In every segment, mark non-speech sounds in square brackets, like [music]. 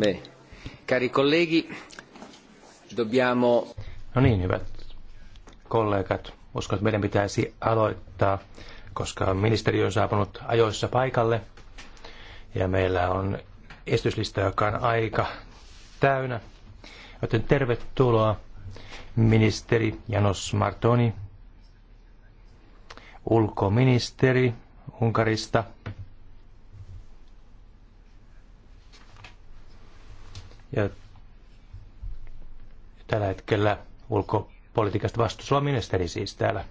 Beh. Cari colleghi, dobbiamo... No niin, hyvät kollegat. Uskon, että meidän pitäisi aloittaa, koska ministeri on saapunut ajoissa paikalle. Ja meillä on esityslista, joka on aika täynnä. Joten tervetuloa ministeri Janos Martoni, ulkoministeri Unkarista. Ja tällä hetkellä ulkopolitiikasta vastuussa on ministeri siis täällä,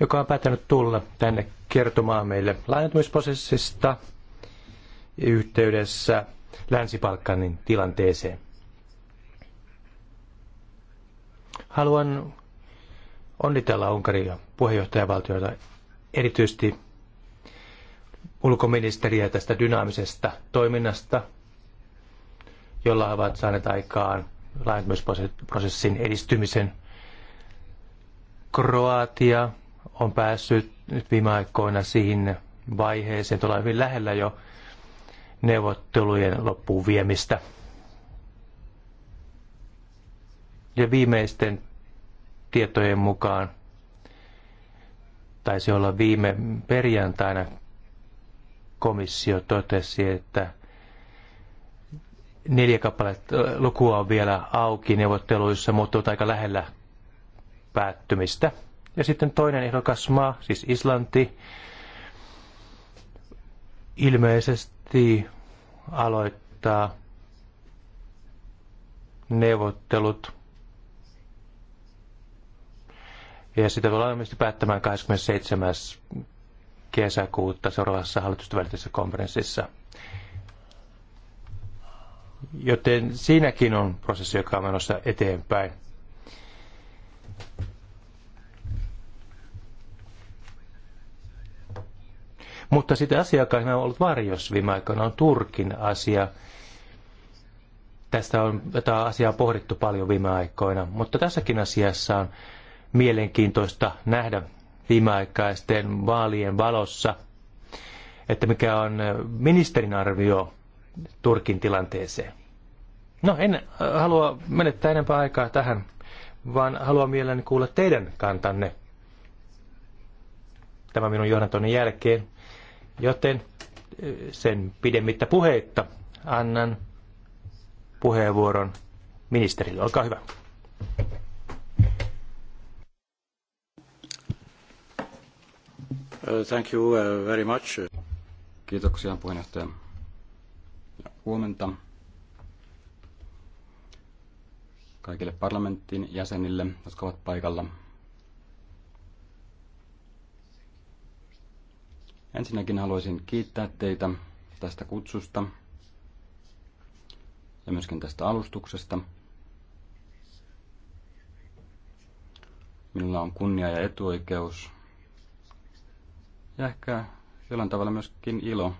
joka on päättänyt tulla tänne kertomaan meille laajentumisprosessista yhteydessä Länsi-Balkanin tilanteeseen. Haluan onnitella Unkaria puheenjohtajavaltiota erityisesti ulkoministeriä tästä dynaamisesta toiminnasta – jolla ovat saaneet aikaan laajentumisprosessin edistymisen. Kroatia on päässyt nyt viime aikoina siihen vaiheeseen, että hyvin lähellä jo neuvottelujen loppuun viemistä. Ja viimeisten tietojen mukaan taisi olla viime perjantaina komissio totesi, että neljä kappaletta lukua on vielä auki neuvotteluissa, mutta on aika lähellä päättymistä. Ja sitten toinen ehdokas maa, siis Islanti, ilmeisesti aloittaa neuvottelut. Ja sitä tullaan ilmeisesti päättämään 27. kesäkuuta seuraavassa hallitusten välisessä konferenssissa joten siinäkin on prosessi, joka on menossa eteenpäin. Mutta sitten asia, joka on ollut varjossa viime aikoina, on Turkin asia. Tästä on tätä asiaa pohdittu paljon viime aikoina, mutta tässäkin asiassa on mielenkiintoista nähdä viimeaikaisten vaalien valossa, että mikä on ministerin arvio Turkin tilanteeseen. No, en äh, halua menettää enempää aikaa tähän, vaan haluan mielelläni kuulla teidän kantanne tämän minun johdantoni jälkeen. Joten äh, sen pidemmittä puheitta annan puheenvuoron ministerille. Olkaa hyvä. Uh, thank you uh, very much. Kiitoksia puheenjohtaja. Huomenta kaikille parlamentin jäsenille, jotka ovat paikalla. Ensinnäkin haluaisin kiittää teitä tästä kutsusta ja myöskin tästä alustuksesta. Minulla on kunnia ja etuoikeus ja ehkä jollain tavalla myöskin ilo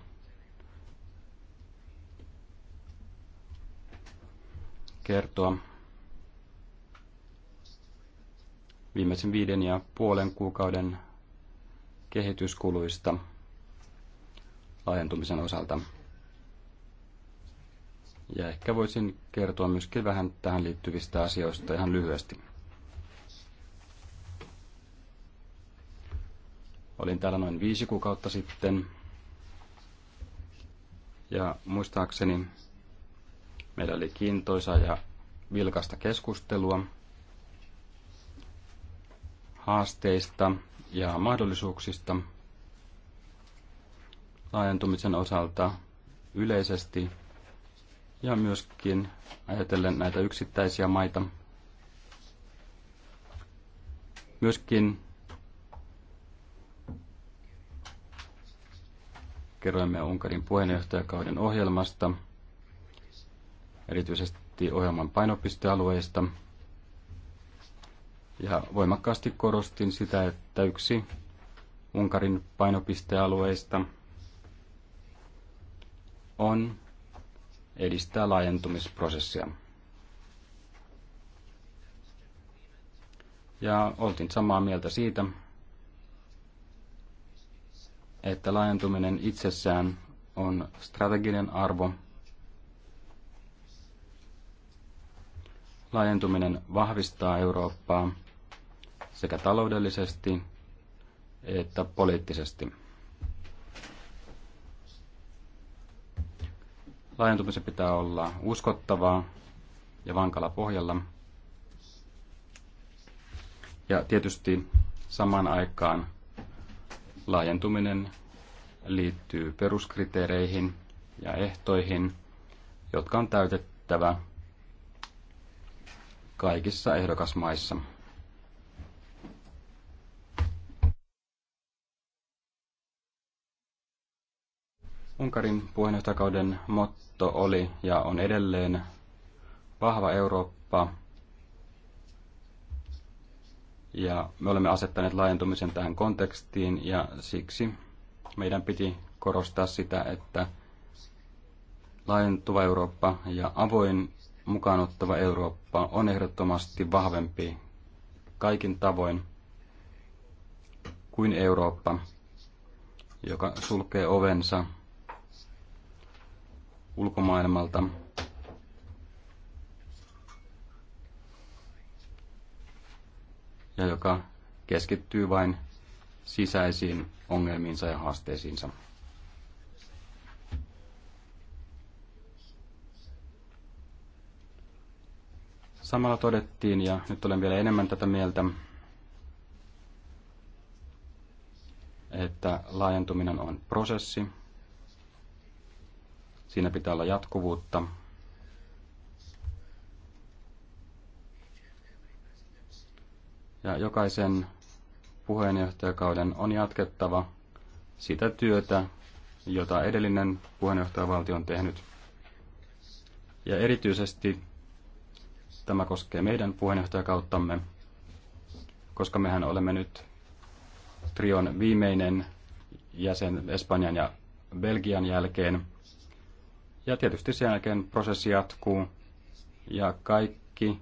kertoa viimeisen viiden ja puolen kuukauden kehityskuluista laajentumisen osalta. Ja ehkä voisin kertoa myöskin vähän tähän liittyvistä asioista ihan lyhyesti. Olin täällä noin viisi kuukautta sitten ja muistaakseni Meillä oli kiintoisa ja vilkasta keskustelua haasteista ja mahdollisuuksista laajentumisen osalta yleisesti ja myöskin ajatellen näitä yksittäisiä maita. Myöskin kerroimme Unkarin puheenjohtajakauden ohjelmasta – erityisesti ohjelman painopistealueista. Ja voimakkaasti korostin sitä, että yksi Unkarin painopistealueista on edistää laajentumisprosessia. Ja oltiin samaa mieltä siitä, että laajentuminen itsessään on strateginen arvo Laajentuminen vahvistaa Eurooppaa sekä taloudellisesti että poliittisesti. Laajentumisen pitää olla uskottavaa ja vankalla pohjalla. Ja tietysti samaan aikaan laajentuminen liittyy peruskriteereihin ja ehtoihin, jotka on täytettävä kaikissa ehdokasmaissa. Unkarin puheenjohtajakauden motto oli ja on edelleen vahva Eurooppa. Ja me olemme asettaneet laajentumisen tähän kontekstiin ja siksi meidän piti korostaa sitä, että laajentuva Eurooppa ja avoin ottava Eurooppa on ehdottomasti vahvempi kaikin tavoin kuin Eurooppa, joka sulkee ovensa ulkomaailmalta. ja joka keskittyy vain sisäisiin ongelmiinsa ja haasteisiinsa. samalla todettiin, ja nyt olen vielä enemmän tätä mieltä, että laajentuminen on prosessi. Siinä pitää olla jatkuvuutta. Ja jokaisen puheenjohtajakauden on jatkettava sitä työtä, jota edellinen puheenjohtajavaltio on tehnyt. Ja erityisesti Tämä koskee meidän puheenjohtajakauttamme, koska mehän olemme nyt trion viimeinen jäsen Espanjan ja Belgian jälkeen. Ja tietysti sen jälkeen prosessi jatkuu ja kaikki,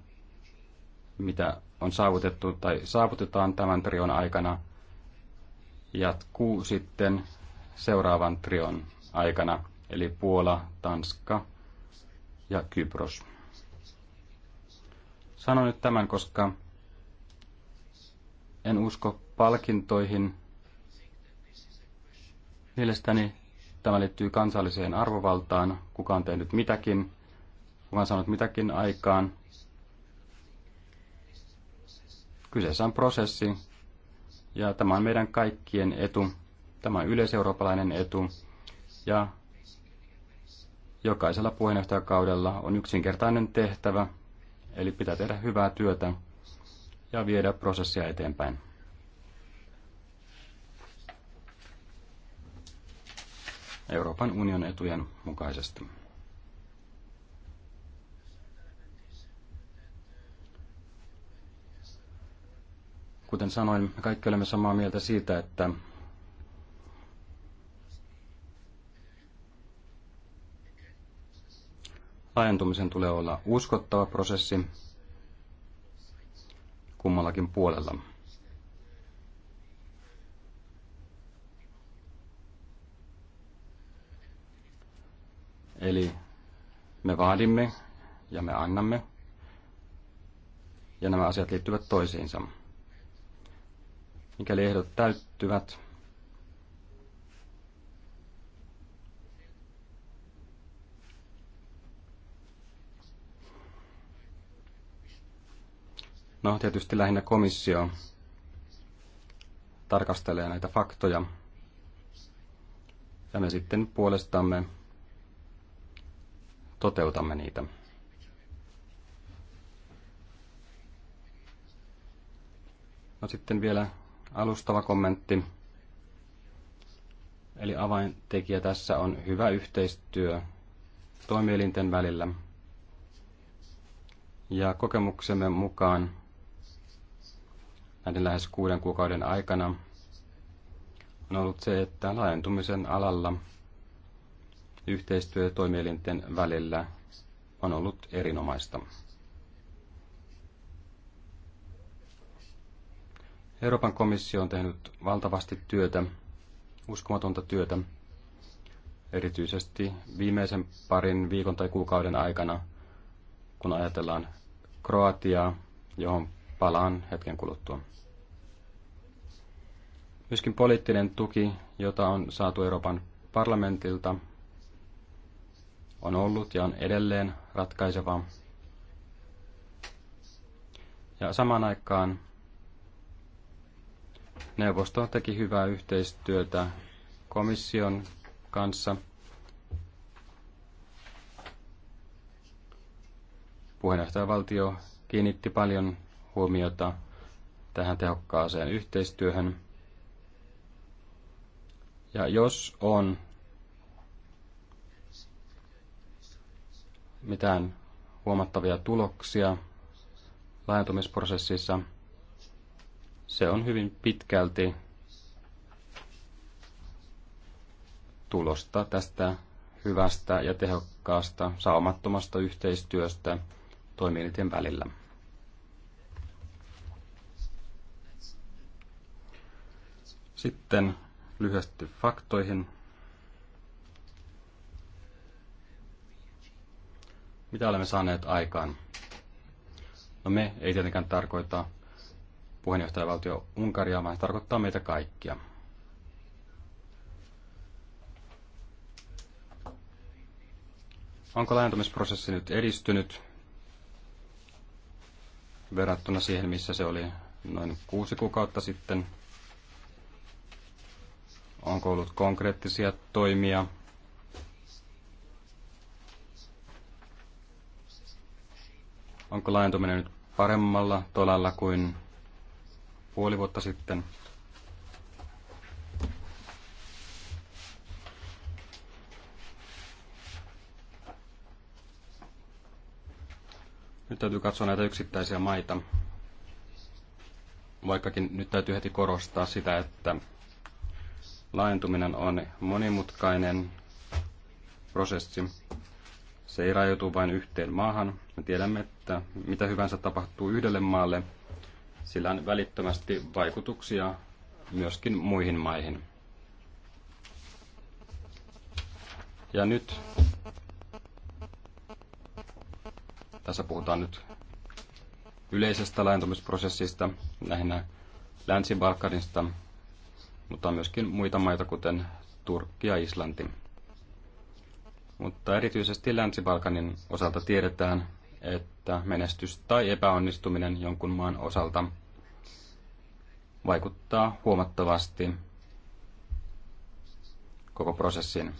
mitä on saavutettu tai saavutetaan tämän trion aikana, jatkuu sitten seuraavan trion aikana, eli Puola, Tanska ja Kypros. Sanon nyt tämän, koska en usko palkintoihin. Mielestäni tämä liittyy kansalliseen arvovaltaan, kuka on tehnyt mitäkin, kuka on saanut mitäkin aikaan. Kyseessä on prosessi, ja tämä on meidän kaikkien etu. Tämä on yleiseurooppalainen etu, ja jokaisella puheenjohtajakaudella on yksinkertainen tehtävä, Eli pitää tehdä hyvää työtä ja viedä prosessia eteenpäin. Euroopan union etujen mukaisesti. Kuten sanoin, me kaikki olemme samaa mieltä siitä, että laajentumisen tulee olla uskottava prosessi kummallakin puolella. Eli me vaadimme ja me annamme, ja nämä asiat liittyvät toisiinsa. Mikäli ehdot täyttyvät, No tietysti lähinnä komissio tarkastelee näitä faktoja. Ja me sitten puolestamme toteutamme niitä. No sitten vielä alustava kommentti. Eli avaintekijä tässä on hyvä yhteistyö toimielinten välillä. Ja kokemuksemme mukaan näiden lähes kuuden kuukauden aikana on ollut se, että laajentumisen alalla yhteistyö toimielinten välillä on ollut erinomaista. Euroopan komissio on tehnyt valtavasti työtä, uskomatonta työtä, erityisesti viimeisen parin viikon tai kuukauden aikana, kun ajatellaan Kroatiaa, johon Palaan hetken kuluttua. Myöskin poliittinen tuki, jota on saatu Euroopan parlamentilta, on ollut ja on edelleen ratkaiseva. Ja samaan aikaan neuvosto teki hyvää yhteistyötä komission kanssa puheenjohtajavaltio kiinnitti paljon huomiota tähän tehokkaaseen yhteistyöhön. Ja jos on mitään huomattavia tuloksia laajentumisprosessissa, se on hyvin pitkälti tulosta tästä hyvästä ja tehokkaasta saumattomasta yhteistyöstä toimielinten välillä. Sitten lyhyesti faktoihin. Mitä olemme saaneet aikaan? No me ei tietenkään tarkoita puheenjohtajavaltio Unkaria, vaan se tarkoittaa meitä kaikkia. Onko laajentumisprosessi nyt edistynyt verrattuna siihen, missä se oli noin kuusi kuukautta sitten – Onko ollut konkreettisia toimia? Onko laajentuminen nyt paremmalla tolalla kuin puoli vuotta sitten? Nyt täytyy katsoa näitä yksittäisiä maita. Vaikkakin nyt täytyy heti korostaa sitä, että laajentuminen on monimutkainen prosessi. Se ei rajoitu vain yhteen maahan. Me tiedämme, että mitä hyvänsä tapahtuu yhdelle maalle, sillä on välittömästi vaikutuksia myöskin muihin maihin. Ja nyt tässä puhutaan nyt yleisestä laajentumisprosessista, lähinnä Länsi-Balkanista, mutta on myöskin muita maita, kuten Turkki ja Islanti. Mutta erityisesti Länsi-Balkanin osalta tiedetään, että menestys tai epäonnistuminen jonkun maan osalta vaikuttaa huomattavasti koko prosessiin.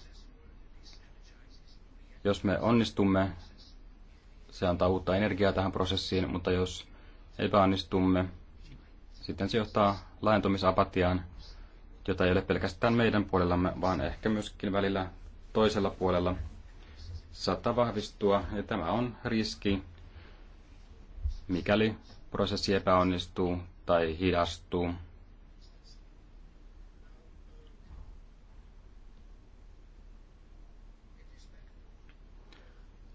Jos me onnistumme, se antaa uutta energiaa tähän prosessiin, mutta jos epäonnistumme, sitten se johtaa laajentumisapatiaan jota ei ole pelkästään meidän puolellamme, vaan ehkä myöskin välillä toisella puolella saattaa vahvistua. Ja tämä on riski, mikäli prosessi epäonnistuu tai hidastuu.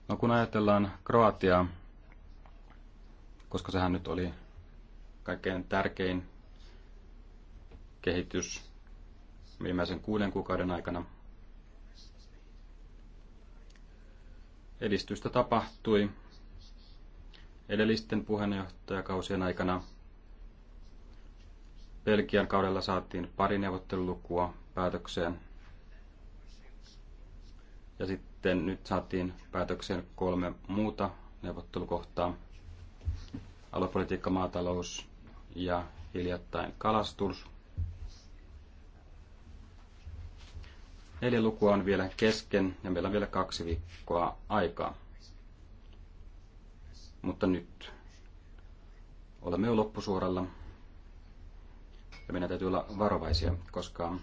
No kun ajatellaan Kroatiaa, koska sehän nyt oli kaikkein tärkein kehitys viimeisen kuuden kuukauden aikana. Edistystä tapahtui edellisten puheenjohtajakausien aikana. Belgian kaudella saatiin pari neuvottelulukua päätökseen. Ja sitten nyt saatiin päätökseen kolme muuta neuvottelukohtaa. alopolitiikka, maatalous ja hiljattain kalastus. Neljä lukua on vielä kesken ja meillä on vielä kaksi viikkoa aikaa. Mutta nyt olemme jo loppusuoralla ja meidän täytyy olla varovaisia, koska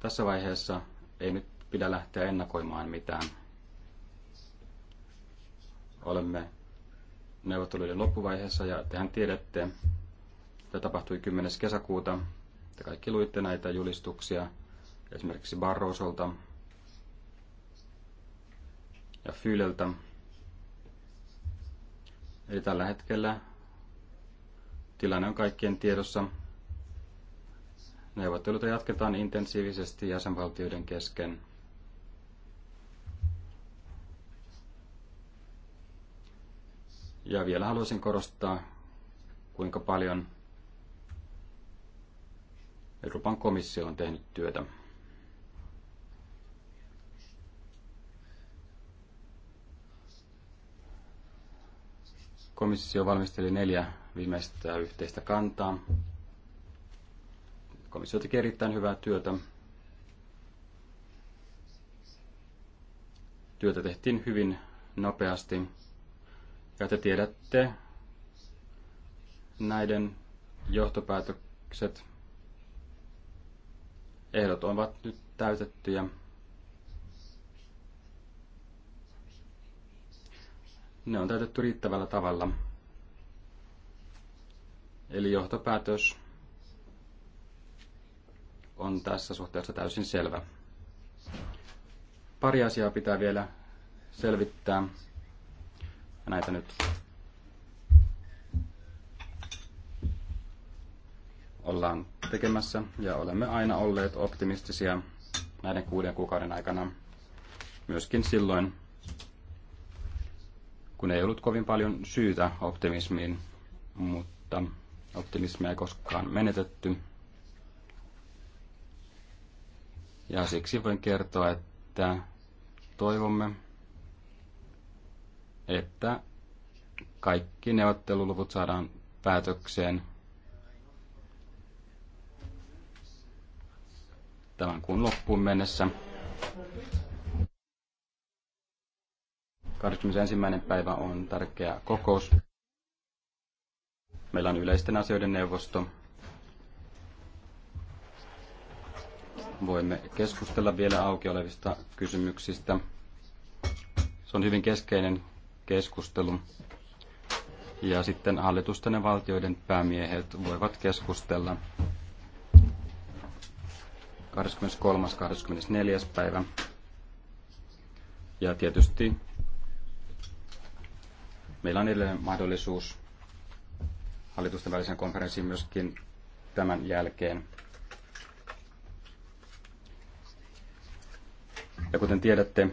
tässä vaiheessa ei nyt pidä lähteä ennakoimaan mitään. Olemme neuvotteluiden loppuvaiheessa ja tehän tiedätte, että tapahtui 10. kesäkuuta. Te kaikki luitte näitä julistuksia esimerkiksi Barrosolta ja Fyleltä. Eli tällä hetkellä tilanne on kaikkien tiedossa. Neuvotteluita jatketaan intensiivisesti jäsenvaltioiden kesken. Ja vielä haluaisin korostaa, kuinka paljon Euroopan komissio on tehnyt työtä. Komissio valmisteli neljä viimeistä yhteistä kantaa. Komissio teki erittäin hyvää työtä. Työtä tehtiin hyvin nopeasti. Ja te tiedätte näiden johtopäätökset. Ehdot ovat nyt täytettyjä. ne on täytetty riittävällä tavalla. Eli johtopäätös on tässä suhteessa täysin selvä. Pari asiaa pitää vielä selvittää. Näitä nyt ollaan tekemässä ja olemme aina olleet optimistisia näiden kuuden kuukauden aikana, myöskin silloin, kun ei ollut kovin paljon syytä optimismiin, mutta optimismia ei koskaan menetetty. Ja siksi voin kertoa, että toivomme, että kaikki neuvotteluluvut saadaan päätökseen tämän kuun loppuun mennessä. 21. päivä on tärkeä kokous. Meillä on yleisten asioiden neuvosto. Voimme keskustella vielä auki olevista kysymyksistä. Se on hyvin keskeinen keskustelu. Ja sitten hallitusten ja valtioiden päämiehet voivat keskustella 23.–24. päivä. Ja tietysti Meillä on edelleen mahdollisuus hallitusten välisen konferenssiin myöskin tämän jälkeen. Ja kuten tiedätte,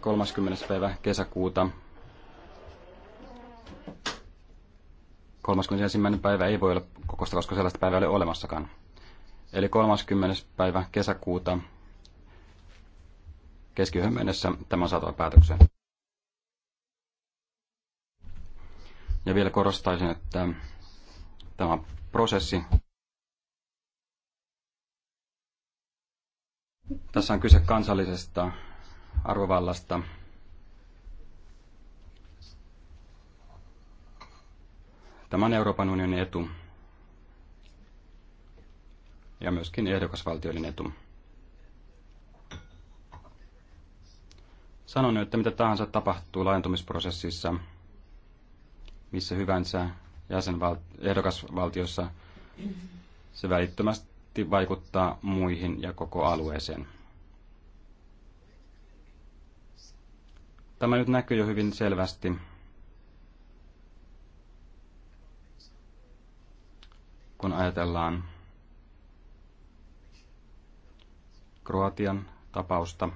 30. päivä kesäkuuta 31. päivä ei voi olla kokosta, koska sellaista päivää ei ole olemassakaan. Eli 30. päivä kesäkuuta keskiyhön mennessä tämä on saatava päätökseen. Ja vielä korostaisin, että tämä prosessi. Tässä on kyse kansallisesta arvovallasta. Tämä on Euroopan unionin etu ja myöskin ehdokasvaltioiden etu. Sanon nyt, että mitä tahansa tapahtuu laajentumisprosessissa – missä hyvänsä jäsenval- ehdokasvaltiossa, se välittömästi vaikuttaa muihin ja koko alueeseen. Tämä nyt näkyy jo hyvin selvästi. kun ajatellaan Kroatian tapausta.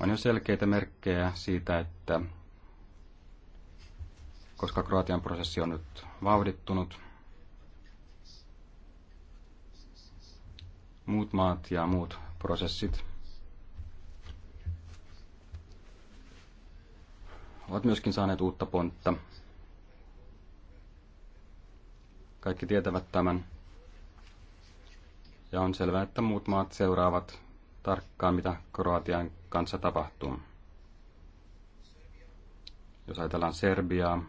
On jo selkeitä merkkejä siitä, että koska Kroatian prosessi on nyt vauhdittunut, muut maat ja muut prosessit ovat myöskin saaneet uutta pontta. Kaikki tietävät tämän. Ja on selvää, että muut maat seuraavat tarkkaan, mitä Kroatian kanssa tapahtuu. Jos ajatellaan Serbiaa,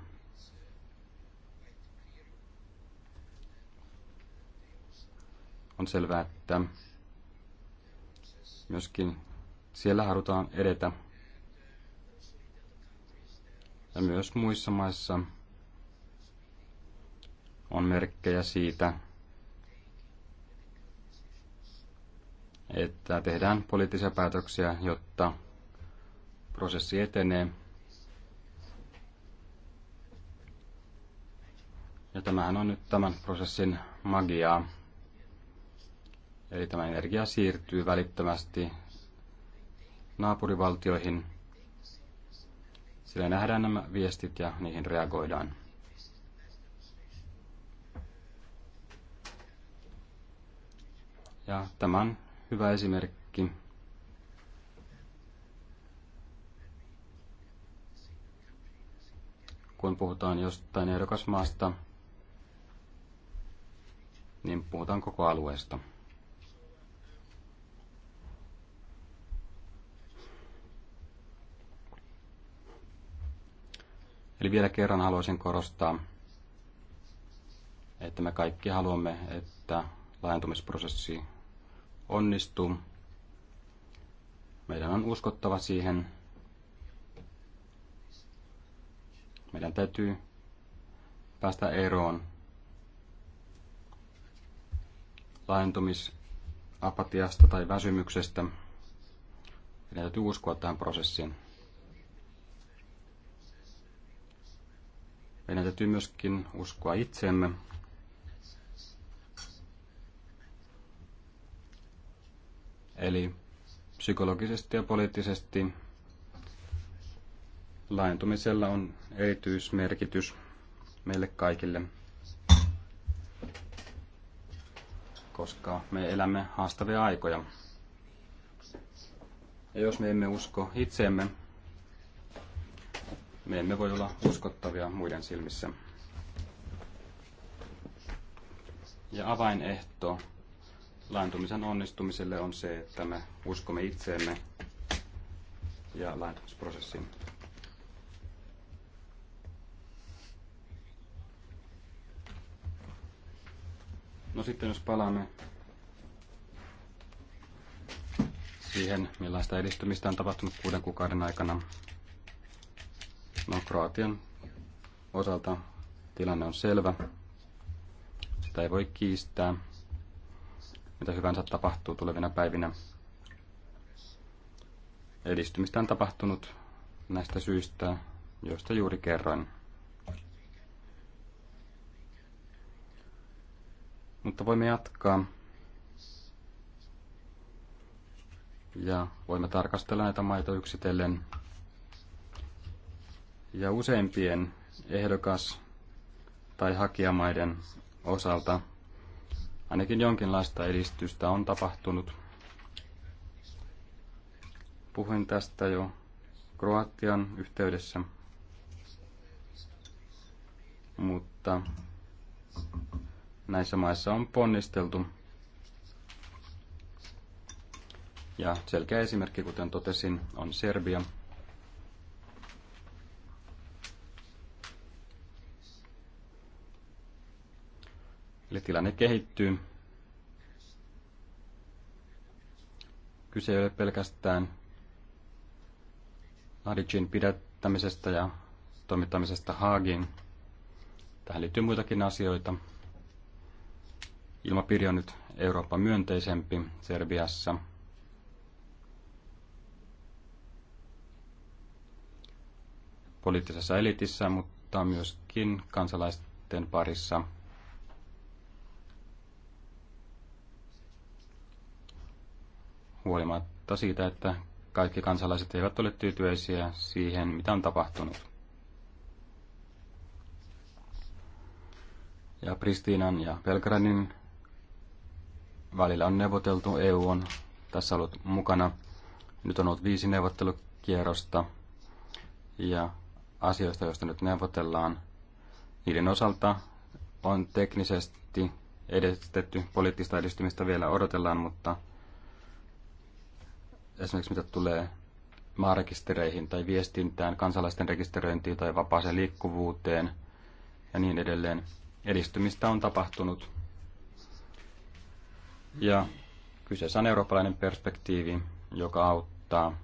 on selvää, että myöskin siellä halutaan edetä. Ja myös muissa maissa on merkkejä siitä, että tehdään poliittisia päätöksiä, jotta prosessi etenee. Ja tämähän on nyt tämän prosessin magiaa. Eli tämä energia siirtyy välittömästi naapurivaltioihin. Sillä nähdään nämä viestit ja niihin reagoidaan. Ja tämän hyvä esimerkki. Kun puhutaan jostain ehdokasmaasta, niin puhutaan koko alueesta. Eli vielä kerran haluaisin korostaa, että me kaikki haluamme, että laajentumisprosessi onnistu. Meidän on uskottava siihen. Meidän täytyy päästä eroon laajentumisapatiasta tai väsymyksestä. Meidän täytyy uskoa tähän prosessiin. Meidän täytyy myöskin uskoa itseemme Eli psykologisesti ja poliittisesti laajentumisella on erityismerkitys meille kaikille, koska me elämme haastavia aikoja. Ja jos me emme usko itseemme, me emme voi olla uskottavia muiden silmissä. Ja avainehto laantumisen onnistumiselle on se, että me uskomme itseemme ja laantumisprosessiin. No sitten jos palaamme siihen, millaista edistymistä on tapahtunut kuuden kuukauden aikana. No Kroatian osalta tilanne on selvä. Sitä ei voi kiistää mitä hyvänsä tapahtuu tulevina päivinä. Edistymistä on tapahtunut näistä syistä, joista juuri kerroin. Mutta voimme jatkaa ja voimme tarkastella näitä maita yksitellen. Ja useimpien ehdokas- tai hakijamaiden osalta Ainakin jonkinlaista edistystä on tapahtunut. Puhuin tästä jo Kroatian yhteydessä, mutta näissä maissa on ponnisteltu. Ja selkeä esimerkki, kuten totesin, on Serbia – Eli tilanne kehittyy. Kyse ei ole pelkästään Adicin pidättämisestä ja toimittamisesta Haagin, Tähän liittyy muitakin asioita. Ilmapiiri on nyt Eurooppa myönteisempi Serbiassa. Poliittisessa elitissä, mutta myöskin kansalaisten parissa – huolimatta siitä, että kaikki kansalaiset eivät ole tyytyväisiä siihen, mitä on tapahtunut. Ja Pristiinan ja Belgradin välillä on neuvoteltu. EU on tässä ollut mukana. Nyt on ollut viisi neuvottelukierrosta ja asioista, joista nyt neuvotellaan, niiden osalta on teknisesti edistetty, poliittista edistymistä vielä odotellaan, mutta esimerkiksi mitä tulee maarekistereihin tai viestintään, kansalaisten rekisteröintiin tai vapaaseen liikkuvuuteen ja niin edelleen. Edistymistä on tapahtunut. Ja kyseessä on eurooppalainen perspektiivi, joka auttaa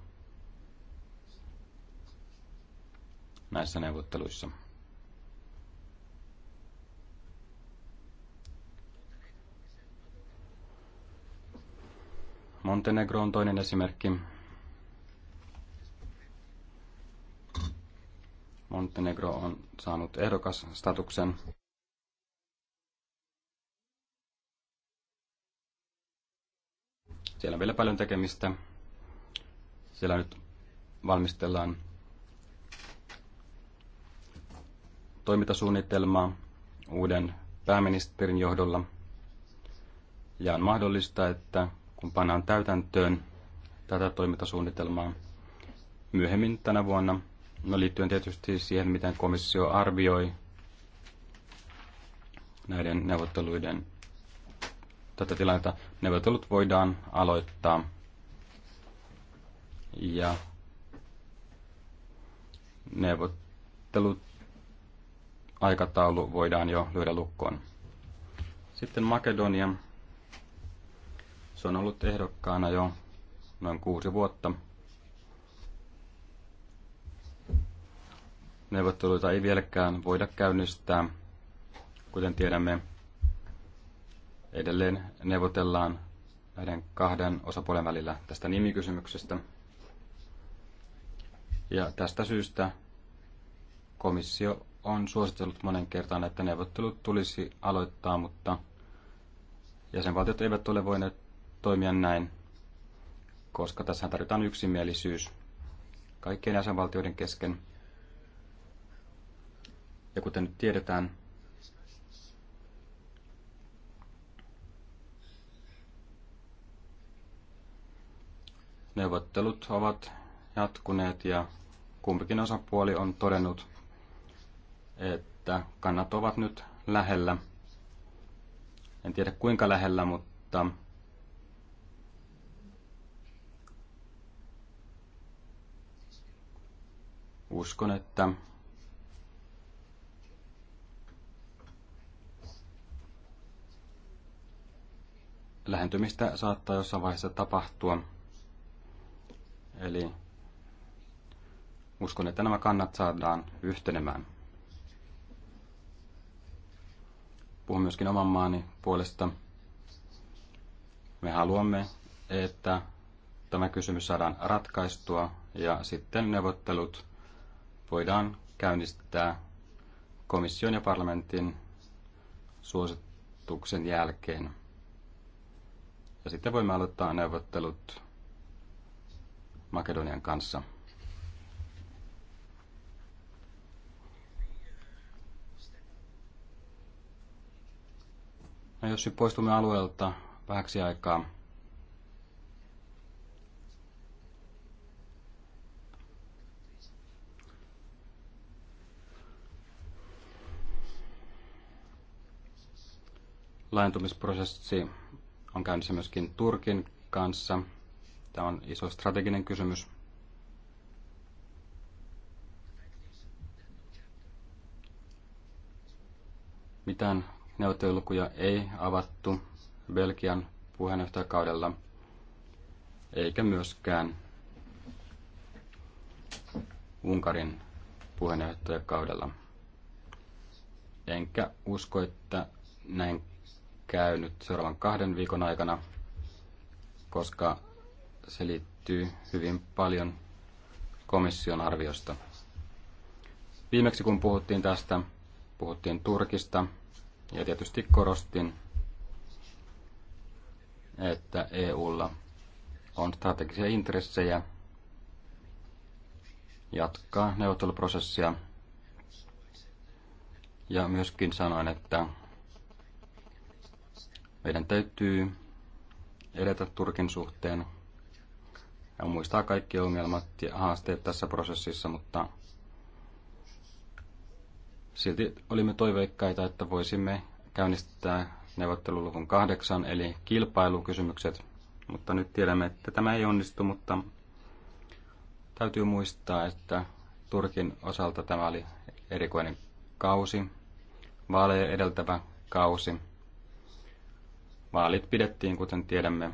näissä neuvotteluissa. Montenegro on toinen esimerkki. Montenegro on saanut ehdokasstatuksen. Siellä on vielä paljon tekemistä. Siellä nyt valmistellaan toimintasuunnitelmaa uuden pääministerin johdolla. Ja on mahdollista, että kun pannaan täytäntöön tätä toimintasuunnitelmaa myöhemmin tänä vuonna, no liittyen tietysti siihen, miten komissio arvioi näiden neuvotteluiden tätä tilannetta. Neuvottelut voidaan aloittaa ja neuvottelut aikataulu voidaan jo lyödä lukkoon. Sitten Makedonia. Se on ollut ehdokkaana jo noin kuusi vuotta. Neuvotteluita ei vieläkään voida käynnistää. Kuten tiedämme, edelleen neuvotellaan näiden kahden osapuolen välillä tästä nimikysymyksestä. Ja tästä syystä komissio on suositellut monen kertaan, että neuvottelut tulisi aloittaa, mutta jäsenvaltiot eivät ole voineet toimia näin, koska tässä tarvitaan yksimielisyys kaikkien jäsenvaltioiden kesken. Ja kuten nyt tiedetään, neuvottelut ovat jatkuneet ja kumpikin osapuoli on todennut, että kannat ovat nyt lähellä. En tiedä kuinka lähellä, mutta uskon, että lähentymistä saattaa jossain vaiheessa tapahtua. Eli uskon, että nämä kannat saadaan yhtenemään. Puhun myöskin oman maani puolesta. Me haluamme, että tämä kysymys saadaan ratkaistua ja sitten neuvottelut voidaan käynnistää komission ja parlamentin suosituksen jälkeen. Ja sitten voimme aloittaa neuvottelut Makedonian kanssa. No, jos poistumme alueelta vähäksi aikaa, Laajentumisprosessi on käynnissä myöskin Turkin kanssa. Tämä on iso strateginen kysymys. Mitään neuvottelulukuja ei avattu Belgian puheenjohtajakaudella, eikä myöskään Unkarin puheenjohtajakaudella. Enkä usko, että näin käynyt seuraavan kahden viikon aikana, koska se liittyy hyvin paljon komission arviosta. Viimeksi kun puhuttiin tästä, puhuttiin Turkista ja tietysti korostin, että EUlla on strategisia intressejä jatkaa neuvotteluprosessia. Ja myöskin sanoin, että meidän täytyy edetä Turkin suhteen ja muistaa kaikki ongelmat ja haasteet tässä prosessissa, mutta silti olimme toiveikkaita, että voisimme käynnistää neuvotteluluvun kahdeksan, eli kilpailukysymykset, mutta nyt tiedämme, että tämä ei onnistu, mutta täytyy muistaa, että Turkin osalta tämä oli erikoinen kausi, vaaleja edeltävä kausi. Vaalit pidettiin, kuten tiedämme,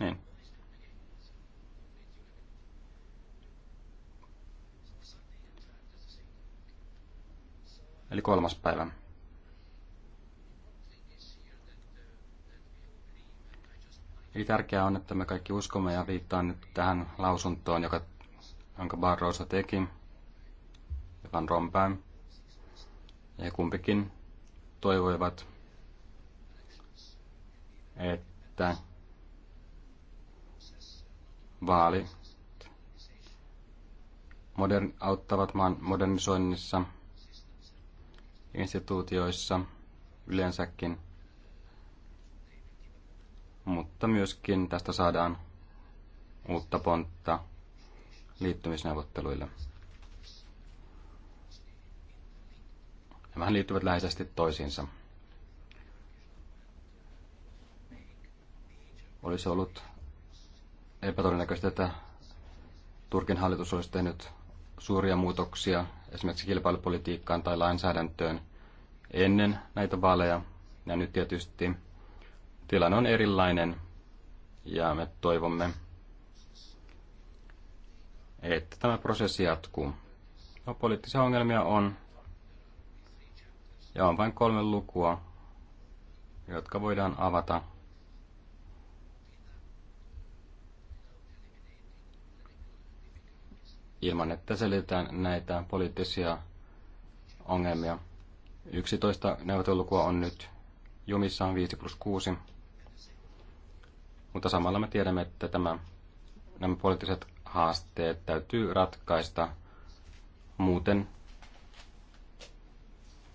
Niin. Eli kolmas päivä. Eli tärkeää on, että me kaikki uskomme ja viittaan nyt tähän lausuntoon, joka, jonka Barroso teki, on rompään. ja kumpikin toivoivat, että vaali modern, auttavat maan modernisoinnissa, instituutioissa yleensäkin – mutta myöskin tästä saadaan uutta pontta liittymisneuvotteluille. Nämähän liittyvät läheisesti toisiinsa. Olisi ollut epätodennäköistä, että Turkin hallitus olisi tehnyt suuria muutoksia esimerkiksi kilpailupolitiikkaan tai lainsäädäntöön ennen näitä vaaleja. Ja nyt tietysti tilanne on erilainen ja me toivomme, että tämä prosessi jatkuu. No, poliittisia ongelmia on ja on vain kolme lukua, jotka voidaan avata. ilman, että selitetään näitä poliittisia ongelmia. 11 neuvottelukua on nyt jumissa 5 plus 6. Mutta samalla me tiedämme, että tämä, nämä poliittiset haasteet täytyy ratkaista muuten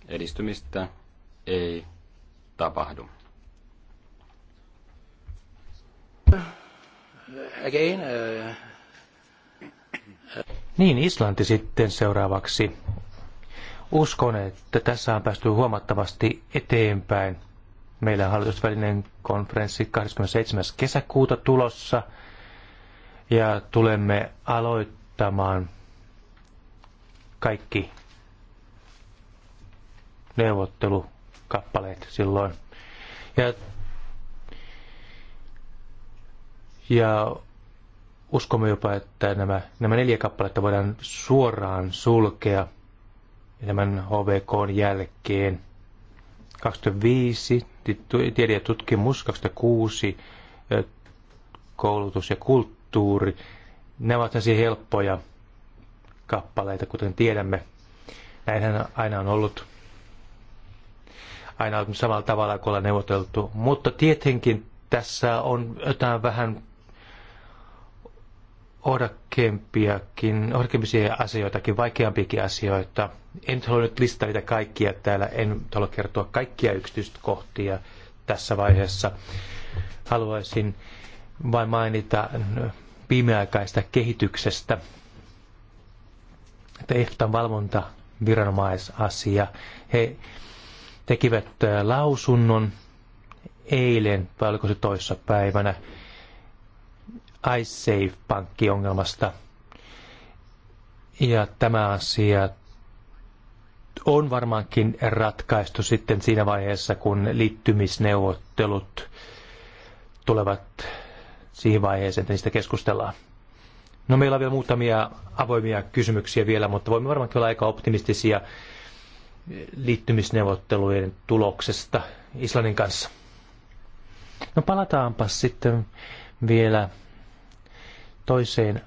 edistymistä ei tapahdu. Again, uh... Niin, Islanti sitten seuraavaksi. Uskon, että tässä on päästy huomattavasti eteenpäin Meillä on hallitusvälinen konferenssi 27. kesäkuuta tulossa ja tulemme aloittamaan kaikki neuvottelukappaleet silloin. Ja, ja uskomme jopa, että nämä, nämä neljä kappaletta voidaan suoraan sulkea tämän HVK jälkeen. 25 tiede ja tutkimus, 2006, koulutus ja kulttuuri. Nämä ovat sellaisia helppoja kappaleita, kuten tiedämme. Näinhän aina on ollut aina on samalla tavalla kuin ollaan neuvoteltu. Mutta tietenkin tässä on jotain vähän orkeampiakin, orkeampisia asioitakin, vaikeampiakin asioita. En halua nyt listaa niitä kaikkia täällä, en halua kertoa kaikkia yksityiskohtia tässä vaiheessa. Haluaisin vain mainita viimeaikaista kehityksestä, että EFTAn valvonta viranomaisasia. He tekivät lausunnon eilen, vai oliko se toissa päivänä, iSafe-pankkiongelmasta. Ja tämä asia on varmaankin ratkaistu sitten siinä vaiheessa, kun liittymisneuvottelut tulevat siihen vaiheeseen, että niistä keskustellaan. No meillä on vielä muutamia avoimia kysymyksiä vielä, mutta voimme varmaankin olla aika optimistisia liittymisneuvottelujen tuloksesta Islannin kanssa. No palataanpa sitten vielä toiseen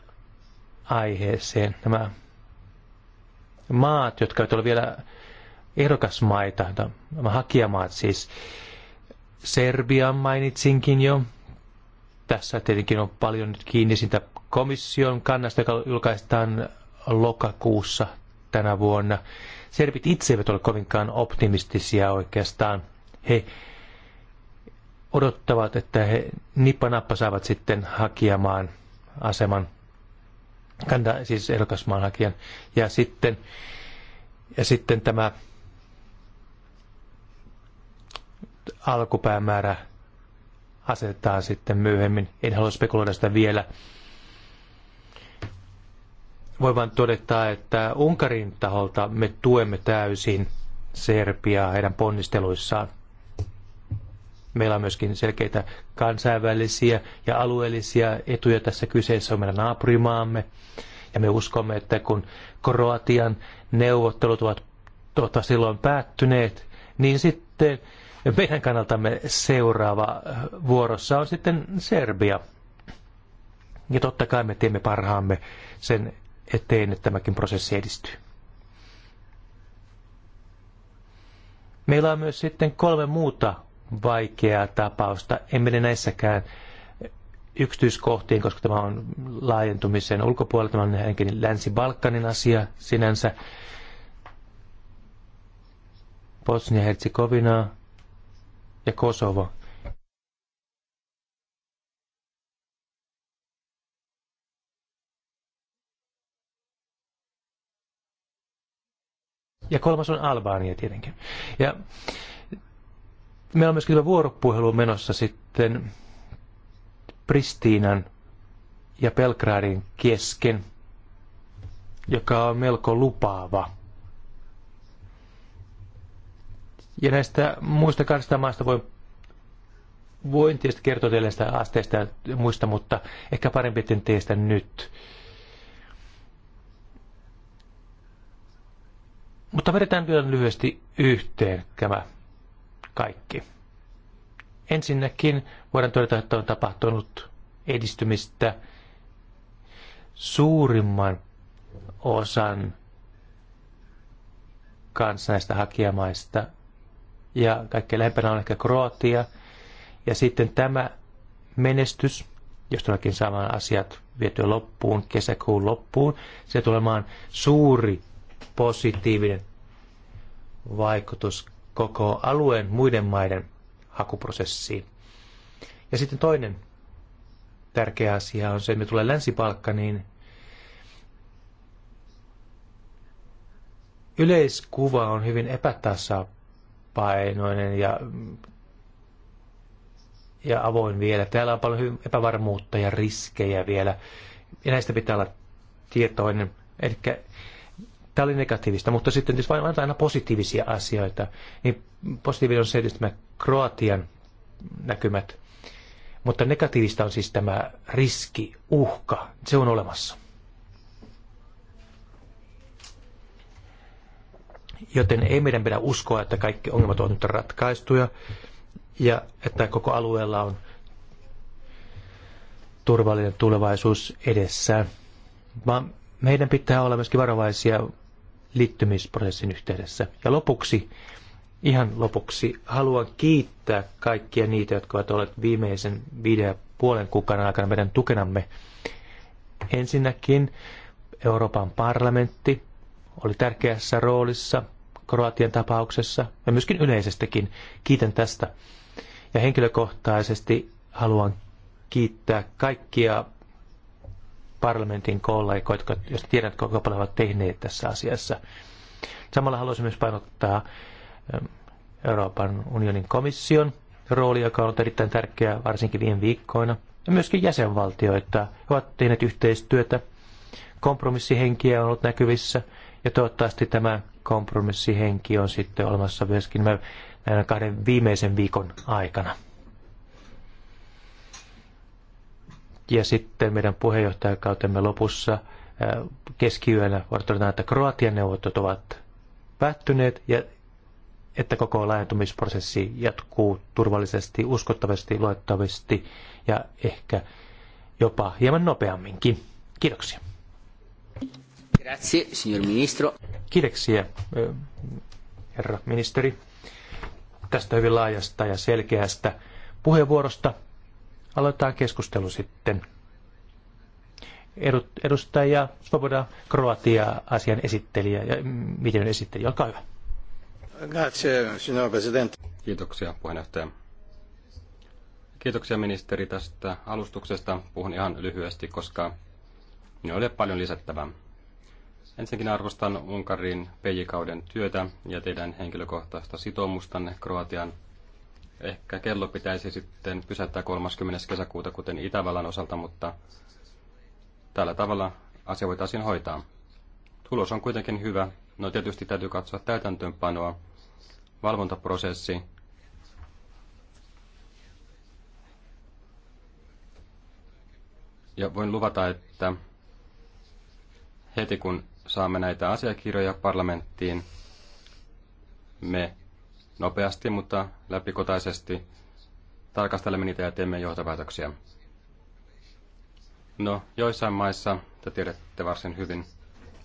aiheeseen. Nämä maat, jotka eivät ole vielä ehdokasmaita, no, nämä hakijamaat siis. Serbia, mainitsinkin jo. Tässä tietenkin on paljon nyt kiinni siitä komission kannasta, joka julkaistaan lokakuussa tänä vuonna. Serbit itse eivät ole kovinkaan optimistisia oikeastaan. He odottavat, että he nippanappa saavat sitten hakijamaan – aseman, kanda, siis ehdokasmaanhakijan. Ja sitten, ja sitten tämä alkupäämäärä asetetaan sitten myöhemmin. En halua spekuloida sitä vielä. Voi vain todeta, että Unkarin taholta me tuemme täysin Serbiaa heidän ponnisteluissaan. Meillä on myöskin selkeitä kansainvälisiä ja alueellisia etuja tässä kyseessä on meidän naapurimaamme. Ja me uskomme, että kun Kroatian neuvottelut ovat tuota, silloin päättyneet, niin sitten meidän kannaltamme seuraava vuorossa on sitten Serbia. Ja totta kai me teemme parhaamme sen eteen, että tämäkin prosessi edistyy. Meillä on myös sitten kolme muuta vaikeaa tapausta. Emme mene näissäkään yksityiskohtiin, koska tämä on laajentumisen ulkopuolella, tämä on ainakin Länsi-Balkanin asia sinänsä. Bosnia-Herzegovina ja Kosovo. Ja kolmas on Albania tietenkin. Ja meillä on myöskin vuoropuhelu menossa sitten Pristiinan ja Belgradin kesken, joka on melko lupaava. Ja näistä muista kahdesta maasta voi, voin tietysti kertoa teille sitä asteista ja muista, mutta ehkä parempi, etten teistä nyt. Mutta vedetään vielä lyhyesti yhteen tämä kaikki. Ensinnäkin voidaan todeta, että on tapahtunut edistymistä suurimman osan kanssa näistä hakijamaista. Ja kaikkein lähempänä on ehkä Kroatia. Ja sitten tämä menestys, jos todellakin saamaan asiat vietyä loppuun, kesäkuun loppuun, se tulemaan suuri positiivinen vaikutus koko alueen muiden maiden hakuprosessiin. Ja sitten toinen tärkeä asia on se, että me tulee länsi niin yleiskuva on hyvin epätasapainoinen ja, ja avoin vielä. Täällä on paljon epävarmuutta ja riskejä vielä, ja näistä pitää olla tietoinen. Eli Tämä oli negatiivista, mutta sitten tietysti vain aina positiivisia asioita. Niin positiivinen on se tietysti tämä Kroatian näkymät, mutta negatiivista on siis tämä riski, uhka, se on olemassa. Joten ei meidän pidä uskoa, että kaikki ongelmat ovat nyt ratkaistuja ja että koko alueella on turvallinen tulevaisuus edessään. Vaan meidän pitää olla myöskin varovaisia liittymisprosessin yhteydessä. Ja lopuksi, ihan lopuksi, haluan kiittää kaikkia niitä, jotka ovat olleet viimeisen viiden ja puolen kuukauden aikana meidän tukenamme. Ensinnäkin Euroopan parlamentti oli tärkeässä roolissa Kroatian tapauksessa ja myöskin yleisestikin. Kiitän tästä. Ja henkilökohtaisesti haluan kiittää kaikkia parlamentin kollegoita, jotka, jos tiedät, kuinka paljon ovat tehneet tässä asiassa. Samalla haluaisin myös painottaa ähm, Euroopan unionin komission rooli, joka on ollut erittäin tärkeä varsinkin viime viikkoina, ja myöskin jäsenvaltioita. He ovat tehneet yhteistyötä, kompromissihenkiä on ollut näkyvissä, ja toivottavasti tämä kompromissihenki on sitten olemassa myöskin näiden kahden viimeisen viikon aikana. Ja sitten meidän puheenjohtajakautemme lopussa keskiyönä odotetaan, että Kroatian neuvottelut ovat päättyneet ja että koko laajentumisprosessi jatkuu turvallisesti, uskottavasti, luettavasti ja ehkä jopa hieman nopeamminkin. Kiitoksia. Grazie, signor ministro. Kiitoksia, herra ministeri, tästä hyvin laajasta ja selkeästä puheenvuorosta. Aloitetaan keskustelu sitten. Edustaja Svoboda, Kroatia-asian esittelijä ja miten esittelijä, olkaa hyvä. Kiitoksia puheenjohtaja. Kiitoksia ministeri tästä alustuksesta. Puhun ihan lyhyesti, koska minulla oli paljon lisättävää. Ensinnäkin arvostan Unkarin peijikauden työtä ja teidän henkilökohtaista sitoumustanne Kroatian Ehkä kello pitäisi sitten pysäyttää 30. kesäkuuta, kuten Itävallan osalta, mutta tällä tavalla asia voitaisiin hoitaa. Tulos on kuitenkin hyvä. No tietysti täytyy katsoa täytäntöönpanoa, valvontaprosessi, Ja voin luvata, että heti kun saamme näitä asiakirjoja parlamenttiin, me nopeasti, mutta läpikotaisesti tarkastelemme niitä ja teemme johtopäätöksiä. No, joissain maissa, te tiedätte varsin hyvin,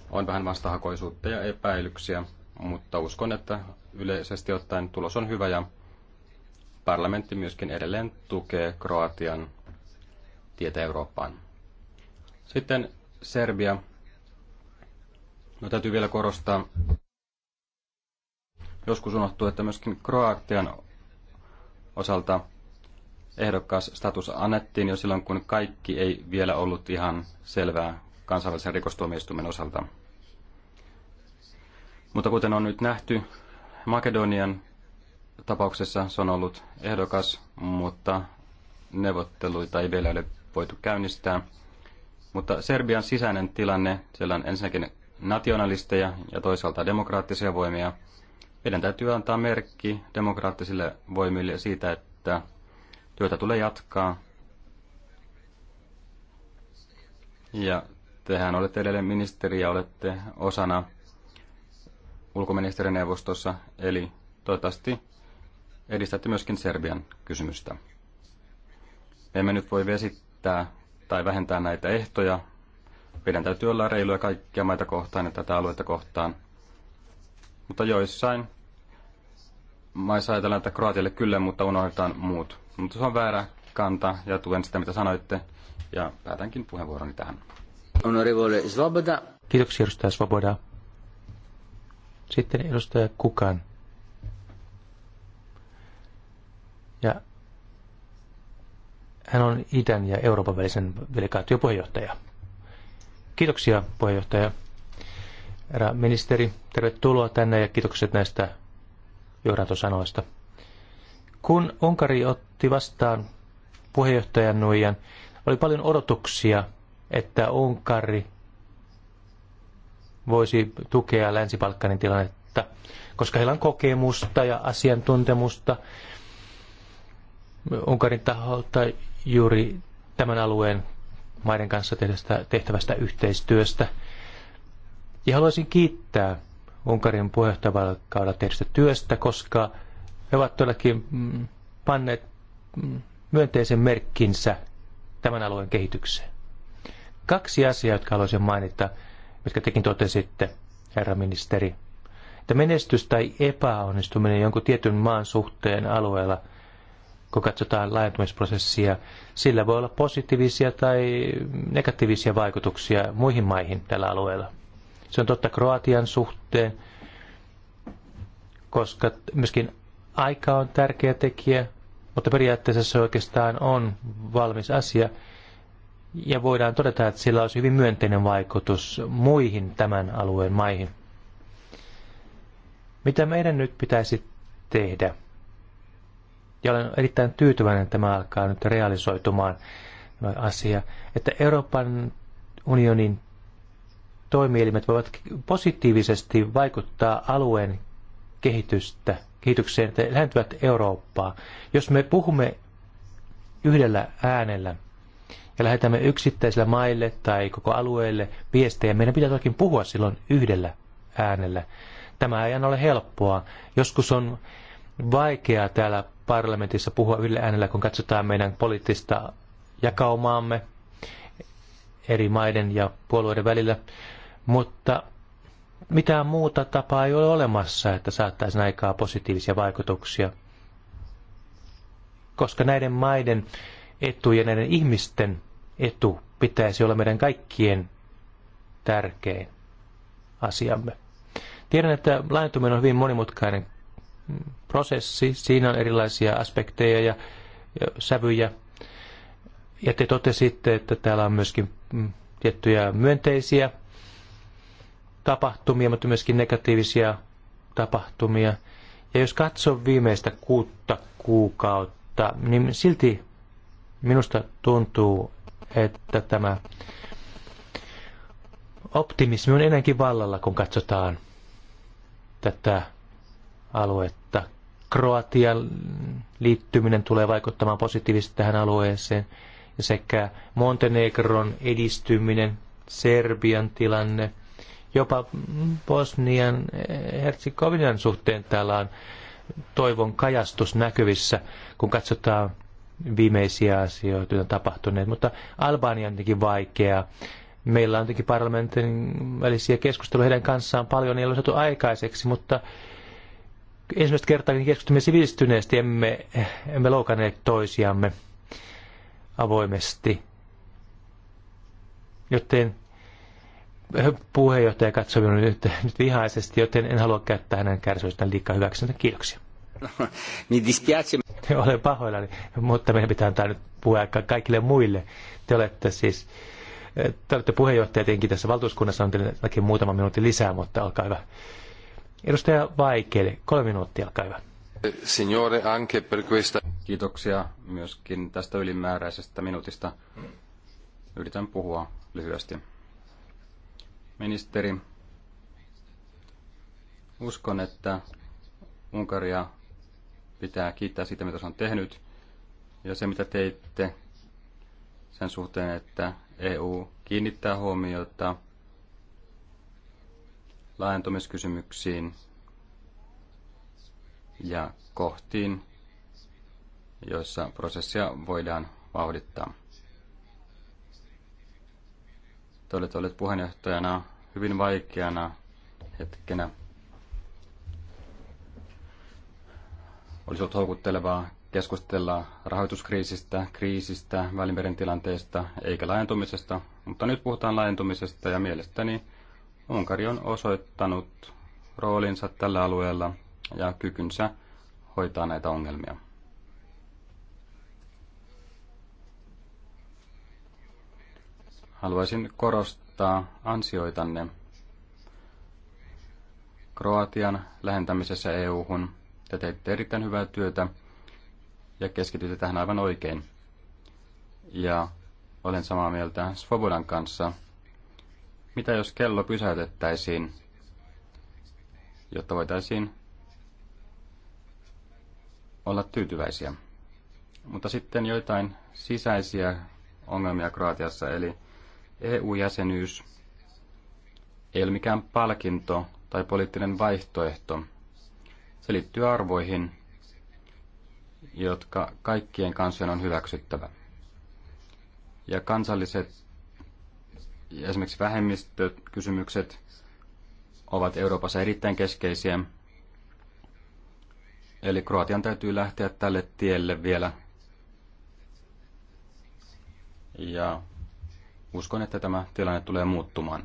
on vähän vastahakoisuutta ja epäilyksiä, mutta uskon, että yleisesti ottaen tulos on hyvä ja parlamentti myöskin edelleen tukee Kroatian tietä Eurooppaan. Sitten Serbia. No, täytyy vielä korostaa, Joskus unohtuu, että myöskin Kroatian osalta status annettiin jo silloin, kun kaikki ei vielä ollut ihan selvää kansainvälisen rikostuomioistuimen osalta. Mutta kuten on nyt nähty, Makedonian tapauksessa se on ollut ehdokas, mutta neuvotteluita ei vielä ole voitu käynnistää. Mutta Serbian sisäinen tilanne, siellä on ensinnäkin nationalisteja ja toisaalta demokraattisia voimia – meidän täytyy antaa merkki demokraattisille voimille siitä, että työtä tulee jatkaa. Ja tehän olette edelleen ministeri ja olette osana ulkoministerineuvostossa, eli toivottavasti edistätte myöskin Serbian kysymystä. Me emme nyt voi vesittää tai vähentää näitä ehtoja. Meidän täytyy olla reiluja kaikkia maita kohtaan ja tätä aluetta kohtaan. Mutta joissain maissa ajatellaan, että Kroatialle kyllä, mutta unohdetaan muut. Mutta se on väärä kanta ja tuen sitä, mitä sanoitte. Ja päätänkin puheenvuoroni tähän. Honorevole Svoboda. Kiitoksia edustaja Svoboda. Sitten edustaja Kukan. Ja hän on idän ja Euroopan välisen delegaatiopuheenjohtaja. Kiitoksia puheenjohtaja. Herra ministeri, tervetuloa tänne ja kiitokset näistä johdantosanoista. Kun Unkari otti vastaan puheenjohtajan nuijan, oli paljon odotuksia, että Unkari voisi tukea länsi tilannetta, koska heillä on kokemusta ja asiantuntemusta Unkarin taholta juuri tämän alueen maiden kanssa tehtävästä yhteistyöstä. Ja haluaisin kiittää Unkarin puheenjohtajakaudella tehdystä työstä, koska he ovat todellakin mm, panneet mm, myönteisen merkkinsä tämän alueen kehitykseen. Kaksi asiaa, jotka haluaisin mainita, jotka tekin totesitte, herra ministeri. Että menestys tai epäonnistuminen jonkun tietyn maan suhteen alueella, kun katsotaan laajentumisprosessia, sillä voi olla positiivisia tai negatiivisia vaikutuksia muihin maihin tällä alueella. Se on totta Kroatian suhteen, koska myöskin aika on tärkeä tekijä, mutta periaatteessa se oikeastaan on valmis asia. Ja voidaan todeta, että sillä olisi hyvin myönteinen vaikutus muihin tämän alueen maihin. Mitä meidän nyt pitäisi tehdä? Ja olen erittäin tyytyväinen, että tämä alkaa nyt realisoitumaan asia, että Euroopan unionin toimielimet voivat positiivisesti vaikuttaa alueen kehitystä, kehitykseen, että lähentyvät Eurooppaa. Jos me puhumme yhdellä äänellä ja lähetämme yksittäisille maille tai koko alueelle viestejä, meidän pitää toki puhua silloin yhdellä äänellä. Tämä ei aina ole helppoa. Joskus on vaikeaa täällä parlamentissa puhua yhdellä äänellä, kun katsotaan meidän poliittista jakaumaamme eri maiden ja puolueiden välillä mutta mitään muuta tapaa ei ole olemassa, että saattaisi aikaa positiivisia vaikutuksia. Koska näiden maiden etu ja näiden ihmisten etu pitäisi olla meidän kaikkien tärkein asiamme. Tiedän, että laajentuminen on hyvin monimutkainen prosessi. Siinä on erilaisia aspekteja ja, ja sävyjä. Ja te totesitte, että täällä on myöskin mm, tiettyjä myönteisiä tapahtumia, mutta myöskin negatiivisia tapahtumia. Ja jos katsoo viimeistä kuutta kuukautta, niin silti minusta tuntuu, että tämä optimismi on enääkin vallalla, kun katsotaan tätä aluetta. Kroatian liittyminen tulee vaikuttamaan positiivisesti tähän alueeseen sekä Montenegron edistyminen, Serbian tilanne – Jopa Bosnian Herzegovinan suhteen täällä on toivon kajastus näkyvissä, kun katsotaan viimeisiä asioita, joita tapahtuneet. Mutta Albania on jotenkin vaikeaa. Meillä on jotenkin parlamentin välisiä keskusteluja heidän kanssaan paljon, niillä on saatu aikaiseksi, mutta ensimmäistä kertaa keskustelimme sivistyneesti, emme, emme loukanneet toisiamme avoimesti. Joten puheenjohtaja katsoi minun nyt, nyt vihaisesti, joten en halua käyttää hänen kärsivystään liikaa hyväksyntä. Kiitoksia. [laughs] Mi dispiace. [laughs] Olen pahoillani, mutta meidän pitää antaa nyt puheaikaa kaikille muille. Te olette siis, eh, te olette puheenjohtaja tietenkin tässä valtuuskunnassa, on teilläkin muutama minuutti lisää, mutta olkaa hyvä. Edustaja Vaikeli, kolme minuuttia, olkaa hyvä. Signore, anche per questa. Kiitoksia myöskin tästä ylimääräisestä minuutista. Yritän puhua lyhyesti ministeri. Uskon, että Unkaria pitää kiittää siitä, mitä se on tehnyt. Ja se, mitä teitte sen suhteen, että EU kiinnittää huomiota laajentumiskysymyksiin ja kohtiin, joissa prosessia voidaan vauhdittaa. Te olet olleet puheenjohtajana hyvin vaikeana hetkenä. Olisi ollut houkuttelevaa keskustella rahoituskriisistä, kriisistä, välimeren tilanteesta eikä laajentumisesta, mutta nyt puhutaan laajentumisesta ja mielestäni Unkari on osoittanut roolinsa tällä alueella ja kykynsä hoitaa näitä ongelmia. Haluaisin korostaa ansioitanne Kroatian lähentämisessä EU-hun. Te teitte erittäin hyvää työtä ja keskitytte tähän aivan oikein. Ja olen samaa mieltä Svobodan kanssa. Mitä jos kello pysäytettäisiin, jotta voitaisiin olla tyytyväisiä? Mutta sitten joitain sisäisiä ongelmia Kroatiassa, eli EU-jäsenyys ei ole mikään palkinto tai poliittinen vaihtoehto. Se liittyy arvoihin, jotka kaikkien kansojen on hyväksyttävä. Ja kansalliset, esimerkiksi vähemmistökysymykset, ovat Euroopassa erittäin keskeisiä. Eli Kroatian täytyy lähteä tälle tielle vielä. Ja uskon, että tämä tilanne tulee muuttumaan.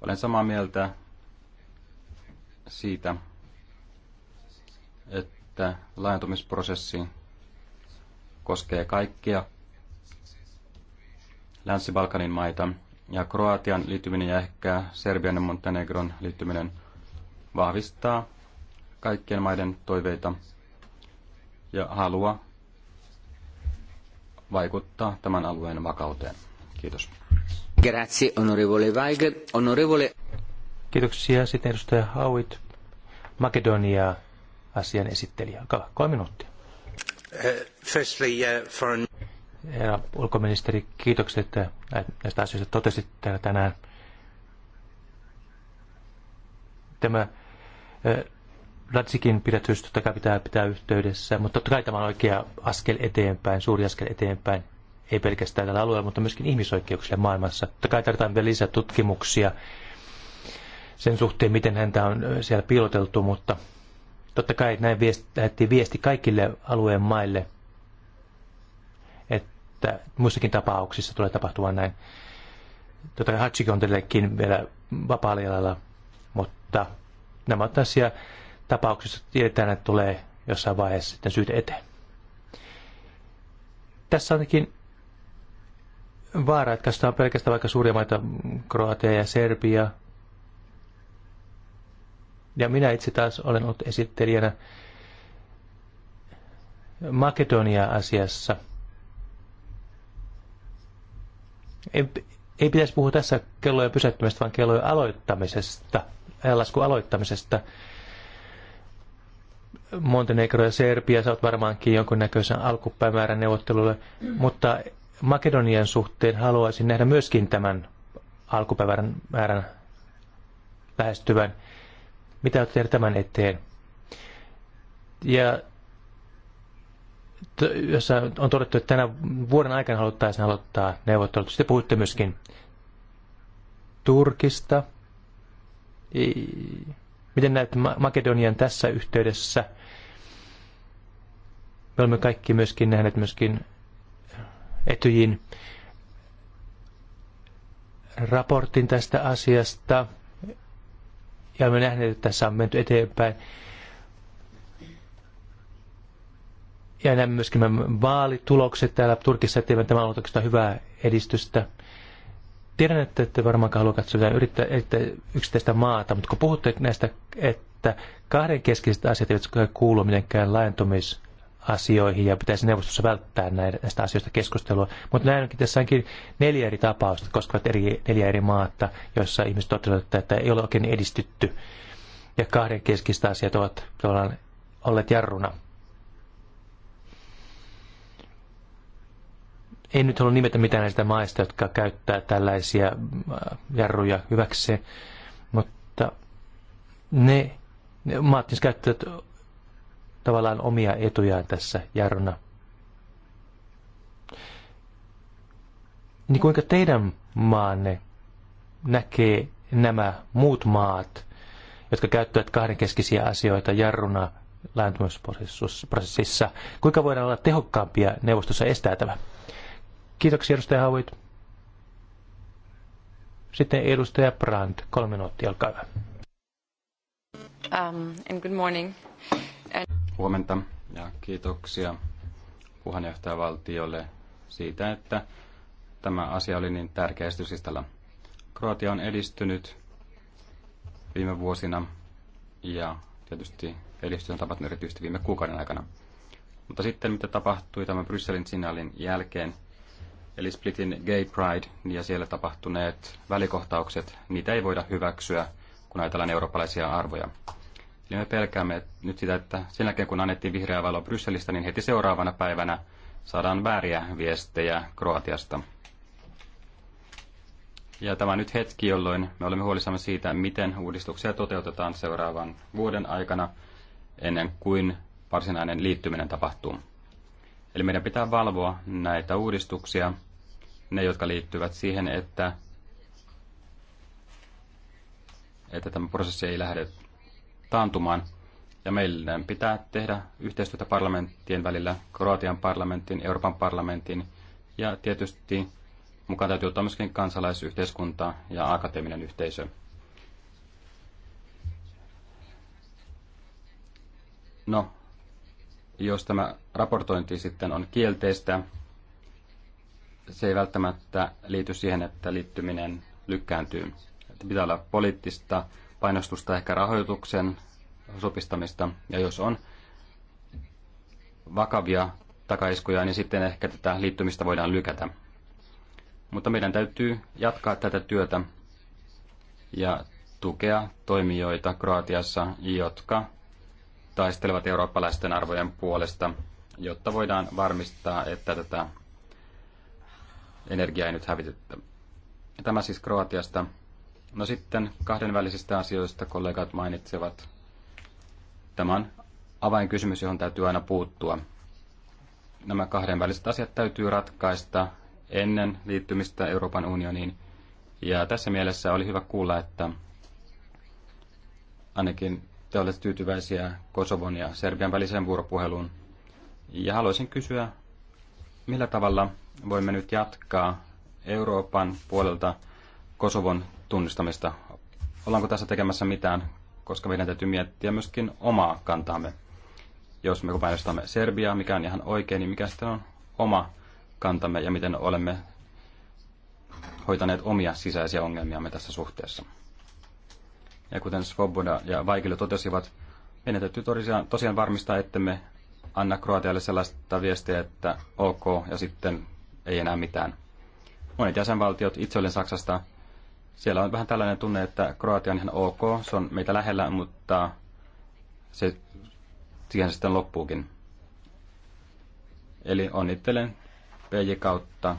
Olen samaa mieltä siitä, että laajentumisprosessi koskee kaikkia Länsi-Balkanin maita ja Kroatian liittyminen ja ehkä Serbian ja Montenegron liittyminen vahvistaa kaikkien maiden toiveita ja halua vaikuttaa tämän alueen vakauteen. Kiitos. Grazie, onorevole Weigel. Onorevole... Kiitoksia. Sitten edustaja Hauit, Makedonia asian esittelijä. Olkaa kolme minuuttia. Uh, firstly, uh, foreign... Herra ulkoministeri, kiitokset, että näistä asioista totesit täällä tänään. Tämä uh, Ratsikin pidätys totta kai pitää pitää yhteydessä, mutta totta kai tämä on oikea askel eteenpäin, suuri askel eteenpäin, ei pelkästään tällä alueella, mutta myöskin ihmisoikeuksille maailmassa. Totta kai tarvitaan vielä lisää tutkimuksia sen suhteen, miten häntä on siellä piiloteltu, mutta totta kai näin viesti, lähettiin viesti kaikille alueen maille, että muissakin tapauksissa tulee tapahtua näin. Totta kai Hatsikin on tietenkin vielä vapaa mutta nämä on tässä tapauksessa tiedetään, että tulee jossain vaiheessa sitten syyt eteen. Tässä ainakin vaara, että on pelkästään vaikka suuria maita, Kroatia ja Serbia. Ja minä itse taas olen ollut esittelijänä Makedonia-asiassa. Ei, ei pitäisi puhua tässä kellojen pysäyttämisestä, vaan kellojen aloittamisesta, ajanlaskun aloittamisesta – Montenegro ja Serbia saat varmaankin jonkunnäköisen alkupäivämäärän neuvottelulle, mutta Makedonian suhteen haluaisin nähdä myöskin tämän alkupäivän määrän lähestyvän. Mitä olet tehdä tämän eteen? Ja jossa on todettu, että tänä vuoden aikana haluttaisiin aloittaa neuvottelut. Sitten puhutte myöskin Turkista. Miten näet Makedonian tässä yhteydessä – me olemme kaikki myöskin nähneet myöskin Etyjin raportin tästä asiasta ja me nähneet, että tässä on menty eteenpäin. Ja näemme myöskin nämä vaalitulokset täällä Turkissa, että tämä on ollut hyvää edistystä. Tiedän, että ette varmaan halua katsoa yrittää, yrittää yksittäistä maata, mutta kun puhutte näistä, että keskeiset asiat eivät kuulu mitenkään laajentumis asioihin ja pitäisi neuvostossa välttää näistä asioista keskustelua. Mutta näin onkin tässä onkin neljä eri tapausta, koskevat eri, neljä eri maata, joissa ihmiset totesivat, että ei ole oikein edistytty. Ja kahden keskistä asiat ovat tavallaan olleet jarruna. En nyt halua nimetä mitään näistä maista, jotka käyttää tällaisia äh, jarruja hyväkseen, mutta ne, ne maat, jotka käyttävät tavallaan omia etujaan tässä jarruna. Niin kuinka teidän maanne näkee nämä muut maat, jotka käyttävät kahdenkeskisiä asioita jarruna lääntymisprosessissa. Kuinka voidaan olla tehokkaampia neuvostossa estää tämä? Kiitoksia edustaja Hauit. Sitten edustaja Brandt, kolme minuuttia, olkaa hyvä. Um, and good morning. And... Huomenta ja kiitoksia puheenjohtajavaltiolle siitä, että tämä asia oli niin tärkeä esityslistalla. Kroatia on edistynyt viime vuosina ja tietysti edistynyt on tapahtunut erityisesti viime kuukauden aikana. Mutta sitten mitä tapahtui tämän Brysselin signaalin jälkeen, eli Splitin Gay Pride ja siellä tapahtuneet välikohtaukset, niitä ei voida hyväksyä, kun ajatellaan eurooppalaisia arvoja. Eli me pelkäämme nyt sitä, että sen jälkeen kun annettiin vihreä valo Brysselistä, niin heti seuraavana päivänä saadaan vääriä viestejä Kroatiasta. Ja tämä on nyt hetki, jolloin me olemme huolissamme siitä, miten uudistuksia toteutetaan seuraavan vuoden aikana ennen kuin varsinainen liittyminen tapahtuu. Eli meidän pitää valvoa näitä uudistuksia, ne jotka liittyvät siihen, että, että tämä prosessi ei lähde taantumaan. Ja meidän pitää tehdä yhteistyötä parlamenttien välillä, Kroatian parlamentin, Euroopan parlamentin ja tietysti mukaan täytyy ottaa myöskin kansalaisyhteiskunta ja akateeminen yhteisö. No, jos tämä raportointi sitten on kielteistä, se ei välttämättä liity siihen, että liittyminen lykkääntyy. Pitää olla poliittista painostusta ehkä rahoituksen supistamista. Ja jos on vakavia takaiskuja, niin sitten ehkä tätä liittymistä voidaan lykätä. Mutta meidän täytyy jatkaa tätä työtä ja tukea toimijoita Kroatiassa, jotka taistelevat eurooppalaisten arvojen puolesta, jotta voidaan varmistaa, että tätä energiaa ei nyt hävitetä. Tämä siis Kroatiasta. No sitten kahdenvälisistä asioista kollegat mainitsevat. Tämä on avainkysymys, johon täytyy aina puuttua. Nämä kahdenväliset asiat täytyy ratkaista ennen liittymistä Euroopan unioniin. Ja tässä mielessä oli hyvä kuulla, että ainakin te olette tyytyväisiä Kosovon ja Serbian väliseen vuoropuheluun. Ja haluaisin kysyä, millä tavalla voimme nyt jatkaa Euroopan puolelta Kosovon tunnistamista. Ollaanko tässä tekemässä mitään, koska meidän täytyy miettiä myöskin omaa kantaamme. Jos me painostamme Serbiaa, mikä on ihan oikein, niin mikä sitten on oma kantamme ja miten olemme hoitaneet omia sisäisiä ongelmiamme tässä suhteessa. Ja kuten Svoboda ja Vaikilu totesivat, meidän täytyy tosiaan, tosiaan varmistaa, että me anna Kroatialle sellaista viestiä, että ok ja sitten ei enää mitään. Monet jäsenvaltiot, itse olen Saksasta, siellä on vähän tällainen tunne, että Kroatia on ihan ok, se on meitä lähellä, mutta se, siihen se sitten loppuukin. Eli onnittelen PJ kautta.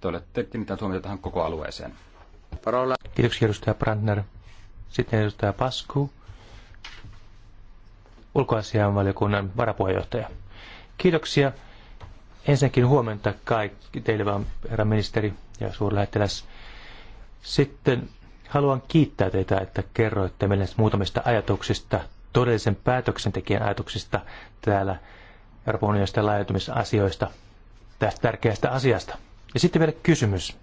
Te olette kiinnittäneet huomiota tähän koko alueeseen. Parola. Kiitoksia edustaja Brandner. Sitten edustaja Pasku, ulkoasianvaliokunnan varapuheenjohtaja. Kiitoksia. Ensinnäkin huomenta kaikki teille vaan, herra ministeri ja suurlähettiläs. Sitten haluan kiittää teitä, että kerroitte meille muutamista ajatuksista, todellisen päätöksentekijän ajatuksista täällä Euroopan unionista laajentumisasioista, tästä tärkeästä asiasta. Ja sitten vielä kysymys.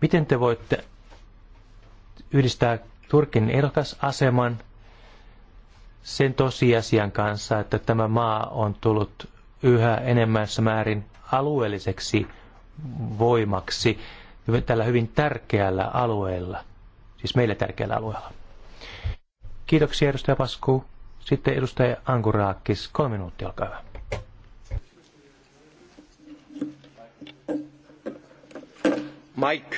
Miten te voitte yhdistää Turkin ehdokasaseman sen tosiasian kanssa, että tämä maa on tullut yhä enemmässä määrin alueelliseksi voimaksi, tällä hyvin tärkeällä alueella, siis meille tärkeällä alueella. Kiitoksia edustaja Pasku. Sitten edustaja Ankuraakis, kolme minuuttia, olkaa hyvä. Mike.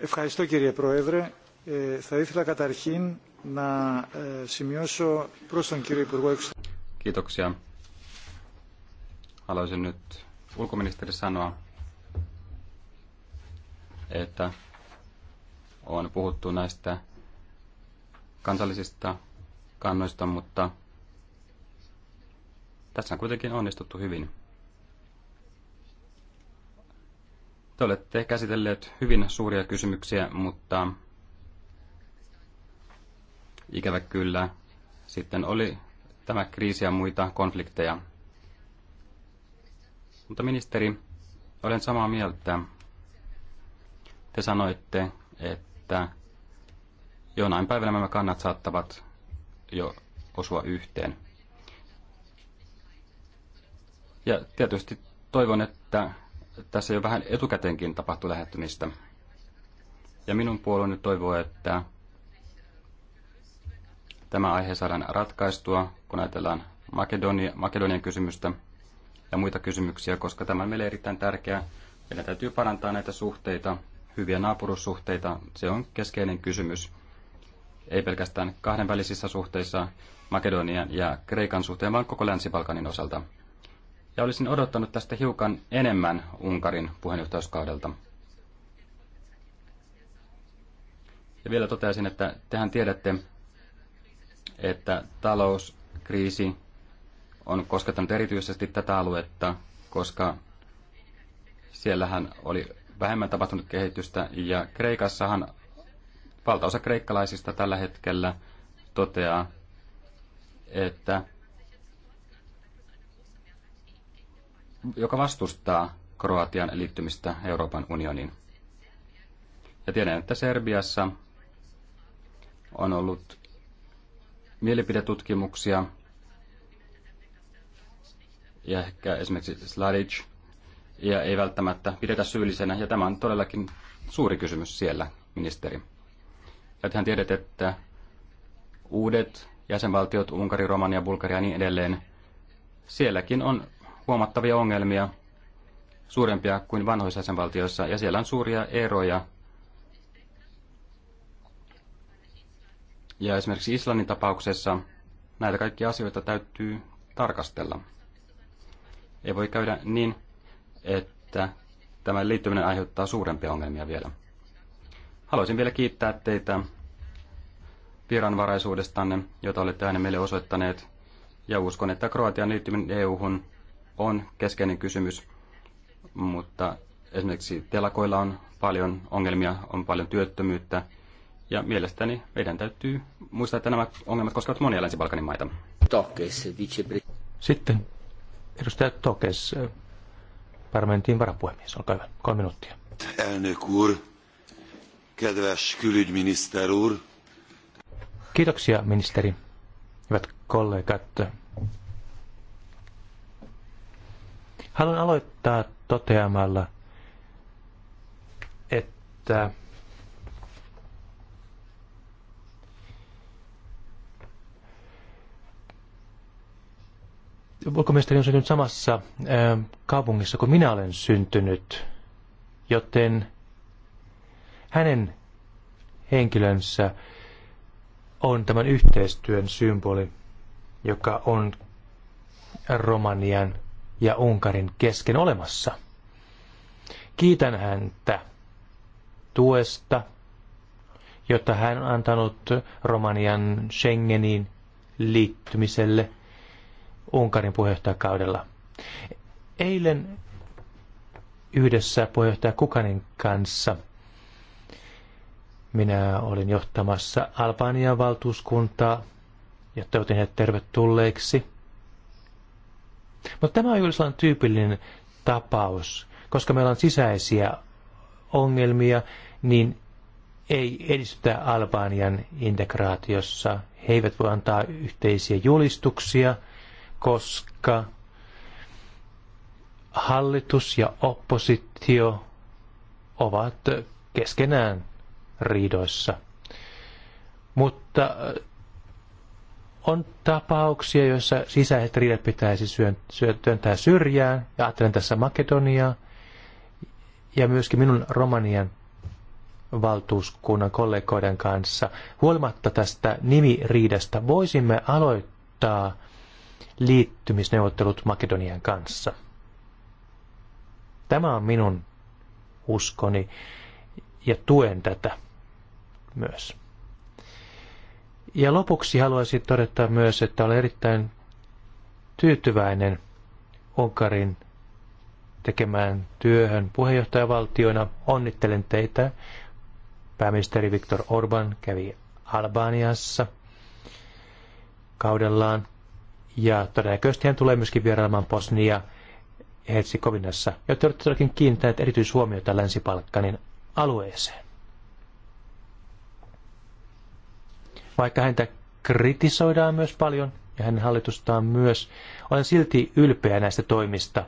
Ευχαριστώ κύριε Πρόεδρε. Ε, θα ήθελα καταρχήν να ε, σημειώσω προς τον κύριο Υπουργό Εξωτερικών. Kiitoksia. Haluaisin nyt ulkoministeri sanoa, että on puhuttu näistä kansallisista kannoista, mutta tässä on kuitenkin onnistuttu hyvin. Te olette käsitelleet hyvin suuria kysymyksiä, mutta ikävä kyllä sitten oli tämä kriisi ja muita konflikteja. Mutta ministeri, olen samaa mieltä te sanoitte, että jonain päivänä nämä kannat saattavat jo osua yhteen. Ja tietysti toivon, että tässä jo vähän etukäteenkin tapahtuu lähettymistä. Ja minun puolueeni toivoo, että tämä aihe saadaan ratkaistua, kun ajatellaan Makedonia, Makedonian kysymystä ja muita kysymyksiä, koska tämä on meille erittäin tärkeää. Meidän täytyy parantaa näitä suhteita hyviä naapurussuhteita, se on keskeinen kysymys. Ei pelkästään kahdenvälisissä suhteissa Makedonian ja Kreikan suhteen, vaan koko Länsi-Balkanin osalta. Ja olisin odottanut tästä hiukan enemmän Unkarin puheenjohtajuuskaudelta. Ja vielä toteaisin, että tehän tiedätte, että talouskriisi on koskettanut erityisesti tätä aluetta, koska siellähän oli vähemmän tapahtunut kehitystä. Ja Kreikassahan valtaosa kreikkalaisista tällä hetkellä toteaa, että joka vastustaa Kroatian liittymistä Euroopan unioniin. Ja tiedän, että Serbiassa on ollut mielipidetutkimuksia, ja ehkä esimerkiksi Sladic ja ei välttämättä pidetä syyllisenä. Ja tämä on todellakin suuri kysymys siellä, ministeri. Ja tehän tiedät, että uudet jäsenvaltiot, Unkari, Romania, Bulgaria ja niin edelleen, sielläkin on huomattavia ongelmia, suurempia kuin vanhoissa jäsenvaltioissa, ja siellä on suuria eroja. Ja esimerkiksi Islannin tapauksessa näitä kaikkia asioita täytyy tarkastella. Ei voi käydä niin, että tämä liittyminen aiheuttaa suurempia ongelmia vielä. Haluaisin vielä kiittää teitä viranvaraisuudestanne, jota olette aina meille osoittaneet, ja uskon, että Kroatian liittyminen EU-hun on keskeinen kysymys, mutta esimerkiksi telakoilla on paljon ongelmia, on paljon työttömyyttä, ja mielestäni meidän täytyy muistaa, että nämä ongelmat koskevat monia Länsi-Balkanin maita. Sitten edustaja Tokes, parlamentin varapuhemies. Olkaa hyvä. Kolme minuuttia. Elnök úr, kedves külügyminiszter úr. Kiitoksia, ministeri. Hyvät kollegat. Haluan aloittaa toteamalla, että ulkoministeri on syntynyt samassa ähm, kaupungissa kuin minä olen syntynyt, joten hänen henkilönsä on tämän yhteistyön symboli, joka on Romanian ja Unkarin kesken olemassa. Kiitän häntä tuesta, jota hän on antanut Romanian Schengenin liittymiselle – Unkarin puheenjohtajakaudella. Eilen yhdessä puheenjohtaja Kukanin kanssa minä olin johtamassa Albanian valtuuskuntaa ja toivotin heidät tervetulleiksi. Mutta tämä on juuri sellainen tyypillinen tapaus, koska meillä on sisäisiä ongelmia, niin ei edistytä Albanian integraatiossa. He eivät voi antaa yhteisiä julistuksia – koska hallitus ja oppositio ovat keskenään riidoissa. Mutta äh, on tapauksia, joissa sisäiset riidat pitäisi työntää syrjään, ja ajattelen tässä Makedoniaa, ja myöskin minun Romanian valtuuskunnan kollegoiden kanssa. Huolimatta tästä nimiriidasta voisimme aloittaa liittymisneuvottelut Makedonian kanssa. Tämä on minun uskoni ja tuen tätä myös. Ja lopuksi haluaisin todeta myös, että olen erittäin tyytyväinen Unkarin tekemään työhön puheenjohtajavaltioina. Onnittelen teitä. Pääministeri Viktor Orban kävi Albaniassa kaudellaan ja todennäköisesti hän tulee myöskin vierailemaan Bosnia Herzegovinassa, jotta olette todellakin kiinnittäneet erityishuomiota Länsi-Balkanin alueeseen. Vaikka häntä kritisoidaan myös paljon ja hänen hallitustaan myös, olen silti ylpeä näistä toimista.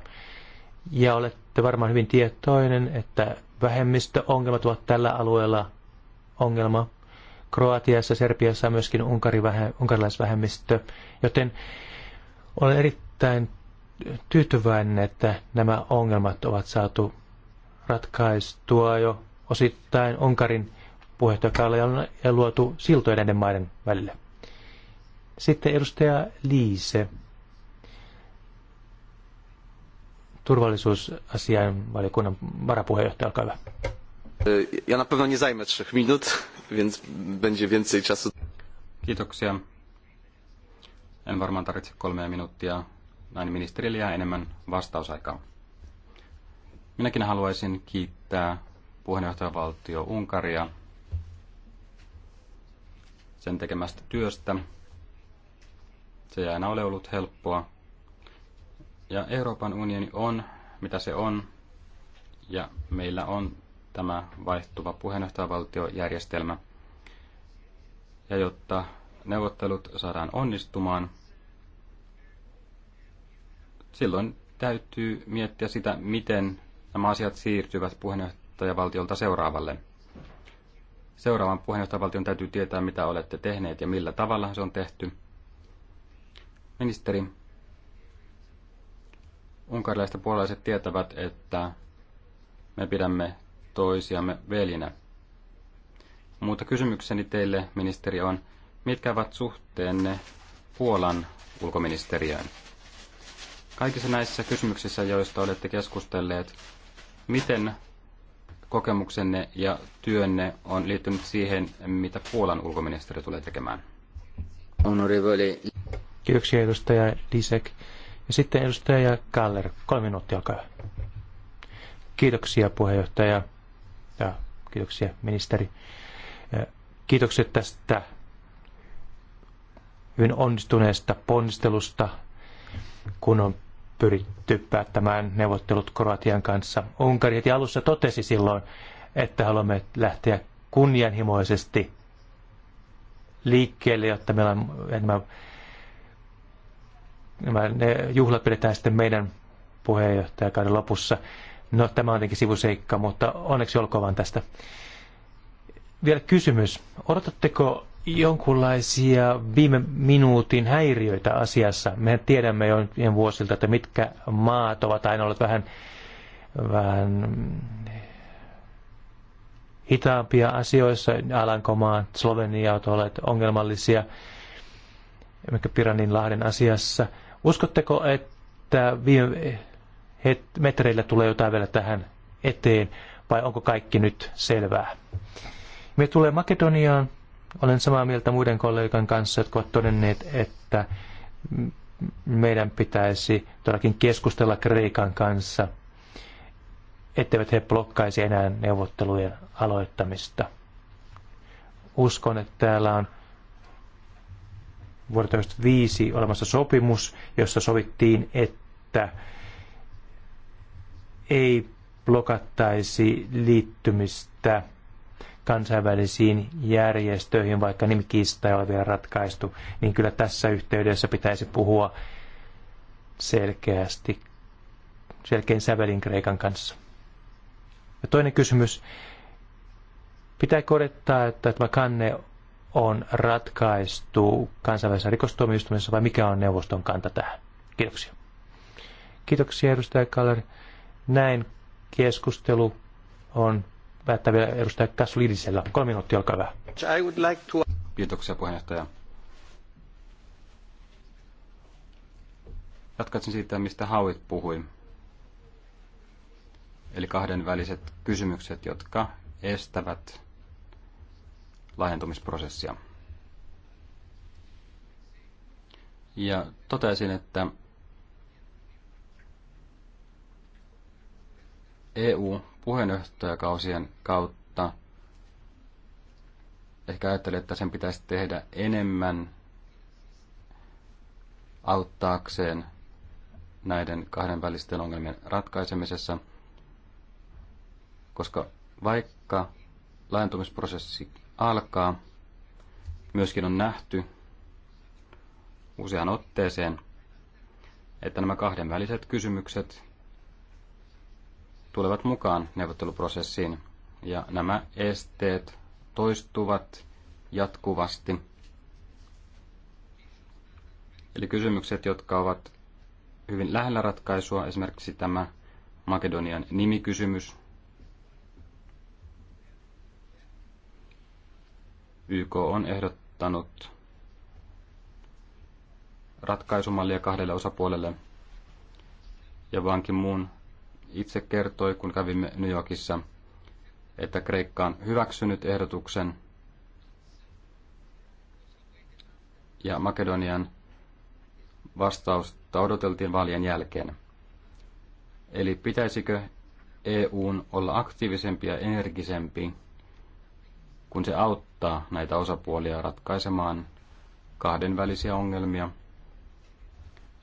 Ja olette varmaan hyvin tietoinen, että vähemmistöongelmat ovat tällä alueella ongelma. Kroatiassa, Serbiassa on myöskin unkarilaisvähemmistö, joten olen erittäin tyytyväinen, että nämä ongelmat ovat saatu ratkaistua jo osittain Onkarin puheenjohtajakaudella ja luotu siltoja näiden maiden välillä. Sitten edustaja Liise, turvallisuusasian valiokunnan varapuheenjohtaja, olkaa hyvä. Ja na pewno nie zajmę trzech minut, więc będzie więcej czasu. Kiitoksia. En varmaan tarvitse kolmea minuuttia, näin ministerille jää enemmän vastausaikaa. Minäkin haluaisin kiittää puheenjohtajavaltio Unkaria sen tekemästä työstä. Se ei aina ole ollut helppoa. Ja Euroopan unioni on, mitä se on, ja meillä on tämä vaihtuva puheenjohtajavaltiojärjestelmä. Ja jotta neuvottelut saadaan onnistumaan, silloin täytyy miettiä sitä, miten nämä asiat siirtyvät puheenjohtajavaltiolta seuraavalle. Seuraavan puheenjohtajavaltion täytyy tietää, mitä olette tehneet ja millä tavalla se on tehty. Ministeri, unkarilaiset puolalaiset tietävät, että me pidämme toisiamme velinä. Mutta kysymykseni teille, ministeri, on, Mitkä ovat suhteenne Puolan ulkoministeriöön? Kaikissa näissä kysymyksissä, joista olette keskustelleet, miten kokemuksenne ja työnne on liittynyt siihen, mitä Puolan ulkoministeri tulee tekemään? Honorevoli. Kiitoksia edustaja Lisek. Ja sitten edustaja Kaller, kolme minuuttia, olkaa Kiitoksia puheenjohtaja ja kiitoksia ministeri. Kiitokset tästä hyvin onnistuneesta ponnistelusta, kun on pyritty päättämään neuvottelut Kroatian kanssa. Unkari heti alussa totesi silloin, että haluamme lähteä kunnianhimoisesti liikkeelle, jotta meillä on, nämä, nämä ne juhlat pidetään sitten meidän puheenjohtajakauden lopussa. No tämä on jotenkin sivuseikka, mutta onneksi olkoon vaan tästä. Vielä kysymys. Odotatteko jonkunlaisia viime minuutin häiriöitä asiassa. Me tiedämme jo vuosilta, että mitkä maat ovat aina olleet vähän, vähän hitaampia asioissa. Alankomaan, Slovenia ovat olleet ongelmallisia, mikä Piranin lahden asiassa. Uskotteko, että viime het- metreillä tulee jotain vielä tähän eteen, vai onko kaikki nyt selvää? Me tulee Makedoniaan olen samaa mieltä muiden kollegan kanssa, jotka ovat todenneet, että meidän pitäisi todellakin keskustella Kreikan kanssa, etteivät he blokkaisi enää neuvottelujen aloittamista. Uskon, että täällä on vuodesta viisi olemassa sopimus, jossa sovittiin, että ei blokattaisi liittymistä kansainvälisiin järjestöihin, vaikka nimikiista ei ole vielä ratkaistu, niin kyllä tässä yhteydessä pitäisi puhua selkeästi, selkein sävelin Kreikan kanssa. Ja toinen kysymys. Pitää korjattaa, että tämä kanne on ratkaistu kansainvälisessä rikostuomioistuimessa vai mikä on neuvoston kanta tähän? Kiitoksia. Kiitoksia edustaja Kaller. Näin keskustelu on päättää vielä edustaja Kassulidisellä. Kolme minuuttia, olkaa hyvä. like to... Kiitoksia puheenjohtaja. Jatkaisin siitä, mistä Hauit puhui. Eli kahdenväliset kysymykset, jotka estävät laajentumisprosessia. Ja totesin, että EU puheenjohtajakausien kautta ehkä ajattelin, että sen pitäisi tehdä enemmän auttaakseen näiden kahden välisten ongelmien ratkaisemisessa, koska vaikka laajentumisprosessi alkaa, myöskin on nähty useaan otteeseen, että nämä kahdenväliset kysymykset tulevat mukaan neuvotteluprosessiin. Ja nämä esteet toistuvat jatkuvasti. Eli kysymykset, jotka ovat hyvin lähellä ratkaisua, esimerkiksi tämä Makedonian nimikysymys, YK on ehdottanut ratkaisumallia kahdelle osapuolelle ja vankin muun itse kertoi, kun kävimme New Yorkissa, että Kreikka on hyväksynyt ehdotuksen ja Makedonian vastausta odoteltiin vaalien jälkeen. Eli pitäisikö EUn olla aktiivisempi ja energisempi, kun se auttaa näitä osapuolia ratkaisemaan kahdenvälisiä ongelmia,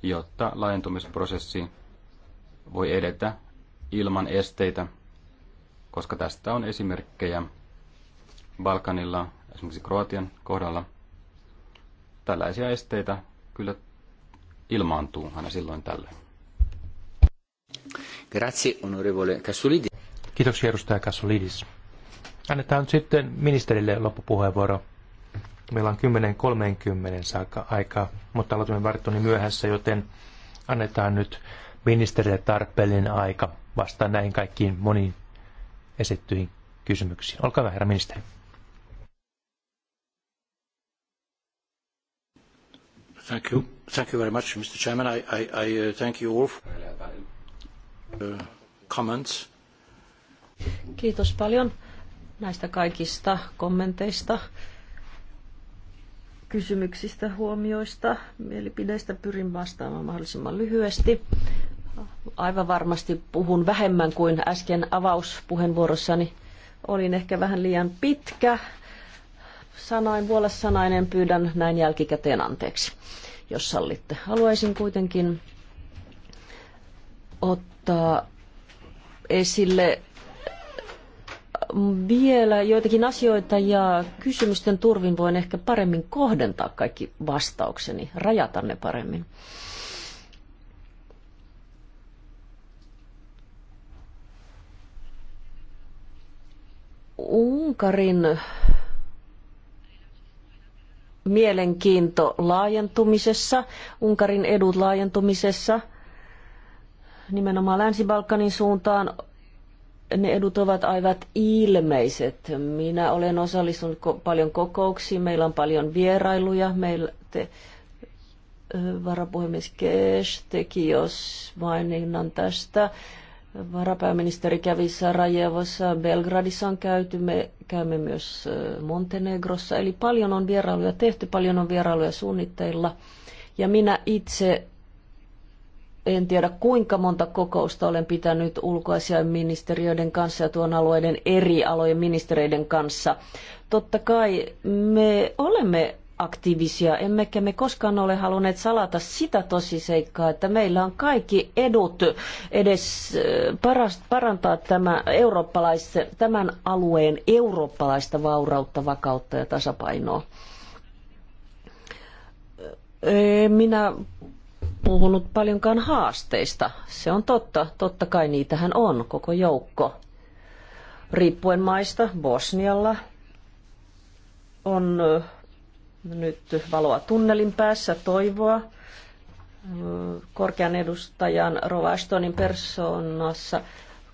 jotta laajentumisprosessi voi edetä ilman esteitä, koska tästä on esimerkkejä Balkanilla, esimerkiksi Kroatian kohdalla. Tällaisia esteitä kyllä ilmaantuu aina silloin tällöin. Grazie, onorevole Kassulidis. Kiitoksia, edustaja Kassulidis. Annetaan nyt sitten ministerille loppupuheenvuoro. Meillä on 10.30 saakka aikaa, mutta aloitamme varttuni myöhässä, joten annetaan nyt ministerille tarpeellinen aika vastaan näihin kaikkiin moniin esittyihin kysymyksiin. Olkaa hyvä, herra ministeri. Thank you. Thank you very much, Mr. Chairman. I, I, I uh, thank you all for uh, comments. Kiitos paljon näistä kaikista kommenteista, kysymyksistä, huomioista, mielipideistä. Pyrin vastaamaan mahdollisimman lyhyesti aivan varmasti puhun vähemmän kuin äsken avauspuheenvuorossani. Olin ehkä vähän liian pitkä. Sanoin vuolessanainen, pyydän näin jälkikäteen anteeksi, jos sallitte. Haluaisin kuitenkin ottaa esille vielä joitakin asioita ja kysymysten turvin voin ehkä paremmin kohdentaa kaikki vastaukseni, rajata ne paremmin. Unkarin mielenkiinto laajentumisessa, Unkarin edut laajentumisessa, nimenomaan Länsi-Balkanin suuntaan, ne edut ovat aivan ilmeiset. Minä olen osallistunut paljon kokouksiin, meillä on paljon vierailuja, meillä te, varapuhemies Kesh teki jos maininnan tästä Varapääministeri kävi Sarajevossa, Belgradissa on käyty, me käymme myös Montenegrossa. Eli paljon on vierailuja tehty, paljon on vierailuja suunnitteilla. Ja minä itse en tiedä kuinka monta kokousta olen pitänyt ulkoasiainministeriöiden kanssa ja tuon alueiden eri alojen ministereiden kanssa. Totta kai me olemme aktiivisia, emmekä me koskaan ole halunneet salata sitä tosiseikkaa, että meillä on kaikki edut edes eh, parantaa tämä tämän alueen eurooppalaista vaurautta, vakautta ja tasapainoa. Eh, minä puhunut paljonkaan haasteista. Se on totta, totta kai niitähän on koko joukko. Riippuen maista, Bosnialla on eh, nyt valoa tunnelin päässä, toivoa korkean edustajan Rova Ashtonin persoonassa,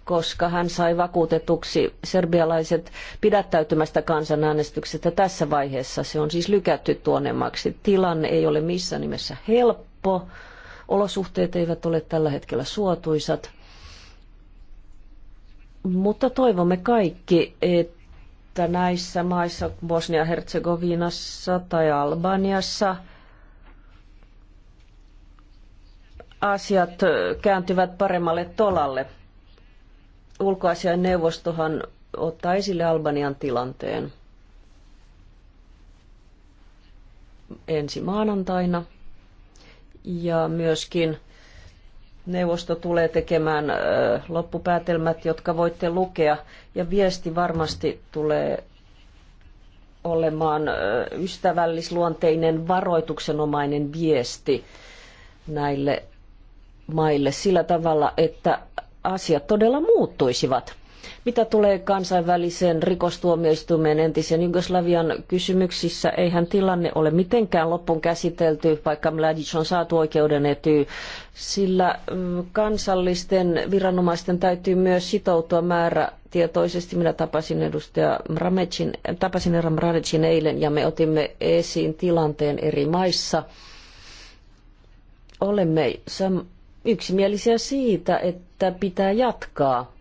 koska hän sai vakuutetuksi serbialaiset pidättäytymästä kansanäänestyksestä tässä vaiheessa. Se on siis lykätty tuonemmaksi. Tilanne ei ole missään nimessä helppo. Olosuhteet eivät ole tällä hetkellä suotuisat. Mutta toivomme kaikki, että että näissä maissa, Bosnia-Herzegovinassa tai Albaniassa, asiat kääntyvät paremmalle tolalle. Ulkoasian neuvostohan ottaa esille Albanian tilanteen ensi maanantaina ja myöskin Neuvosto tulee tekemään loppupäätelmät, jotka voitte lukea, ja viesti varmasti tulee olemaan ystävällisluonteinen, varoituksenomainen viesti näille maille sillä tavalla, että asiat todella muuttuisivat. Mitä tulee kansainväliseen rikostuomioistuimeen entisen Jugoslavian kysymyksissä, eihän tilanne ole mitenkään loppuun käsitelty, vaikka Mladic on saatu oikeuden etyy, sillä mm, kansallisten viranomaisten täytyy myös sitoutua määrä tietoisesti. Minä tapasin edustaja Mramecin, tapasin Eram eilen ja me otimme esiin tilanteen eri maissa. Olemme yksimielisiä siitä, että pitää jatkaa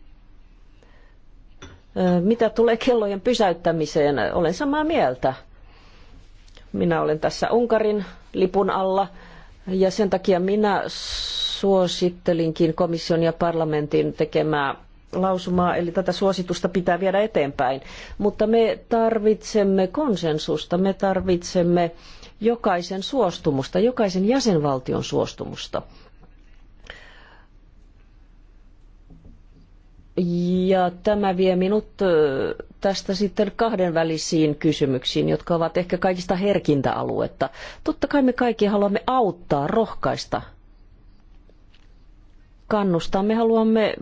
mitä tulee kellojen pysäyttämiseen, olen samaa mieltä. Minä olen tässä Unkarin lipun alla ja sen takia minä suosittelinkin komission ja parlamentin tekemää lausumaa, eli tätä suositusta pitää viedä eteenpäin. Mutta me tarvitsemme konsensusta, me tarvitsemme jokaisen suostumusta, jokaisen jäsenvaltion suostumusta. Ja tämä vie minut tästä sitten kahdenvälisiin kysymyksiin, jotka ovat ehkä kaikista herkintä aluetta. Totta kai me kaikki haluamme auttaa, rohkaista, kannustaa. Me haluamme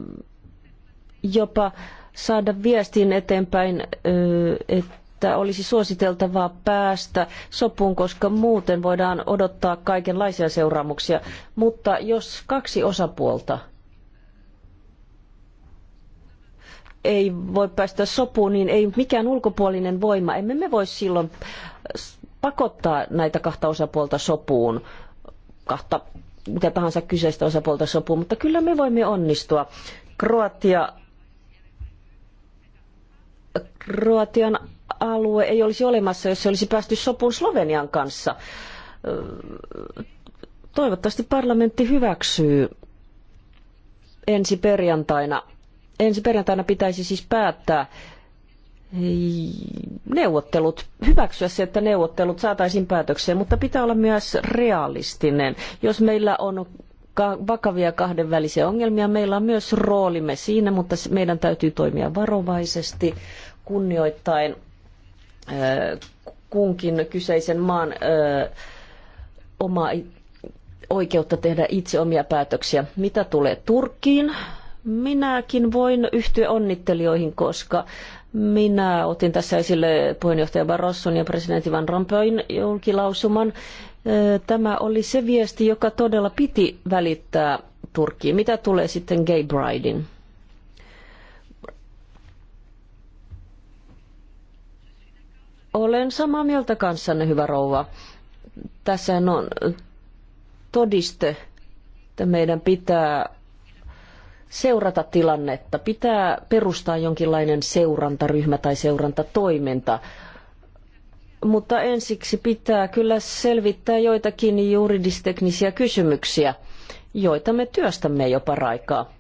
jopa saada viestin eteenpäin, että olisi suositeltavaa päästä sopuun, koska muuten voidaan odottaa kaikenlaisia seuraamuksia. Mutta jos kaksi osapuolta – ei voi päästä sopuun, niin ei mikään ulkopuolinen voima. Emme me voi silloin pakottaa näitä kahta osapuolta sopuun, kahta mitä tahansa kyseistä osapuolta sopuun, mutta kyllä me voimme onnistua. Kroatia, Kroatian alue ei olisi olemassa, jos se olisi päästy sopuun Slovenian kanssa. Toivottavasti parlamentti hyväksyy ensi perjantaina ensi perjantaina pitäisi siis päättää neuvottelut, hyväksyä se, että neuvottelut saataisiin päätökseen, mutta pitää olla myös realistinen. Jos meillä on vakavia kahdenvälisiä ongelmia, meillä on myös roolimme siinä, mutta meidän täytyy toimia varovaisesti, kunnioittain kunkin kyseisen maan omaa oikeutta tehdä itse omia päätöksiä. Mitä tulee Turkkiin, Minäkin voin yhtyä onnittelijoihin, koska minä otin tässä esille puheenjohtaja Barrosson ja presidentti Van Rompuyn julkilausuman. Tämä oli se viesti, joka todella piti välittää Turkkiin. Mitä tulee sitten Gay Bridein? Olen samaa mieltä kanssanne, hyvä rouva. Tässä on todiste, että meidän pitää seurata tilannetta. Pitää perustaa jonkinlainen seurantaryhmä tai seurantatoiminta. Mutta ensiksi pitää kyllä selvittää joitakin juridisteknisiä kysymyksiä, joita me työstämme jo paraikaa.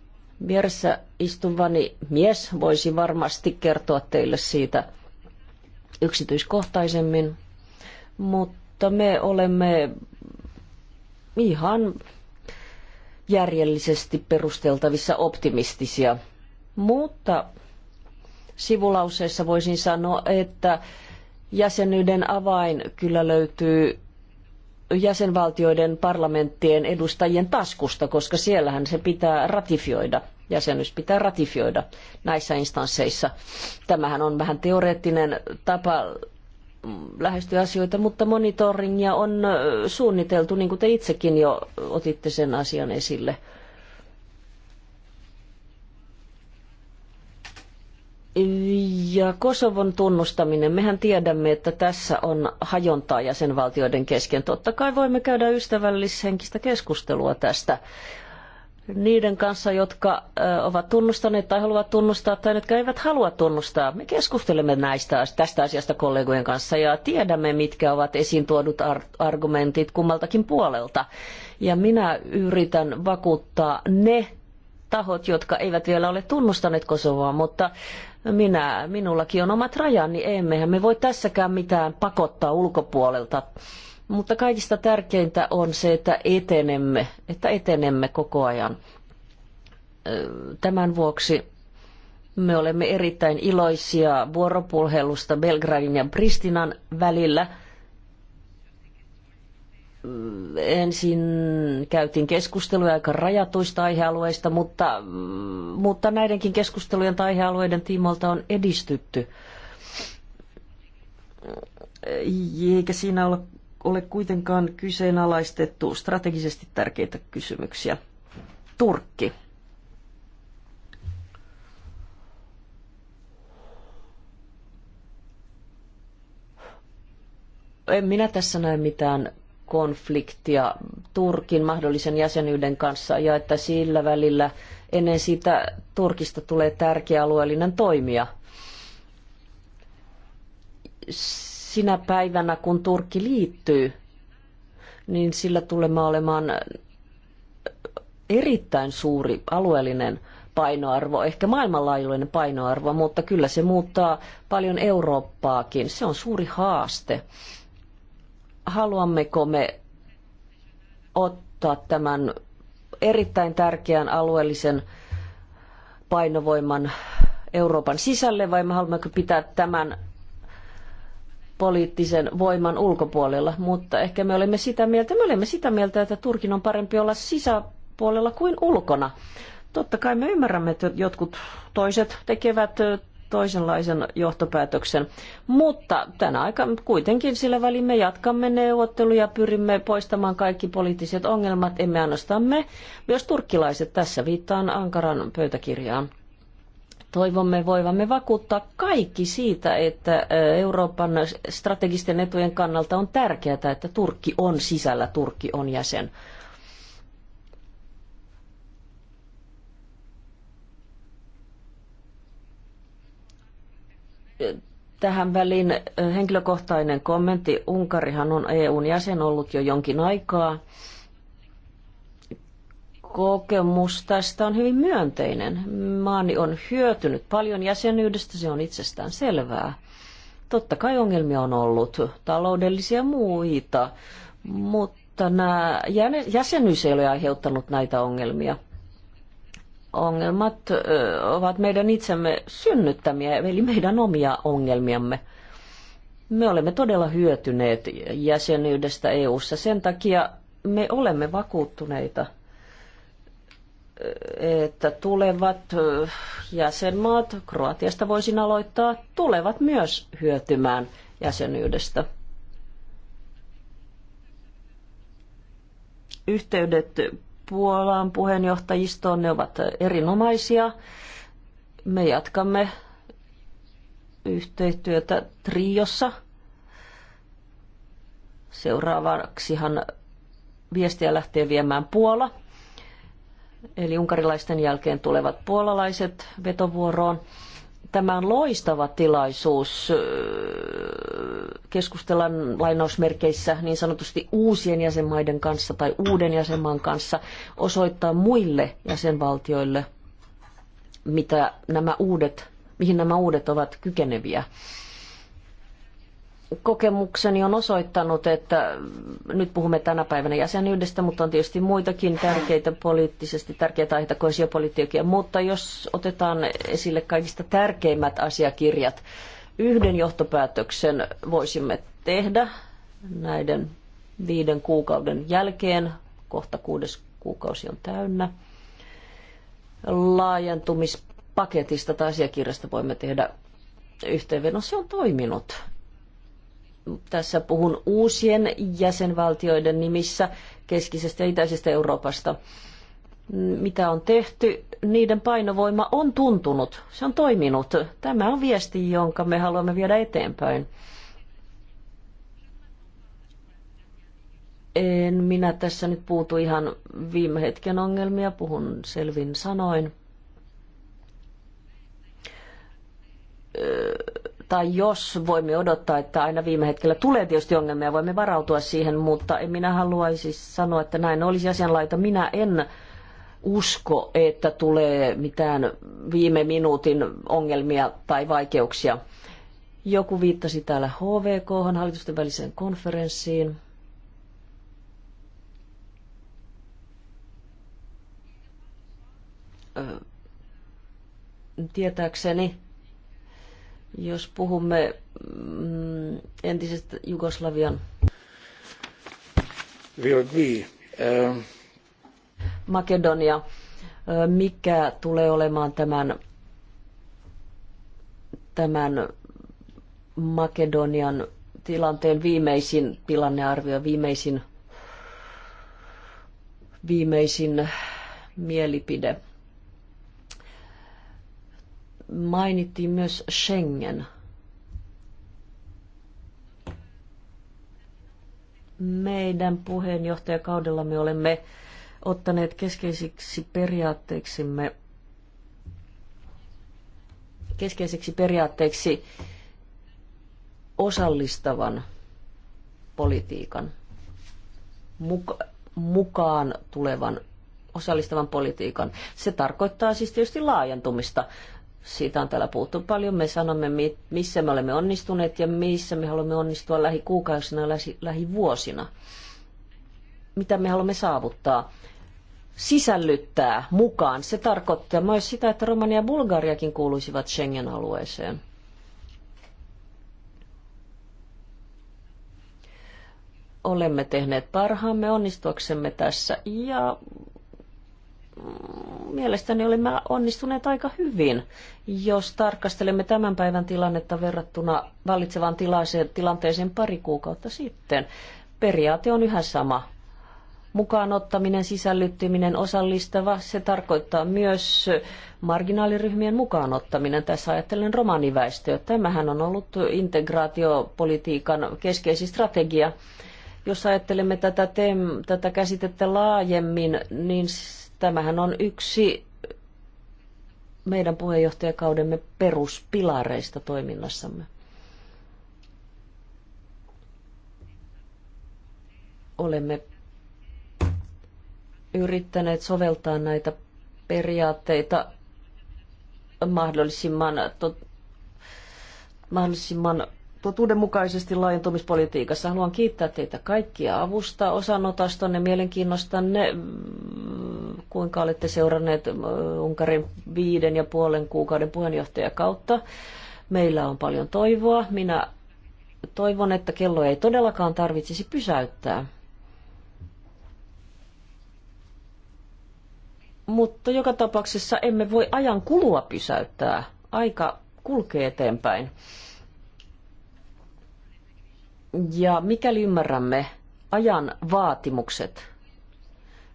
Vieressä istuvani mies voisi varmasti kertoa teille siitä yksityiskohtaisemmin, mutta me olemme ihan järjellisesti perusteltavissa optimistisia. Mutta sivulauseessa voisin sanoa, että jäsenyyden avain kyllä löytyy jäsenvaltioiden parlamenttien edustajien taskusta, koska siellähän se pitää ratifioida. Jäsenyys pitää ratifioida näissä instansseissa. Tämähän on vähän teoreettinen tapa lähestyä asioita, mutta monitoringia on suunniteltu, niin kuin te itsekin jo otitte sen asian esille. Ja Kosovon tunnustaminen, mehän tiedämme, että tässä on hajontaa jäsenvaltioiden kesken. Totta kai voimme käydä ystävällishenkistä keskustelua tästä niiden kanssa, jotka ovat tunnustaneet tai haluavat tunnustaa tai jotka eivät halua tunnustaa. Me keskustelemme näistä, tästä asiasta kollegojen kanssa ja tiedämme, mitkä ovat esiin tuodut argumentit kummaltakin puolelta. Ja minä yritän vakuuttaa ne tahot, jotka eivät vielä ole tunnustaneet Kosovoa, mutta minä, minullakin on omat rajani, emmehän me voi tässäkään mitään pakottaa ulkopuolelta mutta kaikista tärkeintä on se, että etenemme, että etenemme koko ajan. Tämän vuoksi me olemme erittäin iloisia vuoropuhelusta Belgradin ja Pristinan välillä. Ensin käytiin keskusteluja aika rajatuista aihealueista, mutta, mm, mutta näidenkin keskustelujen tai aihealueiden tiimoilta on edistytty eikä siinä ole ole kuitenkaan kyseenalaistettu strategisesti tärkeitä kysymyksiä. Turkki. En minä tässä näe mitään konfliktia Turkin mahdollisen jäsenyyden kanssa ja että sillä välillä ennen sitä Turkista tulee tärkeä alueellinen toimija sinä päivänä, kun Turkki liittyy, niin sillä tulee olemaan erittäin suuri alueellinen painoarvo, ehkä maailmanlaajuinen painoarvo, mutta kyllä se muuttaa paljon Eurooppaakin. Se on suuri haaste. Haluammeko me ottaa tämän erittäin tärkeän alueellisen painovoiman Euroopan sisälle vai me haluammeko pitää tämän poliittisen voiman ulkopuolella, mutta ehkä me olemme sitä mieltä, me olemme sitä mieltä, että Turkin on parempi olla sisäpuolella kuin ulkona. Totta kai me ymmärrämme, että jotkut toiset tekevät toisenlaisen johtopäätöksen. Mutta tänä aikana kuitenkin sillä välin me jatkamme neuvotteluja, pyrimme poistamaan kaikki poliittiset ongelmat, emme ainoastaan me, myös turkkilaiset. Tässä viittaan Ankaran pöytäkirjaan. Toivomme voivamme vakuuttaa kaikki siitä, että Euroopan strategisten etujen kannalta on tärkeää, että Turkki on sisällä, Turkki on jäsen. Tähän väliin henkilökohtainen kommentti. Unkarihan on EUn jäsen ollut jo jonkin aikaa kokemus tästä on hyvin myönteinen. Maani on hyötynyt paljon jäsenyydestä, se on itsestään selvää. Totta kai ongelmia on ollut, taloudellisia muita, mutta nämä jäsenyys ei ole aiheuttanut näitä ongelmia. Ongelmat ovat meidän itsemme synnyttämiä, eli meidän omia ongelmiamme. Me olemme todella hyötyneet jäsenyydestä EU:ssa. Sen takia me olemme vakuuttuneita – että tulevat jäsenmaat, Kroatiasta voisin aloittaa, tulevat myös hyötymään jäsenyydestä. Yhteydet Puolaan puheenjohtajistoon, ne ovat erinomaisia. Me jatkamme yhteistyötä Triossa. Seuraavaksihan viestiä lähtee viemään Puola eli unkarilaisten jälkeen tulevat puolalaiset vetovuoroon. Tämä on loistava tilaisuus keskustella lainausmerkeissä niin sanotusti uusien jäsenmaiden kanssa tai uuden jäsenmaan kanssa, osoittaa muille jäsenvaltioille, mitä nämä uudet, mihin nämä uudet ovat kykeneviä kokemukseni on osoittanut, että nyt puhumme tänä päivänä jäsenyydestä, mutta on tietysti muitakin tärkeitä poliittisesti tärkeitä aiheita, koesiopolitiikkia. Mutta jos otetaan esille kaikista tärkeimmät asiakirjat, yhden johtopäätöksen voisimme tehdä näiden viiden kuukauden jälkeen, kohta kuudes kuukausi on täynnä, laajentumispaketista tai asiakirjasta voimme tehdä yhteenvedon. Se on toiminut tässä puhun uusien jäsenvaltioiden nimissä keskisestä ja itäisestä Euroopasta. Mitä on tehty, niiden painovoima on tuntunut, se on toiminut. Tämä on viesti, jonka me haluamme viedä eteenpäin. En minä tässä nyt puutu ihan viime hetken ongelmia, puhun selvin sanoin. Öö tai jos voimme odottaa, että aina viime hetkellä tulee tietysti ongelmia, voimme varautua siihen, mutta en minä haluaisi sanoa, että näin olisi asianlaita. Minä en usko, että tulee mitään viime minuutin ongelmia tai vaikeuksia. Joku viittasi täällä HVK, hallitusten väliseen konferenssiin. Tietääkseni jos puhumme mm, entisestä Jugoslavian Will be, ähm, Makedonia, mikä tulee olemaan tämän, tämän Makedonian tilanteen viimeisin tilannearvio, viimeisin, viimeisin mielipide? mainittiin myös Schengen. Meidän puheenjohtajakaudella me olemme ottaneet keskeisiksi periaatteiksimme keskeiseksi periaatteeksi osallistavan politiikan, mukaan tulevan osallistavan politiikan. Se tarkoittaa siis tietysti laajentumista siitä on täällä puhuttu paljon. Me sanomme, missä me olemme onnistuneet ja missä me haluamme onnistua lähikuukausina ja lähivuosina. Mitä me haluamme saavuttaa? Sisällyttää mukaan. Se tarkoittaa myös sitä, että Romania ja Bulgariakin kuuluisivat Schengen-alueeseen. Olemme tehneet parhaamme onnistuaksemme tässä ja mielestäni olemme onnistuneet aika hyvin, jos tarkastelemme tämän päivän tilannetta verrattuna vallitsevaan tilanteeseen pari kuukautta sitten. Periaate on yhä sama. Mukaan ottaminen, sisällyttyminen, osallistava, se tarkoittaa myös marginaaliryhmien mukaan ottaminen. Tässä ajattelen romaniväestöä. Tämähän on ollut integraatiopolitiikan keskeisin strategia jos ajattelemme tätä, teem, tätä käsitettä laajemmin, niin Tämähän on yksi meidän puheenjohtajakaudemme peruspilareista toiminnassamme. Olemme yrittäneet soveltaa näitä periaatteita mahdollisimman, to, mahdollisimman totuudenmukaisesti laajentumispolitiikassa. Haluan kiittää teitä kaikkia avusta, osanotastanne, mielenkiinnostanne, mm, kuinka olette seuranneet mm, Unkarin viiden ja puolen kuukauden puheenjohtajakautta. Meillä on paljon toivoa. Minä toivon, että kello ei todellakaan tarvitsisi pysäyttää. Mutta joka tapauksessa emme voi ajan kulua pysäyttää. Aika kulkee eteenpäin. Ja mikäli ymmärrämme ajan vaatimukset,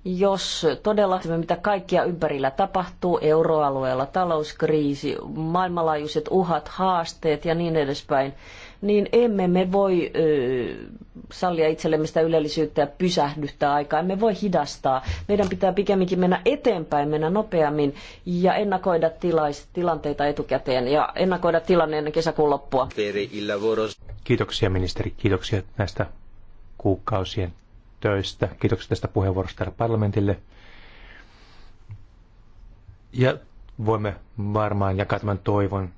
jos todella mitä kaikkia ympärillä tapahtuu, euroalueella talouskriisi, maailmanlaajuiset uhat, haasteet ja niin edespäin, niin emme me voi sallia itsellemme sitä ylellisyyttä ja pysähdyttää aikaa. Emme voi hidastaa. Meidän pitää pikemminkin mennä eteenpäin, mennä nopeammin ja ennakoida tilais, tilanteita etukäteen ja ennakoida tilanne ennen kesäkuun loppua. Kiitoksia ministeri, kiitoksia näistä kuukausien töistä. Kiitoksia tästä puheenvuorosta täällä parlamentille. Ja voimme varmaan jakaa tämän toivon,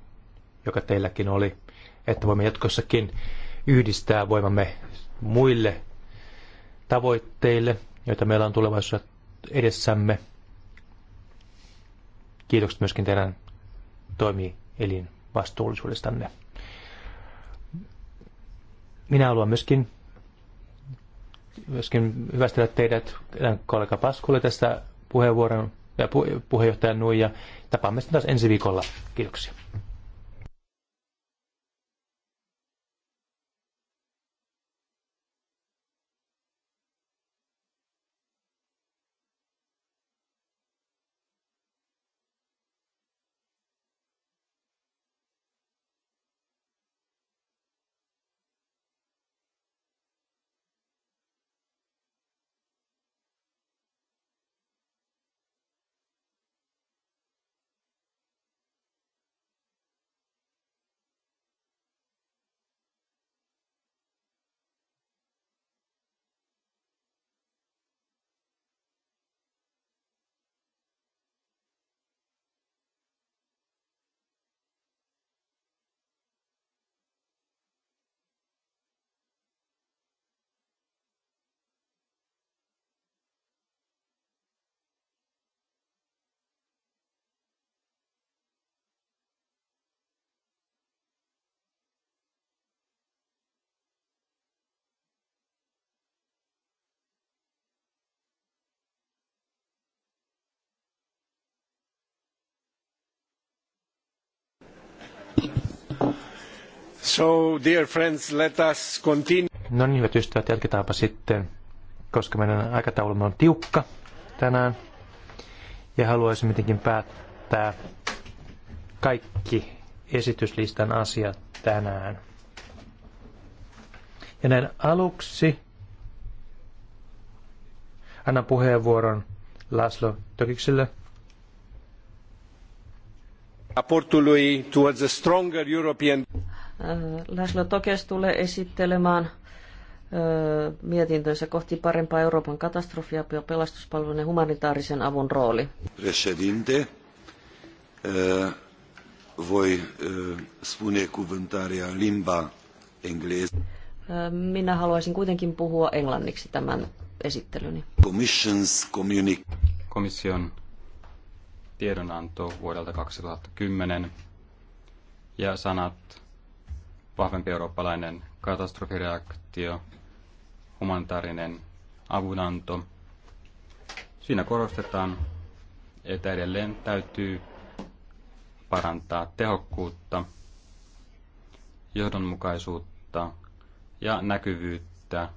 joka teilläkin oli että voimme jatkossakin yhdistää voimamme muille tavoitteille, joita meillä on tulevaisuudessa edessämme. Kiitokset myöskin teidän toimielin vastuullisuudestanne. Minä haluan myöskin, myöskin hyvästellä teidät, kollega Paskulle tästä puheenvuoron ja puheenjohtaja Nuija. Tapaamme sitten taas ensi viikolla. Kiitoksia. So, dear friends, let us continue. No niin, hyvät ystävät, jatketaanpa sitten, koska meidän aikataulumme on tiukka tänään. Ja haluaisin mitenkin päättää kaikki esityslistan asiat tänään. Ja näin aluksi annan puheenvuoron Laszlo Tökikselle. Raportului towards a stronger European Äh, Laszlo Tokes tulee esittelemään äh, mietintönsä kohti parempaa Euroopan katastrofia ja pelastuspalvelujen humanitaarisen avun rooli. Presidente, äh, voi spune cuvântarea limba engleză. Minä haluaisin kuitenkin puhua englanniksi tämän esittelyni. Commission's communic- Komission tiedonanto vuodelta 2010 ja sanat vahvempi eurooppalainen katastrofireaktio, humanitaarinen avunanto. Siinä korostetaan, että edelleen täytyy parantaa tehokkuutta, johdonmukaisuutta ja näkyvyyttä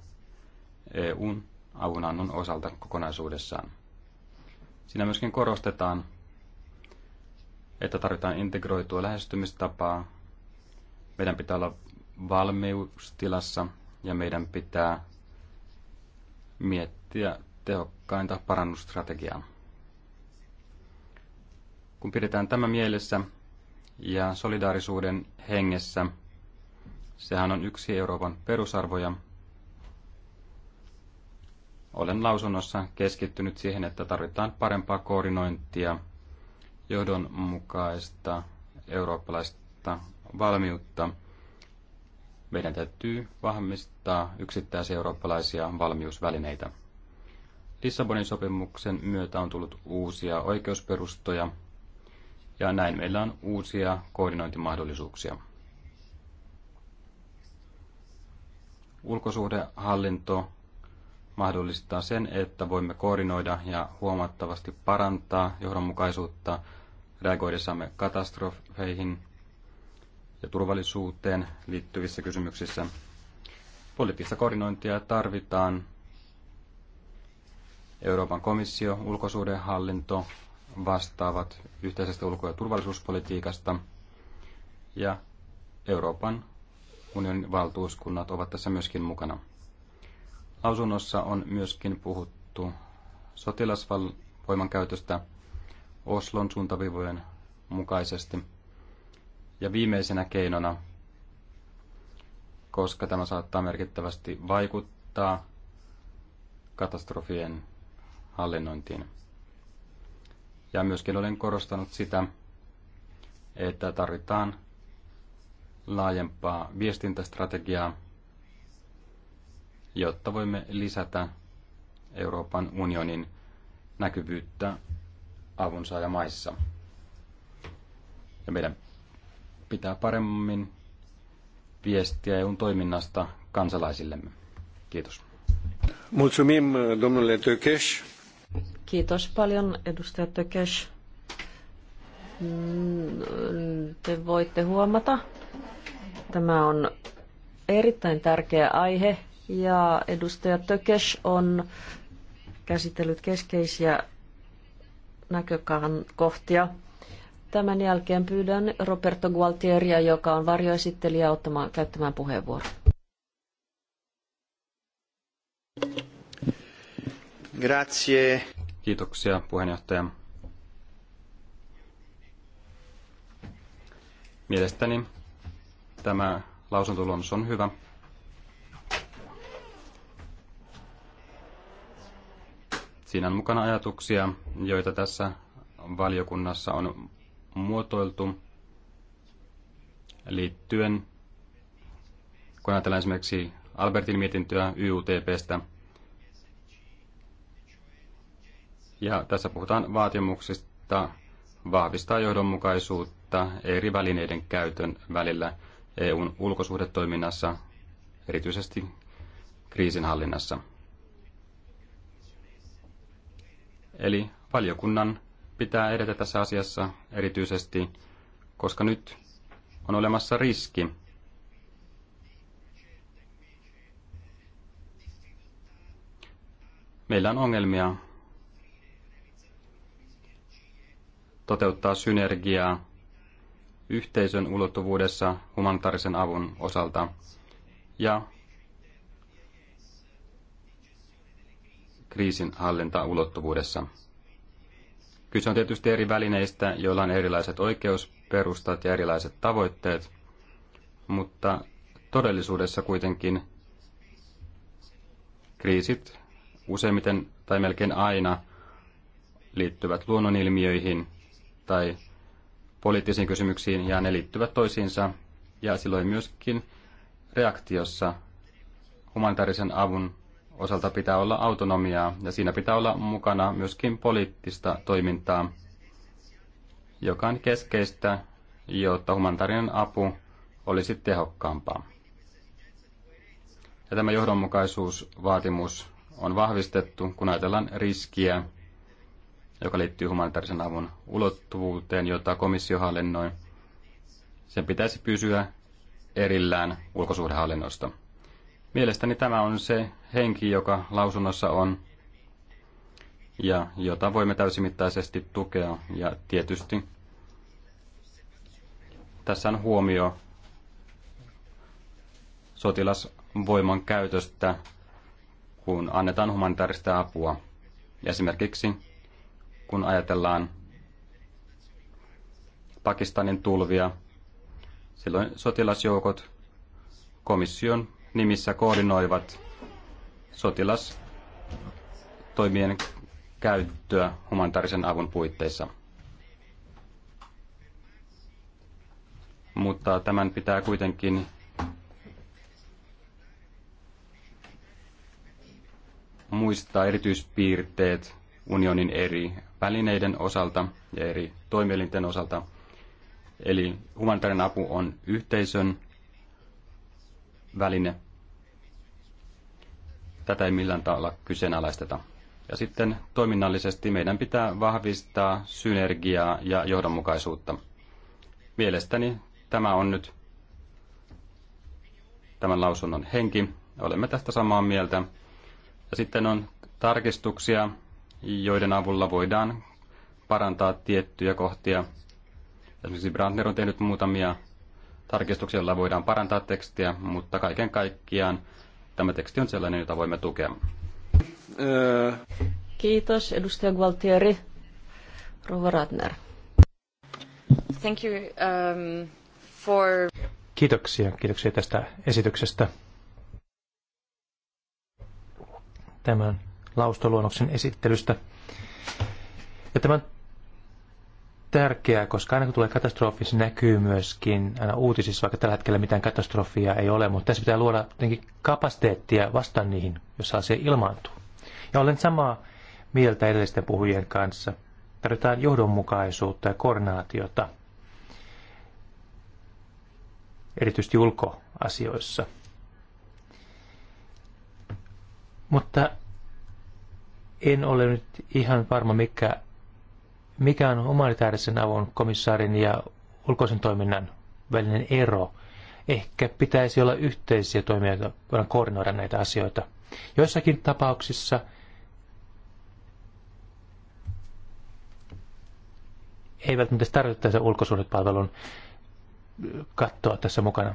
EUn avunannon osalta kokonaisuudessaan. Siinä myöskin korostetaan, että tarvitaan integroitua lähestymistapaa meidän pitää olla valmiustilassa ja meidän pitää miettiä tehokkainta parannusstrategiaa. Kun pidetään tämä mielessä ja solidaarisuuden hengessä, sehän on yksi Euroopan perusarvoja. Olen lausunnossa keskittynyt siihen, että tarvitaan parempaa koordinointia, johdonmukaista eurooppalaista valmiutta. Meidän täytyy vahvistaa yksittäisiä eurooppalaisia valmiusvälineitä. Lissabonin sopimuksen myötä on tullut uusia oikeusperustoja, ja näin meillä on uusia koordinointimahdollisuuksia. Ulkosuhdehallinto mahdollistaa sen, että voimme koordinoida ja huomattavasti parantaa johdonmukaisuutta reagoidessamme katastrofeihin – ja turvallisuuteen liittyvissä kysymyksissä. Poliittista koordinointia tarvitaan. Euroopan komissio, ulkosuhdehallinto vastaavat yhteisestä ulko- ja turvallisuuspolitiikasta ja Euroopan unionin valtuuskunnat ovat tässä myöskin mukana. Lausunnossa on myöskin puhuttu sotilasvoiman käytöstä Oslon suuntavivojen mukaisesti. Ja viimeisenä keinona, koska tämä saattaa merkittävästi vaikuttaa katastrofien hallinnointiin. Ja myöskin olen korostanut sitä, että tarvitaan laajempaa viestintästrategiaa, jotta voimme lisätä Euroopan unionin näkyvyyttä avunsaajamaissa. Ja meidän pitää paremmin viestiä EUn toiminnasta kansalaisillemme. Kiitos. Mulțumim, domnule Tökes. Kiitos paljon, edustaja Tökes. Te voitte huomata, tämä on erittäin tärkeä aihe ja edustaja Tökes on käsitellyt keskeisiä näkökohtia Tämän jälkeen pyydän Roberto Gualtieria, joka on varjoesittelijä, ottamaan, käyttämään puheenvuoron. Grazie. Kiitoksia puheenjohtaja. Mielestäni tämä lausuntoluonnos on hyvä. Siinä on mukana ajatuksia, joita tässä valiokunnassa on muotoiltu liittyen, kun ajatellaan esimerkiksi Albertin mietintöä YUTPstä. Ja tässä puhutaan vaatimuksista vahvistaa johdonmukaisuutta eri välineiden käytön välillä EUn ulkosuhdetoiminnassa, erityisesti kriisinhallinnassa. Eli valiokunnan pitää edetä tässä asiassa erityisesti, koska nyt on olemassa riski, meillä on ongelmia toteuttaa synergiaa yhteisön ulottuvuudessa humanitaarisen avun osalta ja kriisin hallinta ulottuvuudessa. Kyse on tietysti eri välineistä, joilla on erilaiset oikeusperustat ja erilaiset tavoitteet, mutta todellisuudessa kuitenkin kriisit useimmiten tai melkein aina liittyvät luonnonilmiöihin tai poliittisiin kysymyksiin ja ne liittyvät toisiinsa ja silloin myöskin reaktiossa humanitaarisen avun osalta pitää olla autonomiaa ja siinä pitää olla mukana myöskin poliittista toimintaa, joka on keskeistä, jotta humanitaarinen apu olisi tehokkaampaa. Ja tämä johdonmukaisuusvaatimus on vahvistettu, kun ajatellaan riskiä, joka liittyy humanitaarisen avun ulottuvuuteen, jota komissio hallinnoi. Sen pitäisi pysyä erillään ulkosuhdehallinnosta. Mielestäni tämä on se henki, joka lausunnossa on ja jota voimme täysimittaisesti tukea. Ja tietysti tässä on huomio sotilasvoiman käytöstä, kun annetaan humanitaarista apua. Esimerkiksi kun ajatellaan Pakistanin tulvia, silloin sotilasjoukot komission nimissä koordinoivat sotilastoimien käyttöä humanitaarisen avun puitteissa. Mutta tämän pitää kuitenkin muistaa erityispiirteet unionin eri välineiden osalta ja eri toimielinten osalta. Eli humanitaarinen apu on yhteisön väline. Tätä ei millään tavalla kyseenalaisteta. Ja sitten toiminnallisesti meidän pitää vahvistaa synergiaa ja johdonmukaisuutta. Mielestäni tämä on nyt tämän lausunnon henki. Olemme tästä samaa mieltä. Ja sitten on tarkistuksia, joiden avulla voidaan parantaa tiettyjä kohtia. Esimerkiksi Brandner on tehnyt muutamia tarkistuksella voidaan parantaa tekstiä, mutta kaiken kaikkiaan tämä teksti on sellainen, jota voimme tukea. Kiitos, edustaja Gualtieri. Rova Ratner. Thank you, um, for... Kiitoksia, kiitoksia tästä esityksestä. Tämän laustoluonnoksen esittelystä. Ja tämän tärkeää, koska aina kun tulee katastrofi, se näkyy myöskin aina uutisissa, vaikka tällä hetkellä mitään katastrofia ei ole, mutta tässä pitää luoda jotenkin kapasiteettia vastaan niihin, jos asia ilmaantuu. Ja olen samaa mieltä edellisten puhujien kanssa. Tarvitaan johdonmukaisuutta ja koordinaatiota, erityisesti ulkoasioissa. Mutta en ole nyt ihan varma, mikä mikä on humanitaarisen avun komissaarin ja ulkoisen toiminnan välinen ero. Ehkä pitäisi olla yhteisiä toimijoita, voidaan koordinoida näitä asioita. Joissakin tapauksissa ei välttämättä tarvittaisi ulkosuhdepalvelun kattoa tässä mukana,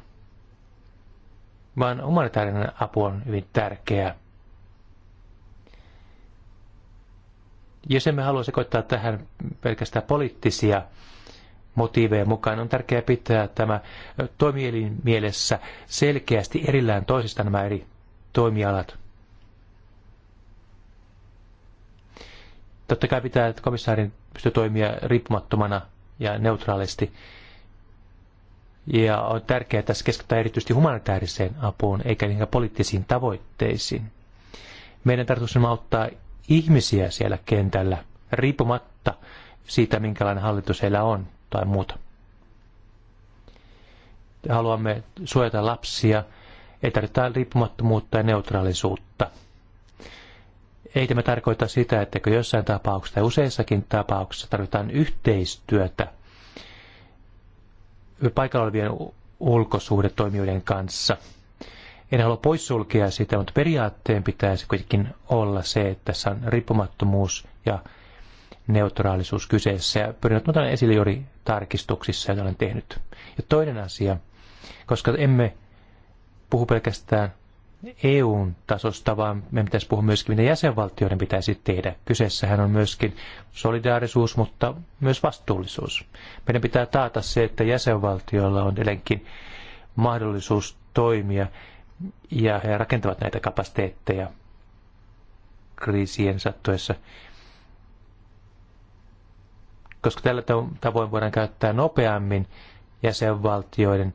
vaan humanitaarinen apu on hyvin tärkeää Jos emme halua sekoittaa tähän pelkästään poliittisia motiiveja mukaan, on tärkeää pitää tämä toimielin mielessä selkeästi erillään toisista nämä eri toimialat. Totta kai pitää, että komissaarin pystyy toimia riippumattomana ja neutraalisti. Ja on tärkeää tässä keskittää erityisesti humanitaariseen apuun, eikä niinkään poliittisiin tavoitteisiin. Meidän tarkoitus on auttaa ihmisiä siellä kentällä, riippumatta siitä, minkälainen hallitus heillä on tai muuta. Haluamme suojata lapsia, ei tarvita riippumattomuutta ja neutraalisuutta. Ei tämä tarkoita sitä, että jossain tapauksessa tai useissakin tapauksissa tarvitaan yhteistyötä paikalla olevien ulkosuhdetoimijoiden kanssa – en halua poissulkea sitä, mutta periaatteen pitäisi kuitenkin olla se, että tässä on riippumattomuus ja neutraalisuus kyseessä. Ja pyrin ottamaan esille juuri tarkistuksissa, joita olen tehnyt. Ja toinen asia, koska emme puhu pelkästään EUn tasosta, vaan me pitäisi puhua myöskin, mitä jäsenvaltioiden pitäisi tehdä. Kyseessähän on myöskin solidaarisuus, mutta myös vastuullisuus. Meidän pitää taata se, että jäsenvaltioilla on edelleenkin mahdollisuus toimia ja he rakentavat näitä kapasiteetteja kriisien sattuessa. Koska tällä tavoin voidaan käyttää nopeammin jäsenvaltioiden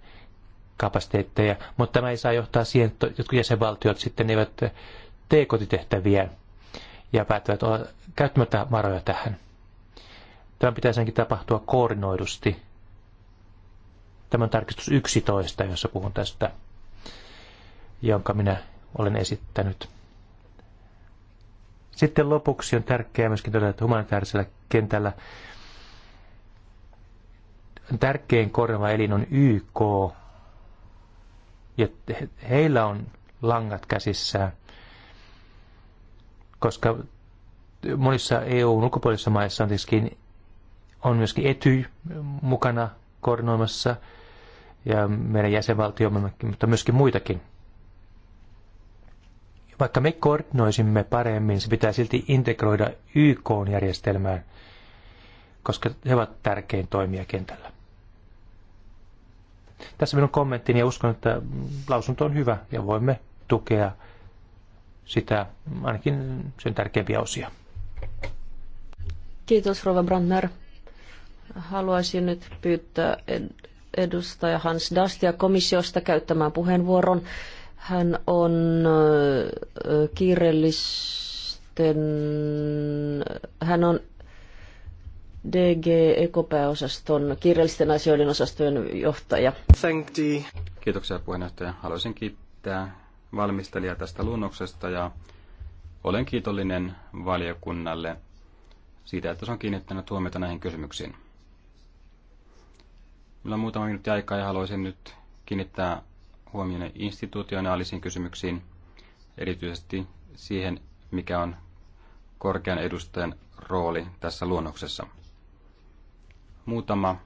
kapasiteetteja, mutta tämä ei saa johtaa siihen, että jotkut jäsenvaltiot sitten eivät tee kotitehtäviä ja päättävät olla käyttämättä varoja tähän. Tämän pitäisi tapahtua koordinoidusti. Tämä on tarkistus 11, jossa puhun tästä jonka minä olen esittänyt. Sitten lopuksi on tärkeää myöskin todeta, että humanitaarisella kentällä tärkein korva elin on YK, ja heillä on langat käsissään, koska monissa EUn ulkopuolisissa maissa on tietysti on myöskin ety mukana koordinoimassa ja meidän jäsenvaltiomme, mutta myöskin muitakin vaikka me koordinoisimme paremmin, se pitää silti integroida YK-järjestelmään, koska he ovat tärkein toimija kentällä. Tässä minun kommenttini ja uskon, että lausunto on hyvä ja voimme tukea sitä ainakin sen tärkeimpiä osia. Kiitos Rova Brandner. Haluaisin nyt pyytää edustaja Hans Dastia komissiosta käyttämään puheenvuoron. Hän on kiireellisten, hän on DG Ekopääosaston kiireellisten asioiden osastojen johtaja. Thank you. Kiitoksia puheenjohtaja. Haluaisin kiittää valmistelijaa tästä luonnoksesta ja olen kiitollinen valiokunnalle siitä, että se on kiinnittänyt huomiota näihin kysymyksiin. Minulla on muutama minuutti aikaa ja haluaisin nyt kiinnittää huomioon institutionaalisiin kysymyksiin, erityisesti siihen, mikä on korkean edustajan rooli tässä luonnoksessa. Muutama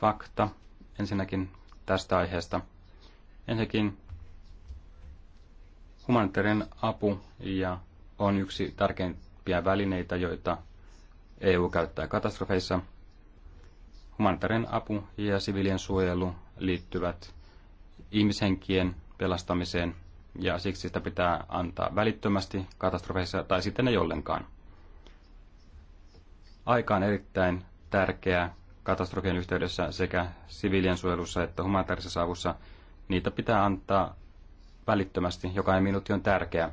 fakta ensinnäkin tästä aiheesta. Ensinnäkin humanitaarinen apu ja on yksi tärkeimpiä välineitä, joita EU käyttää katastrofeissa. Humanitaarinen apu ja sivilien suojelu liittyvät ihmishenkien pelastamiseen ja siksi sitä pitää antaa välittömästi katastrofeissa tai sitten ei ollenkaan. Aika on erittäin tärkeää katastrofien yhteydessä sekä siviilien suojelussa että humanitaarisessa avussa. Niitä pitää antaa välittömästi, jokainen minuutti on tärkeä.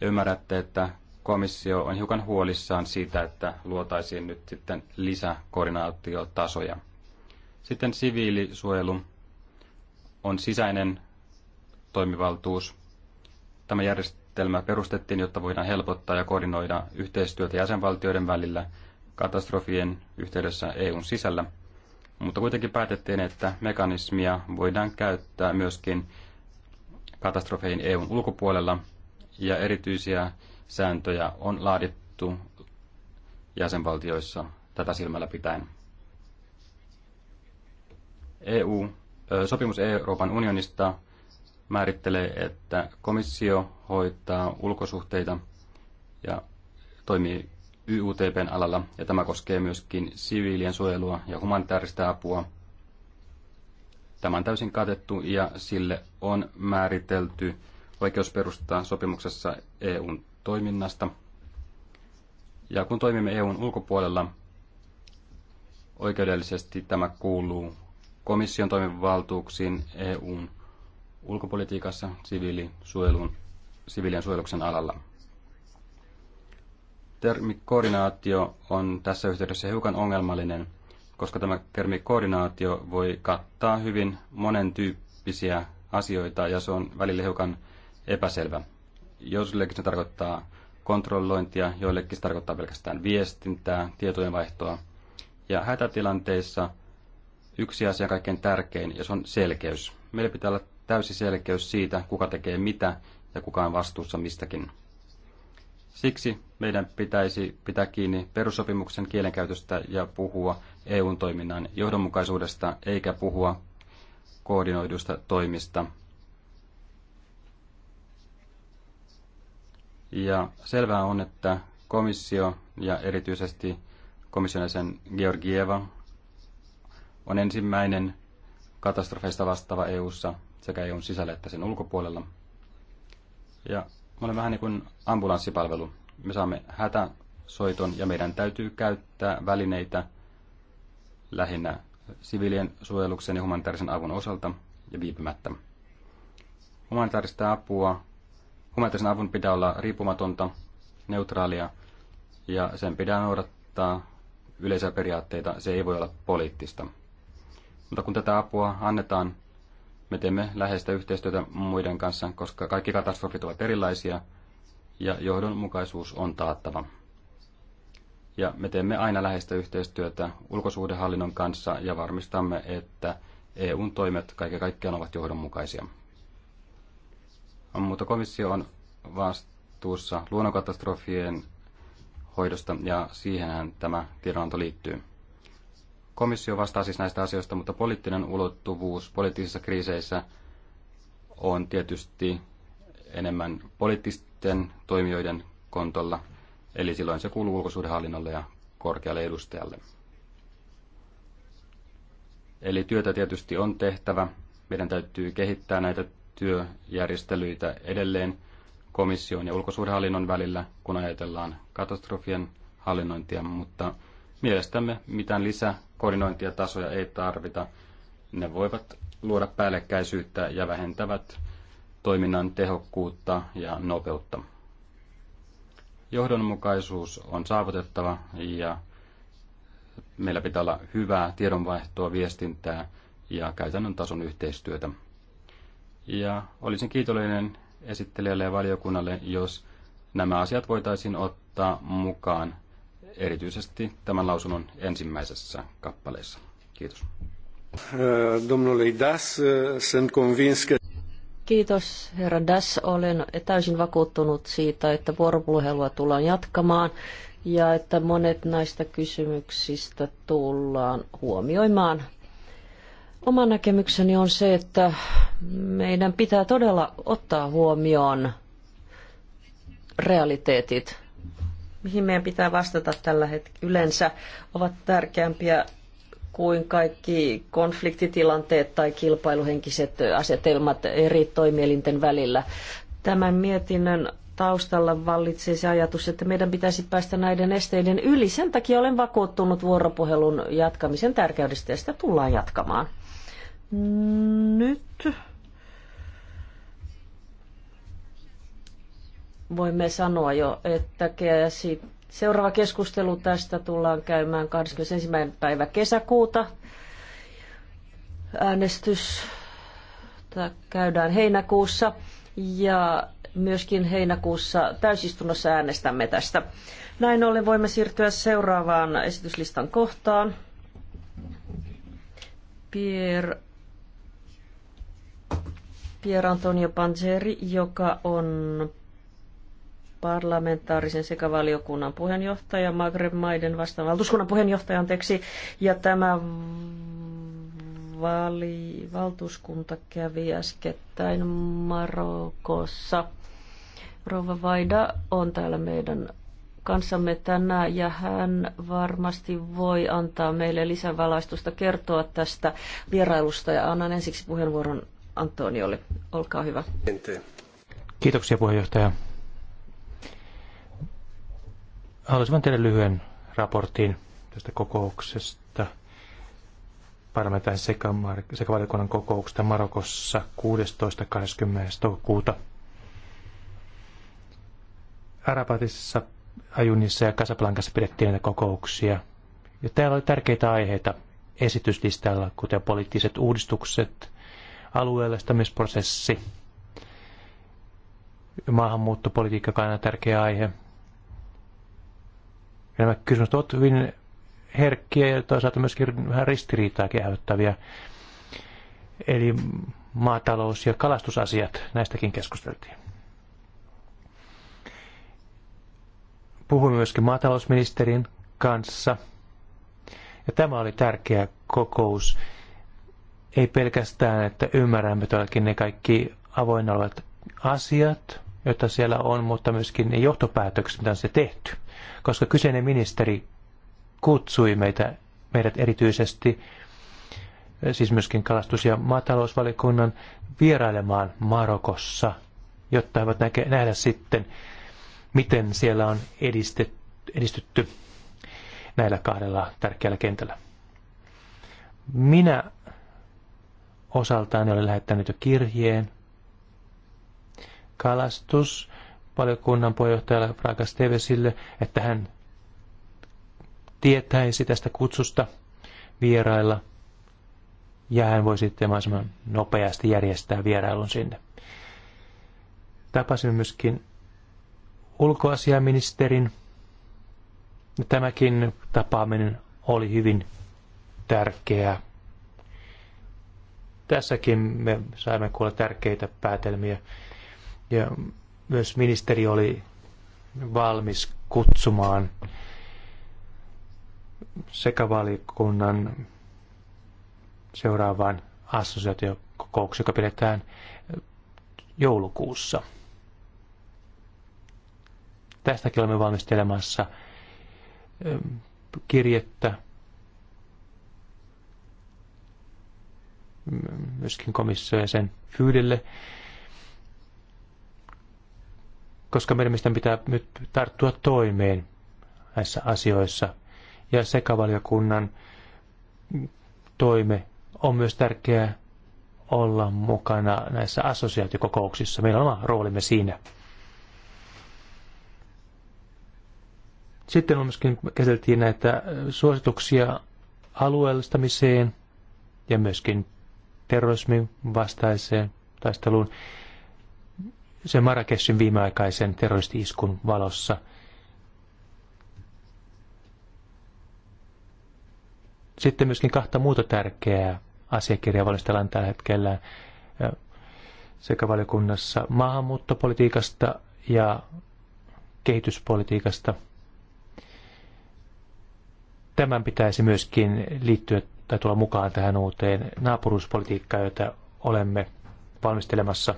Ja ymmärrätte, että komissio on hiukan huolissaan siitä, että luotaisiin nyt sitten lisäkoordinaatiotasoja. Sitten siviilisuojelu on sisäinen toimivaltuus. Tämä järjestelmä perustettiin, jotta voidaan helpottaa ja koordinoida yhteistyötä jäsenvaltioiden välillä katastrofien yhteydessä EUn sisällä. Mutta kuitenkin päätettiin, että mekanismia voidaan käyttää myöskin katastrofeihin EUn ulkopuolella ja erityisiä sääntöjä on laadittu jäsenvaltioissa tätä silmällä pitäen. EU sopimus Euroopan unionista määrittelee, että komissio hoitaa ulkosuhteita ja toimii YUTPn alalla, ja tämä koskee myöskin siviilien suojelua ja humanitaarista apua. Tämä on täysin katettu ja sille on määritelty oikeusperusta sopimuksessa EUn toiminnasta. Ja kun toimimme EUn ulkopuolella, oikeudellisesti tämä kuuluu komission toimivaltuuksiin EUn ulkopolitiikassa siviilisuojelun, siviilien suojeluksen alalla. Termi koordinaatio on tässä yhteydessä hiukan ongelmallinen, koska tämä termi koordinaatio voi kattaa hyvin monen tyyppisiä asioita ja se on välillä hiukan epäselvä. Joillekin se tarkoittaa kontrollointia, joillekin se tarkoittaa pelkästään viestintää, tietojenvaihtoa. Ja hätätilanteissa – yksi asia kaikkein tärkein, ja se on selkeys. Meillä pitää olla täysi selkeys siitä, kuka tekee mitä ja kuka on vastuussa mistäkin. Siksi meidän pitäisi pitää kiinni perussopimuksen kielenkäytöstä ja puhua eu toiminnan johdonmukaisuudesta, eikä puhua koordinoidusta toimista. Ja selvää on, että komissio ja erityisesti komissionaisen Georgieva on ensimmäinen katastrofeista vastaava EU:ssa sekä EUn sisällä että sen ulkopuolella. Ja me olemme vähän niin kuin ambulanssipalvelu. Me saamme hätäsoiton ja meidän täytyy käyttää välineitä lähinnä sivilien suojeluksen ja humanitaarisen avun osalta ja viipymättä. Humanitaarista apua, humanitaarisen avun pitää olla riippumatonta, neutraalia ja sen pitää noudattaa yleisiä periaatteita. Se ei voi olla poliittista. Mutta kun tätä apua annetaan, me teemme läheistä yhteistyötä muiden kanssa, koska kaikki katastrofit ovat erilaisia ja johdonmukaisuus on taattava. Ja me teemme aina läheistä yhteistyötä ulkosuhdehallinnon kanssa ja varmistamme, että EUn toimet kaiken kaikkiaan ovat johdonmukaisia. Mutta komissio on vastuussa luonnonkatastrofien hoidosta ja siihenhän tämä tiedonanto liittyy. Komissio vastaa siis näistä asioista, mutta poliittinen ulottuvuus poliittisissa kriiseissä on tietysti enemmän poliittisten toimijoiden kontolla, eli silloin se kuuluu ulkosuhdehallinnolle ja korkealle edustajalle. Eli työtä tietysti on tehtävä. Meidän täytyy kehittää näitä työjärjestelyitä edelleen komission ja ulkosuhdehallinnon välillä, kun ajatellaan katastrofien hallinnointia, mutta Mielestämme mitään lisäkoordinointia tasoja ei tarvita. Ne voivat luoda päällekkäisyyttä ja vähentävät toiminnan tehokkuutta ja nopeutta. Johdonmukaisuus on saavutettava ja meillä pitää olla hyvää tiedonvaihtoa, viestintää ja käytännön tason yhteistyötä. Ja olisin kiitollinen esittelijälle ja valiokunnalle, jos nämä asiat voitaisiin ottaa mukaan erityisesti tämän lausunnon ensimmäisessä kappaleessa. Kiitos. Eh, Domnului Das, eh, sunt Kiitos, herra Das. Olen täysin vakuuttunut siitä, että vuoropuhelua tullaan jatkamaan ja että monet näistä kysymyksistä tullaan huomioimaan. Oma näkemykseni on se, että meidän pitää todella ottaa huomioon realiteetit mihin meidän pitää vastata tällä hetkellä yleensä, ovat tärkeämpiä kuin kaikki konfliktitilanteet tai kilpailuhenkiset asetelmat eri toimielinten välillä. Tämän mietinnön taustalla vallitsee se ajatus, että meidän pitäisi päästä näiden esteiden yli. Sen takia olen vakuuttunut vuoropuhelun jatkamisen tärkeydestä ja sitä tullaan jatkamaan. Nyt voimme sanoa jo, että seuraava keskustelu tästä tullaan käymään 21. päivä kesäkuuta. Äänestys käydään heinäkuussa ja myöskin heinäkuussa täysistunnossa äänestämme tästä. Näin ollen voimme siirtyä seuraavaan esityslistan kohtaan. Pier Pier Antonio Panzeri, joka on parlamentaarisen sekä valiokunnan puheenjohtaja, Maghreb-maiden vastaan valtuuskunnan puheenjohtaja, anteeksi, ja tämä vali, valtuuskunta kävi äskettäin Marokossa. Rova Vaida on täällä meidän kanssamme tänään ja hän varmasti voi antaa meille lisävalaistusta kertoa tästä vierailusta ja annan ensiksi puheenvuoron Antoniolle. Olkaa hyvä. Kiitoksia puheenjohtaja. Haluaisin vain tehdä lyhyen raportin tästä kokouksesta, parlamentaarisen sekavaliokunnan kokouksesta Marokossa 16.20. toukokuuta. Arabatissa, Ajunissa ja Casablancassa pidettiin näitä kokouksia. Ja täällä oli tärkeitä aiheita esityslistalla, kuten poliittiset uudistukset, alueellistamisprosessi, maahanmuuttopolitiikka on aina tärkeä aihe, Nämä kysymykset ovat hyvin herkkiä ja toisaalta myöskin vähän ristiriitaa kehittäviä. Eli maatalous- ja kalastusasiat, näistäkin keskusteltiin. Puhuin myöskin maatalousministerin kanssa. Ja tämä oli tärkeä kokous. Ei pelkästään, että ymmärrämme todellakin ne kaikki avoinna olevat asiat, joita siellä on, mutta myöskin ne johtopäätökset, mitä on se tehty koska kyseinen ministeri kutsui meitä, meidät erityisesti, siis myöskin kalastus- ja maatalousvalikunnan, vierailemaan Marokossa, jotta he voivat näke, nähdä sitten, miten siellä on edistetty, edistytty näillä kahdella tärkeällä kentällä. Minä osaltaan olen lähettänyt jo kirjeen kalastus- valiokunnan puheenjohtajalle Rakas Tevesille, että hän tietäisi tästä kutsusta vierailla ja hän voi sitten mahdollisimman nopeasti järjestää vierailun sinne. Tapasimme myöskin ulkoasiaministerin. Tämäkin tapaaminen oli hyvin tärkeää. Tässäkin me saimme kuulla tärkeitä päätelmiä. Ja myös ministeri oli valmis kutsumaan sekavalikunnan seuraavaan assosiaatiokokoukseen, joka pidetään joulukuussa. Tästäkin olemme valmistelemassa ähm, kirjettä myöskin komissio ja sen fyydille koska meidän mistä pitää nyt tarttua toimeen näissä asioissa. Ja sekavaliokunnan toime on myös tärkeää olla mukana näissä assosiaatiokokouksissa. Meillä on oma roolimme siinä. Sitten myöskin käsiteltiin näitä suosituksia alueellistamiseen ja myöskin terrorismin vastaiseen taisteluun sen Marrakeshin viimeaikaisen terroristi-iskun valossa. Sitten myöskin kahta muuta tärkeää asiakirjaa valmistellaan tällä hetkellä sekä valiokunnassa maahanmuuttopolitiikasta ja kehityspolitiikasta. Tämän pitäisi myöskin liittyä tai tulla mukaan tähän uuteen naapuruuspolitiikkaan, jota olemme valmistelemassa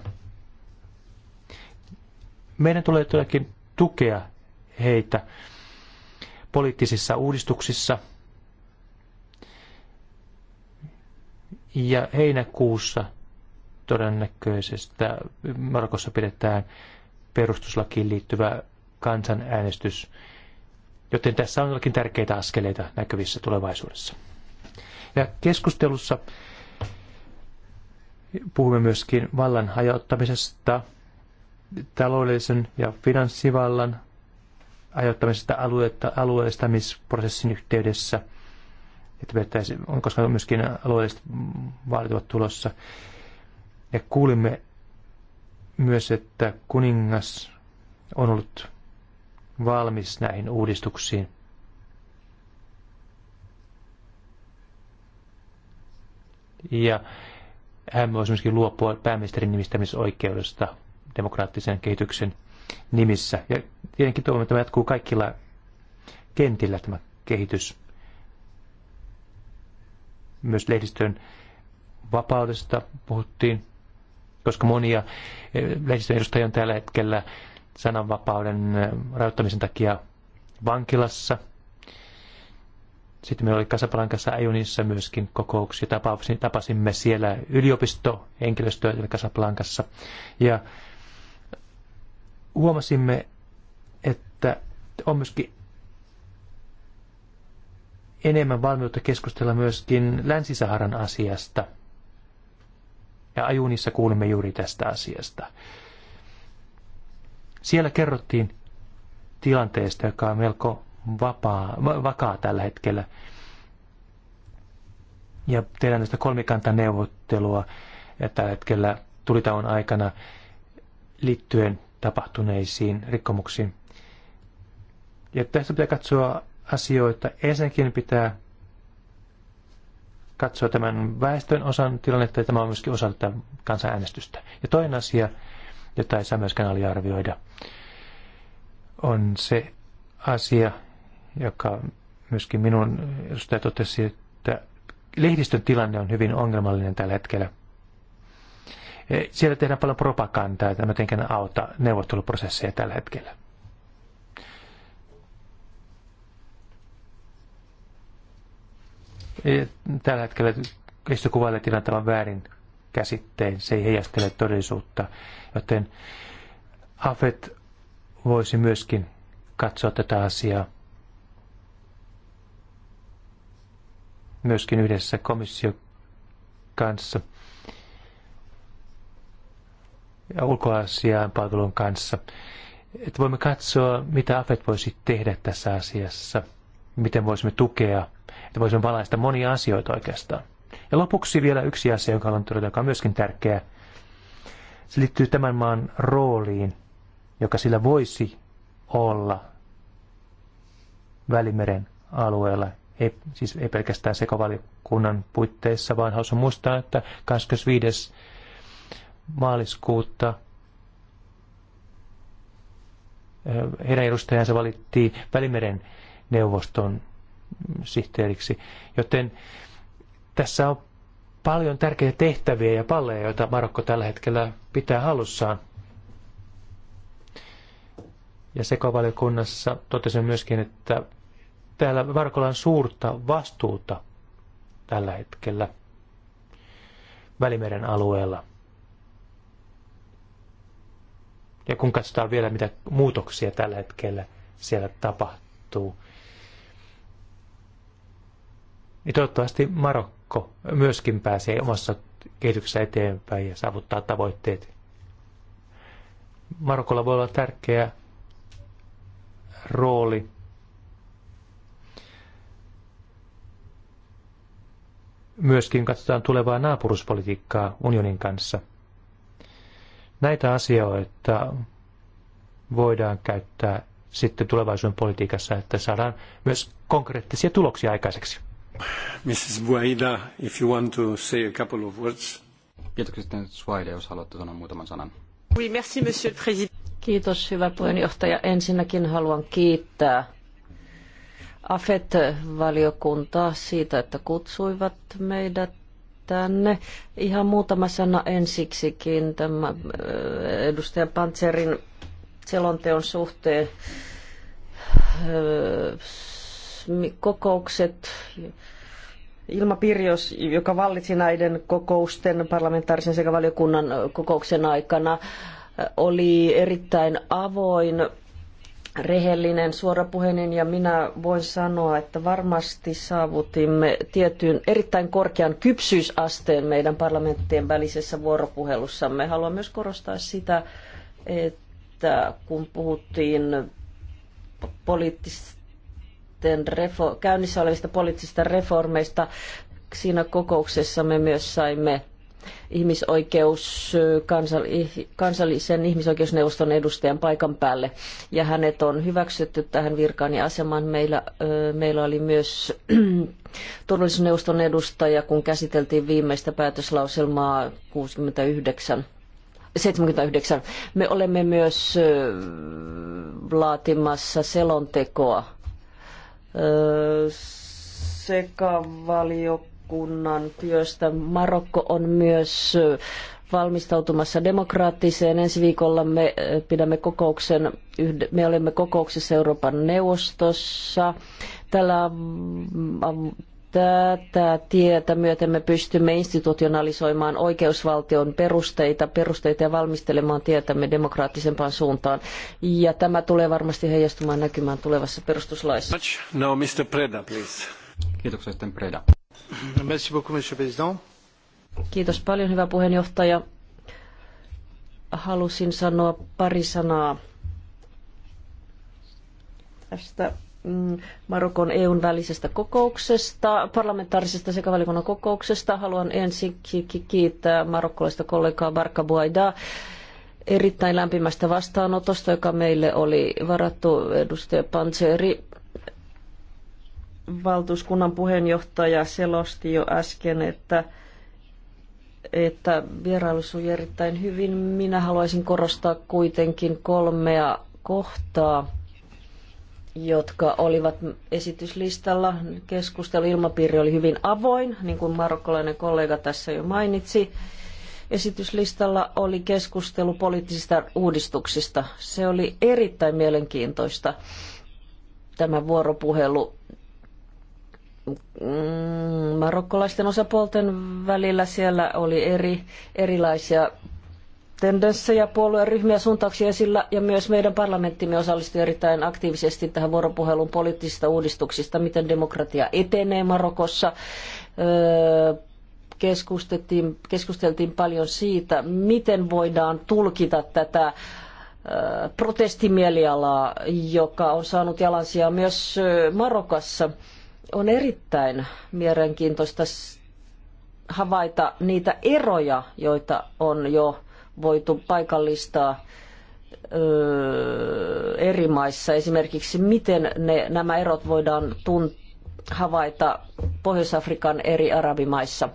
meidän tulee todellakin tukea heitä poliittisissa uudistuksissa. Ja heinäkuussa todennäköisesti Marokossa pidetään perustuslakiin liittyvä kansanäänestys, joten tässä on jollakin tärkeitä askeleita näkyvissä tulevaisuudessa. Ja keskustelussa puhumme myöskin vallan hajottamisesta – taloudellisen ja finanssivallan ajoittamisesta alueellistamisprosessin yhteydessä, että on koska myöskin alueelliset vaalit ovat tulossa. Ja kuulimme myös, että kuningas on ollut valmis näihin uudistuksiin. Ja hän voisi myöskin luopua pääministerin nimistämisoikeudesta demokraattisen kehityksen nimissä. Ja tietenkin toivon, että tämä jatkuu kaikilla kentillä tämä kehitys. Myös lehdistön vapaudesta puhuttiin, koska monia eh, lehdistön edustajia on tällä hetkellä sananvapauden eh, rajoittamisen takia vankilassa. Sitten meillä oli kanssa Ajunissa myöskin kokouksia. Tapasimme siellä yliopistohenkilöstöä kanssa Ja huomasimme, että on myöskin enemmän valmiutta keskustella myöskin Länsi-Saharan asiasta. Ja Ajunissa kuulimme juuri tästä asiasta. Siellä kerrottiin tilanteesta, joka on melko vapaa, vakaa tällä hetkellä. Ja tehdään tästä kolmikantaneuvottelua ja tällä hetkellä tulitauon aikana liittyen tapahtuneisiin rikkomuksiin. Ja tästä pitää katsoa asioita. Ensinnäkin pitää katsoa tämän väestön osan tilannetta, ja tämä on myöskin osa tätä kansanäänestystä. Ja toinen asia, jota ei saa myöskään aliarvioida, on se asia, joka myöskin minun edustaja totesi, että lehdistön tilanne on hyvin ongelmallinen tällä hetkellä. E, siellä tehdään paljon propagandaa, tämä tietenkään auta neuvotteluprosesseja tällä hetkellä. E, tällä hetkellä Kristo kuvailee tilanteen väärin käsitteen, se ei heijastele todellisuutta, joten Afet voisi myöskin katsoa tätä asiaa myöskin yhdessä komission kanssa ja ulkoasiaan palvelun kanssa, että voimme katsoa, mitä AFET voisi tehdä tässä asiassa, miten voisimme tukea, että voisimme valaista monia asioita oikeastaan. Ja lopuksi vielä yksi asia, jonka haluan todeta, joka on myöskin tärkeä. Se liittyy tämän maan rooliin, joka sillä voisi olla Välimeren alueella. Ei, siis ei pelkästään sekovaliokunnan puitteissa, vaan haluaisin muistaa, että 25 maaliskuuta heidän edustajansa valittiin Välimeren neuvoston sihteeriksi, joten tässä on paljon tärkeitä tehtäviä ja palleja, joita Marokko tällä hetkellä pitää hallussaan. Ja sekavaliokunnassa totesin myöskin, että täällä Markolla on suurta vastuuta tällä hetkellä Välimeren alueella. Ja kun katsotaan vielä, mitä muutoksia tällä hetkellä siellä tapahtuu, niin toivottavasti Marokko myöskin pääsee omassa kehityksessä eteenpäin ja saavuttaa tavoitteet. Marokolla voi olla tärkeä rooli myöskin katsotaan tulevaa naapuruspolitiikkaa unionin kanssa. Näitä asioita voidaan käyttää sitten tulevaisuuden politiikassa, että saadaan myös konkreettisia tuloksia aikaiseksi. Mrs. Buaida, if you want to say a couple of words. Kiitoksia sitten Suaide, jos haluatte sanoa muutaman sanan. Oui, merci, monsieur le président. Kiitos, hyvä puheenjohtaja. Ensinnäkin haluan kiittää AFET-valiokuntaa siitä, että kutsuivat meidät tänne. Ihan muutama sana ensiksikin tämä äh, edustaja Pantserin selonteon suhteen. Äh, kokoukset, ilmapiiri, joka vallitsi näiden kokousten, parlamentaarisen sekä valiokunnan kokouksen aikana, äh, oli erittäin avoin rehellinen, suorapuheinen ja minä voin sanoa, että varmasti saavutimme tietyn erittäin korkean kypsyysasteen meidän parlamenttien välisessä vuoropuhelussamme. Haluan myös korostaa sitä, että kun puhuttiin poliittisten käynnissä olevista poliittisista reformeista, siinä kokouksessa me myös saimme ihmisoikeus, kansallisen ihmisoikeusneuvoston edustajan paikan päälle. Ja hänet on hyväksytty tähän virkaan ja asemaan. Meillä, meillä oli myös [clears throat] turvallisuusneuvoston edustaja, kun käsiteltiin viimeistä päätöslauselmaa 69 79. Me olemme myös laatimassa selontekoa sekavaliokkaan kansakunnan työstä. Marokko on myös valmistautumassa demokraattiseen. Ensi viikolla me eh, pidämme kokouksen, me olemme kokouksessa Euroopan neuvostossa. Tällä mm, mm, Tätä tietä myöten me pystymme institutionalisoimaan oikeusvaltion perusteita, perusteita ja valmistelemaan tietämme demokraattisempaan suuntaan. Ja tämä tulee varmasti heijastumaan näkymään tulevassa perustuslaissa. No, Mr. Preda, please. Kiitoksia sitten Preda. Merci beaucoup, monsieur président. Kiitos paljon, hyvä puheenjohtaja. Halusin sanoa pari sanaa tästä mm, Marokon EUn välisestä kokouksesta, parlamentaarisesta sekavalikunnan kokouksesta. Haluan ensin kiittää marokkolaista kollegaa Barka Buaidaa erittäin lämpimästä vastaanotosta, joka meille oli varattu edustaja Panzeri valtuuskunnan puheenjohtaja selosti jo äsken, että, että vierailu sujui erittäin hyvin. Minä haluaisin korostaa kuitenkin kolmea kohtaa, jotka olivat esityslistalla. ilmapiiri oli hyvin avoin, niin kuin marokkolainen kollega tässä jo mainitsi. Esityslistalla oli keskustelu poliittisista uudistuksista. Se oli erittäin mielenkiintoista tämä vuoropuhelu Mm, marokkolaisten osapuolten välillä. Siellä oli eri, erilaisia tendenssejä, ryhmiä suuntauksia esillä ja myös meidän parlamenttimme osallistui erittäin aktiivisesti tähän vuoropuheluun poliittisista uudistuksista, miten demokratia etenee Marokossa. keskusteltiin, keskusteltiin paljon siitä, miten voidaan tulkita tätä protestimielialaa, joka on saanut jalansijaa myös Marokassa on erittäin mielenkiintoista havaita niitä eroja, joita on jo voitu paikallistaa eri maissa. Esimerkiksi miten ne, nämä erot voidaan tunt- havaita Pohjois-Afrikan eri arabimaissa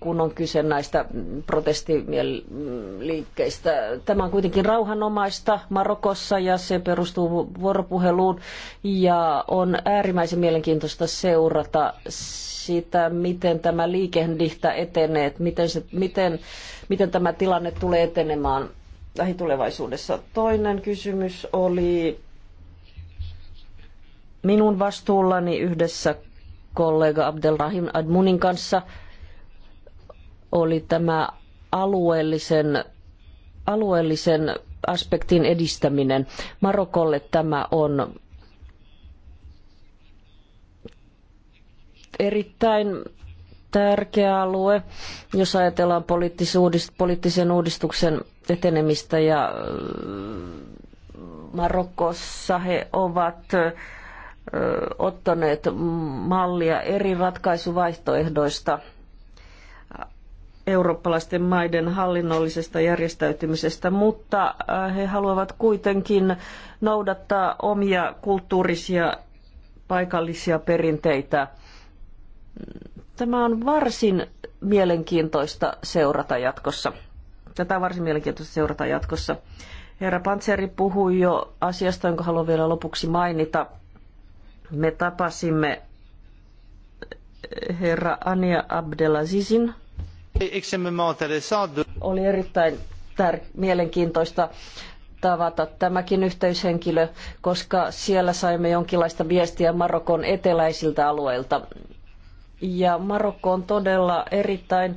kun on kyse näistä protestiliikkeistä. Tämä on kuitenkin rauhanomaista Marokossa ja se perustuu vuoropuheluun ja on äärimmäisen mielenkiintoista seurata sitä, miten tämä liikehdintä etenee, miten, se, miten, miten tämä tilanne tulee etenemään lähitulevaisuudessa. Toinen kysymys oli minun vastuullani yhdessä kollega Abdelrahim Admunin kanssa – oli tämä alueellisen, alueellisen aspektin edistäminen. Marokolle tämä on erittäin tärkeä alue, jos ajatellaan poliittisen uudistuksen etenemistä ja äh, Marokossa he ovat äh, ottaneet mallia eri ratkaisuvaihtoehdoista – eurooppalaisten maiden hallinnollisesta järjestäytymisestä, mutta äh, he haluavat kuitenkin noudattaa omia kulttuurisia paikallisia perinteitä. Tämä on varsin mielenkiintoista seurata jatkossa. Tätä on varsin mielenkiintoista seurata jatkossa. Herra Pantseri puhui jo asiasta, jonka haluan vielä lopuksi mainita. Me tapasimme herra Ania Abdelazizin, oli erittäin tär- mielenkiintoista tavata tämäkin yhteyshenkilö, koska siellä saimme jonkinlaista viestiä Marokon eteläisiltä alueilta. Ja Marokko on todella erittäin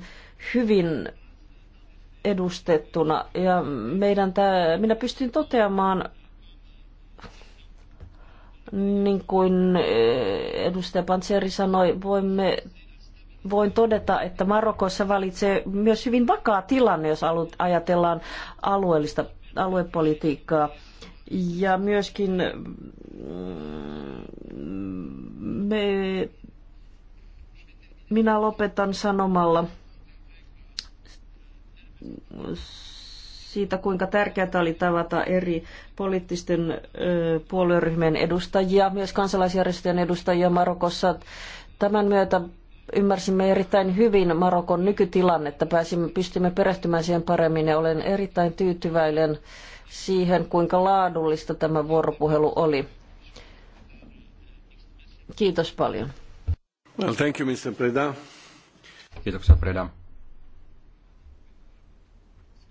hyvin edustettuna ja meidän tää, minä pystyn toteamaan niin kuin eh, edustaja Pantseri sanoi, voimme voin todeta, että Marokossa valitsee myös hyvin vakaa tilanne, jos ajatellaan alueellista aluepolitiikkaa. Ja myöskin mm, me, minä lopetan sanomalla siitä, kuinka tärkeää oli tavata eri poliittisten puolueryhmien edustajia, myös kansalaisjärjestöjen edustajia Marokossa. Tämän myötä ymmärsimme erittäin hyvin Marokon nykytilannetta, pääsimme, pystymme perehtymään siihen paremmin ja olen erittäin tyytyväinen siihen, kuinka laadullista tämä vuoropuhelu oli. Kiitos paljon. Well, thank you, Mr. Preda. Kiitoksia, Preda.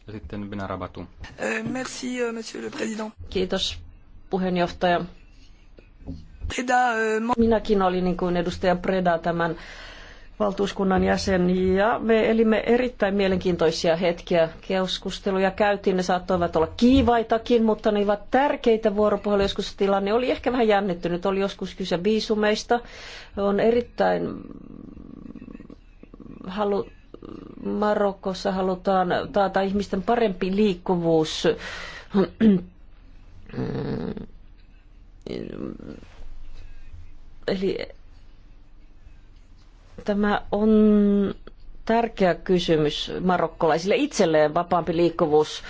Ja sitten Bina Rabatu. Euh, merci, euh, monsieur le président. Kiitos, puheenjohtaja. Euh, Minäkin olin niin kuin edustaja Preda tämän valtuuskunnan jäsen ja me elimme erittäin mielenkiintoisia hetkiä. Keskusteluja käytiin, ne saattoivat olla kiivaitakin, mutta ne olivat tärkeitä vuoropuhelu. Joskus tilanne oli ehkä vähän jännittynyt, oli joskus kyse viisumeista. On erittäin halu... Marokossa halutaan taata ihmisten parempi liikkuvuus. [clears throat] Eli Tämä on tärkeä kysymys marokkolaisille itselleen vapaampi liikkuvuus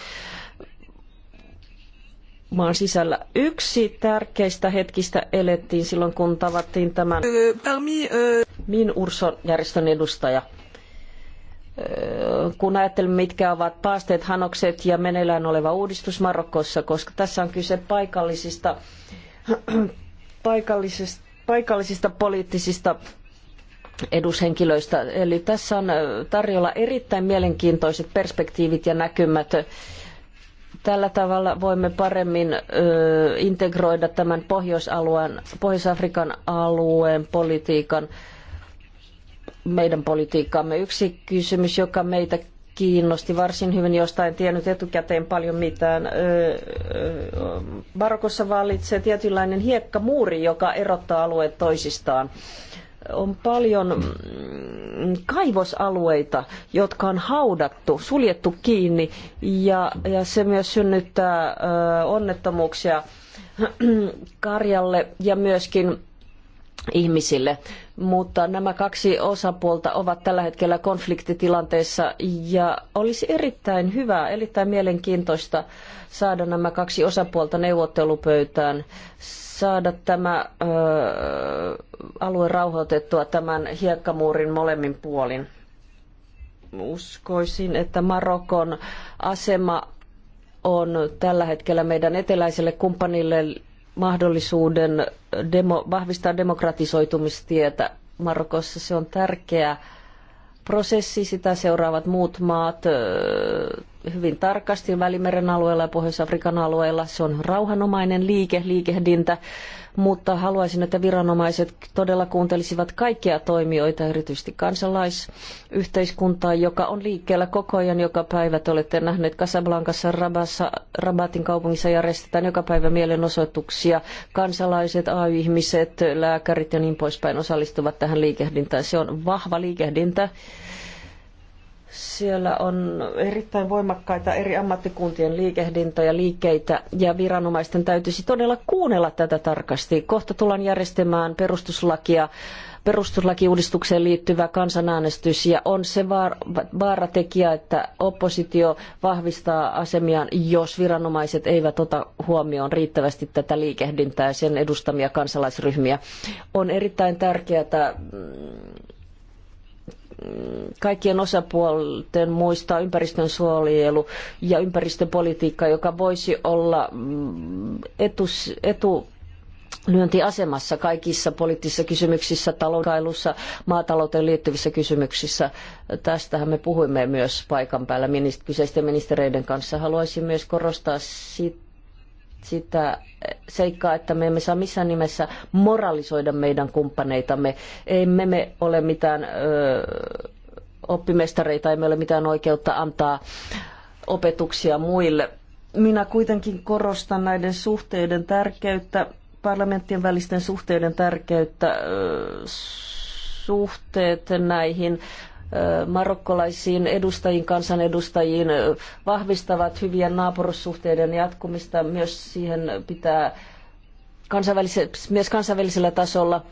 maan sisällä. Yksi tärkeistä hetkistä elettiin silloin, kun tavattiin tämän euh, euh, Min Urson järjestön edustaja. Öö, kun ajattelemme, mitkä ovat paasteet, hanokset ja meneillään oleva uudistus Marokossa, koska tässä on kyse paikallisista, [clears throat] paikallisista, paikallisista poliittisista edushenkilöistä. Eli tässä on tarjolla erittäin mielenkiintoiset perspektiivit ja näkymät. Tällä tavalla voimme paremmin integroida tämän Pohjois-alueen, Pohjois-Afrikan alueen politiikan meidän politiikkaamme. Yksi kysymys, joka meitä kiinnosti varsin hyvin, josta en tiennyt etukäteen paljon mitään. Marokossa vallitsee tietynlainen hiekkamuuri, joka erottaa alueet toisistaan on paljon mm, kaivosalueita, jotka on haudattu, suljettu kiinni ja, ja se myös synnyttää ö, onnettomuuksia [clears throat] karjalle ja myöskin ihmisille. Mutta nämä kaksi osapuolta ovat tällä hetkellä konfliktitilanteessa ja olisi erittäin hyvä, erittäin mielenkiintoista saada nämä kaksi osapuolta neuvottelupöytään saada tämä ö, alue rauhoitettua tämän hiekkamuurin molemmin puolin. Uskoisin, että Marokon asema on tällä hetkellä meidän eteläiselle kumppanille mahdollisuuden demo, vahvistaa demokratisoitumistietä Marokossa. Se on tärkeää prosessi. Sitä seuraavat muut maat hyvin tarkasti Välimeren alueella ja Pohjois-Afrikan alueella. Se on rauhanomainen liike, liikehdintä, mutta haluaisin, että viranomaiset todella kuuntelisivat kaikkia toimijoita, erityisesti kansalaisyhteiskuntaa, joka on liikkeellä koko ajan joka päivä. Te olette nähneet Casablancassa, Rabassa, Rabatin kaupungissa järjestetään joka päivä mielenosoituksia. Kansalaiset, AY-ihmiset, lääkärit ja niin poispäin osallistuvat tähän liikehdintään. Se on vahva liikehdintä. Siellä on erittäin voimakkaita eri ammattikuntien liikehdintoja, liikkeitä ja viranomaisten täytyisi todella kuunnella tätä tarkasti. Kohta tullaan järjestämään perustuslakia, perustuslakiuudistukseen liittyvä kansanäänestys ja on se vaar, vaaratekijä, että oppositio vahvistaa asemiaan, jos viranomaiset eivät ota huomioon riittävästi tätä liikehdintää ja sen edustamia kansalaisryhmiä. On erittäin tärkeää että mm, kaikkien osapuolten muistaa ympäristön suojelu ja ympäristöpolitiikka, joka voisi olla mm, etus, etu lyöntiasemassa kaikissa poliittisissa kysymyksissä, talouskailussa, maatalouteen liittyvissä kysymyksissä. Tästähän me puhuimme myös paikan päällä kyseisten ministereiden kanssa. Haluaisin myös korostaa sitä, sitä seikkaa, että me emme saa missään nimessä moralisoida meidän kumppaneitamme. Emme me ole mitään ö, oppimestareita, emme ole mitään oikeutta antaa opetuksia muille. Minä kuitenkin korostan näiden suhteiden tärkeyttä, parlamenttien välisten suhteiden tärkeyttä, ö, suhteet näihin marokkolaisiin edustajiin, kansanedustajiin vahvistavat hyvien naapurussuhteiden jatkumista. Myös siihen pitää kansainvälis- myös kansainvälisellä tasolla.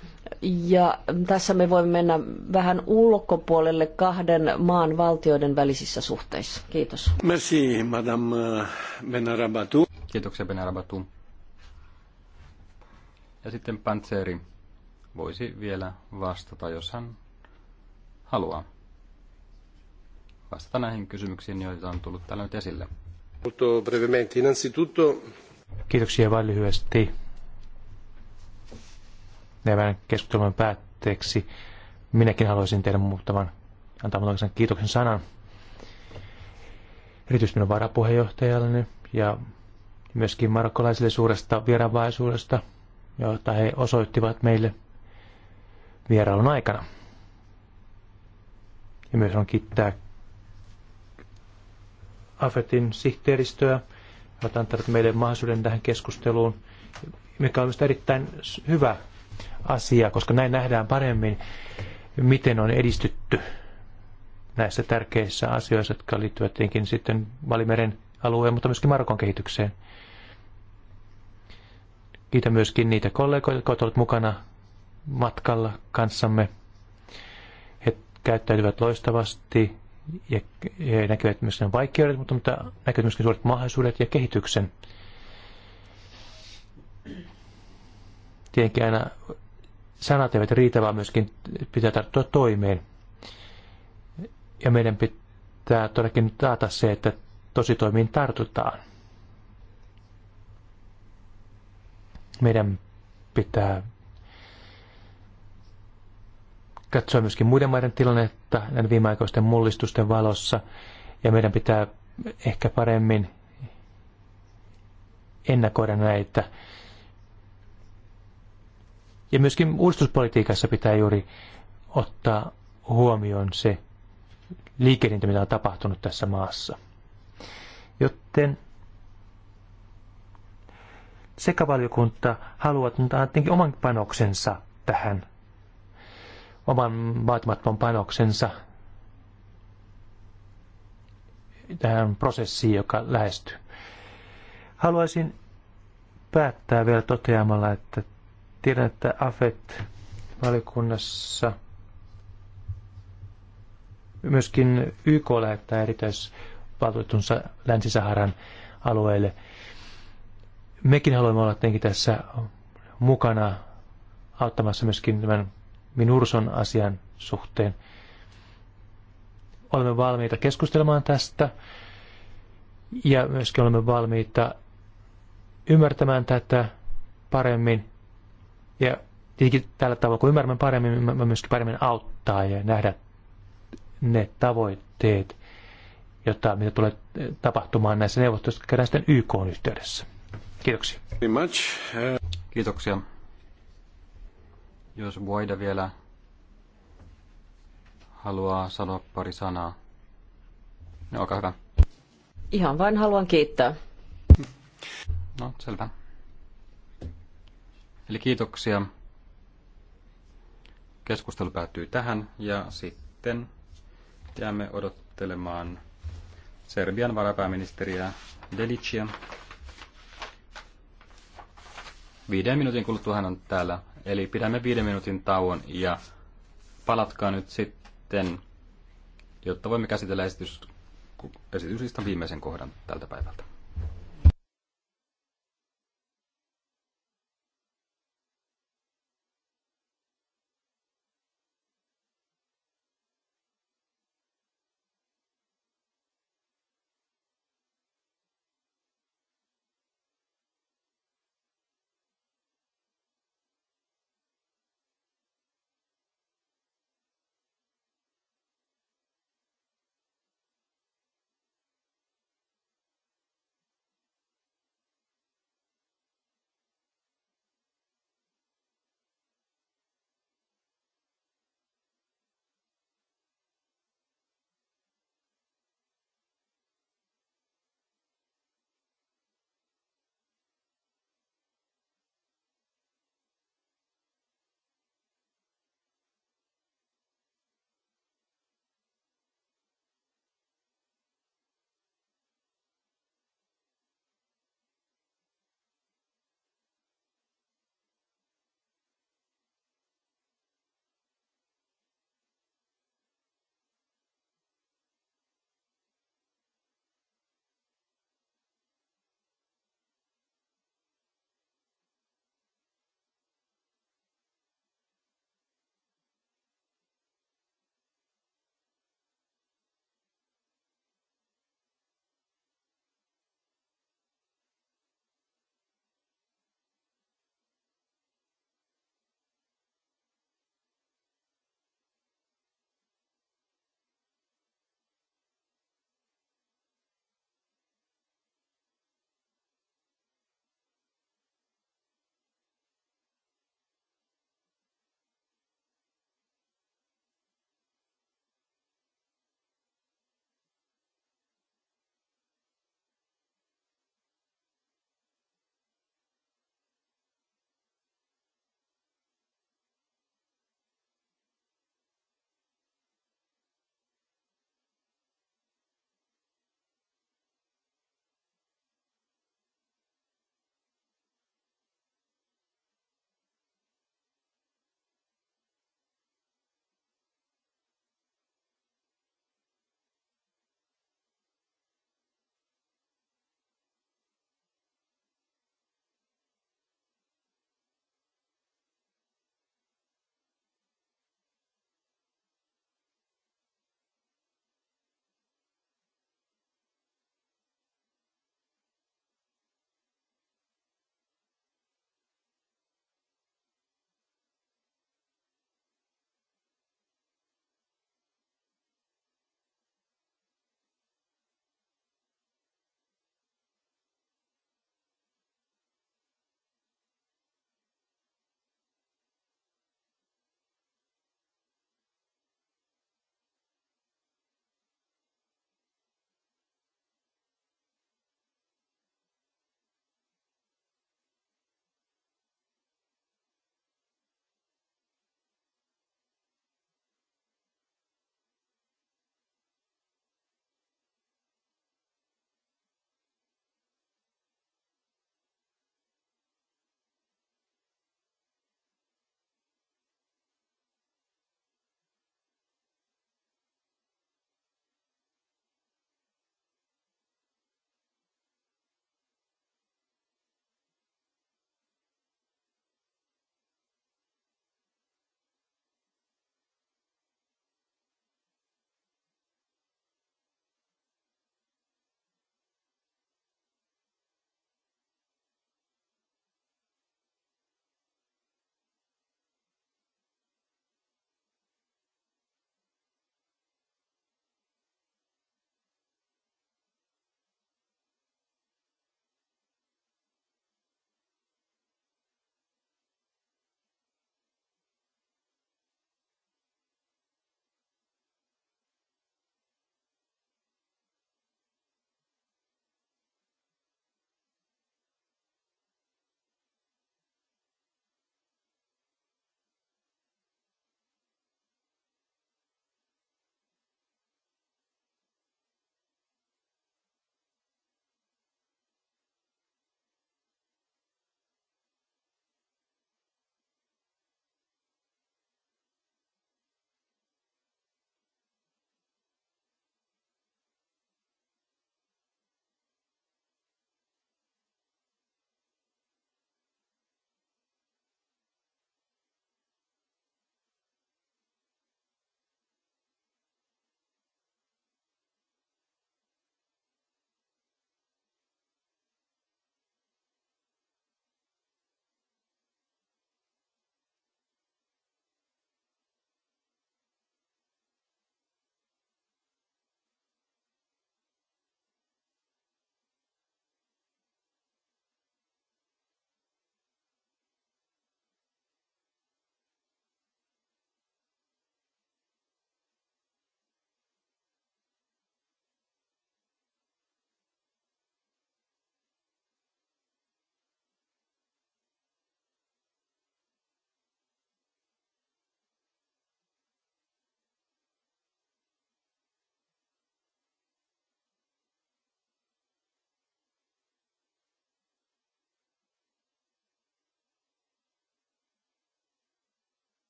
Ja tässä me voimme mennä vähän ulkopuolelle kahden maan valtioiden välisissä suhteissa. Kiitos. Merci, Madame Benarabatu. Kiitoksia, Benarabatu. Ja sitten Pantseri voisi vielä vastata, jos hän haluaa vastata näihin kysymyksiin, joita on tullut täällä nyt esille. Kiitoksia vain lyhyesti. Tämän keskustelun päätteeksi minäkin haluaisin tehdä muutaman, antaa muutaman kiitoksen sanan erityisesti minun varapuheenjohtajalleni ja myöskin marokkolaisille suuresta vieraanvaisuudesta, jota he osoittivat meille vierailun aikana. Ja myös on kiittää AFETin sihteeristöä. He ovat antaneet meille mahdollisuuden tähän keskusteluun, mikä on erittäin hyvä asia, koska näin nähdään paremmin, miten on edistytty näissä tärkeissä asioissa, jotka liittyvät tietenkin sitten Valimeren alueen, mutta myöskin Marokon kehitykseen. Kiitän myöskin niitä kollegoita, jotka ovat mukana matkalla kanssamme. He käyttäytyvät loistavasti ja he näkevät myös ne vaikeudet, mutta, mutta näkevät myöskin suuret mahdollisuudet ja kehityksen. Tietenkin aina sanat eivät riitä, vaan myöskin pitää tarttua toimeen. Ja meidän pitää todellakin taata se, että toimiin tartutaan. Meidän pitää katsoa myöskin muiden maiden tilannetta näiden viimeaikoisten mullistusten valossa, ja meidän pitää ehkä paremmin ennakoida näitä. Ja myöskin uudistuspolitiikassa pitää juuri ottaa huomioon se liikehdintä, mitä on tapahtunut tässä maassa. Joten sekavaliokunta haluaa antaa oman panoksensa tähän oman vaatimattoman panoksensa tähän prosessiin, joka lähestyy. Haluaisin päättää vielä toteamalla, että tiedän, että AFET-valikunnassa myöskin YK lähettää erityisvaltuutunsa Länsi-Saharan alueelle. Mekin haluamme olla tietenkin tässä mukana auttamassa myöskin tämän Minurson asian suhteen. Olemme valmiita keskustelemaan tästä ja myöskin olemme valmiita ymmärtämään tätä paremmin. Ja tietenkin tällä tavalla, kun ymmärrämme paremmin, me myöskin paremmin auttaa ja nähdä ne tavoitteet, jota, mitä tulee tapahtumaan näissä neuvotteluissa, jotka käydään sitten YK yhteydessä. Kiitoksia. Kiitoksia. Jos voida vielä haluaa sanoa pari sanaa. No, olkaa hyvä. Ihan vain haluan kiittää. No, selvä. Eli kiitoksia. Keskustelu päättyy tähän ja sitten jäämme odottelemaan Serbian varapääministeriä Delicia. Viiden minuutin kuluttua hän on täällä Eli pidämme viiden minuutin tauon ja palatkaa nyt sitten, jotta voimme käsitellä esitys, esityslistan viimeisen kohdan tältä päivältä.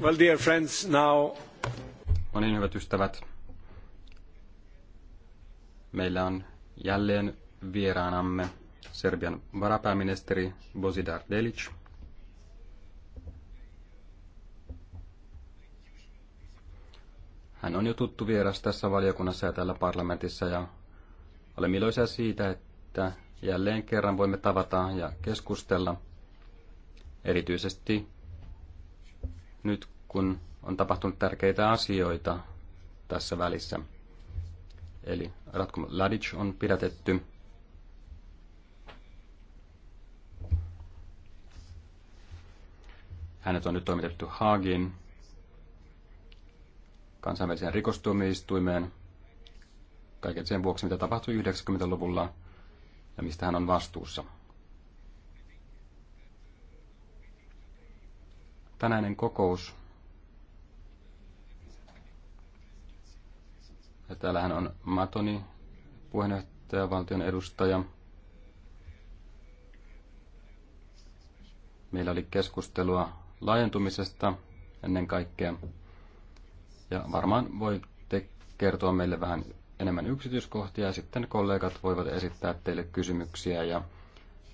Well, dear friends, now... No niin, hyvät ystävät. Meillä on jälleen vieraanamme Serbian varapääministeri Bosidar Delic. Hän on jo tuttu vieras tässä valiokunnassa ja täällä parlamentissa ja olemme iloisia siitä, että jälleen kerran voimme tavata ja keskustella erityisesti nyt kun on tapahtunut tärkeitä asioita tässä välissä. Eli Ratko Ladic on pidätetty. Hänet on nyt toimitettu Haagin kansainväliseen rikostuomioistuimeen kaiken sen vuoksi, mitä tapahtui 90-luvulla ja mistä hän on vastuussa. tänäinen kokous. Ja täällähän on Matoni, valtion edustaja. Meillä oli keskustelua laajentumisesta ennen kaikkea. Ja varmaan voitte kertoa meille vähän enemmän yksityiskohtia ja sitten kollegat voivat esittää teille kysymyksiä ja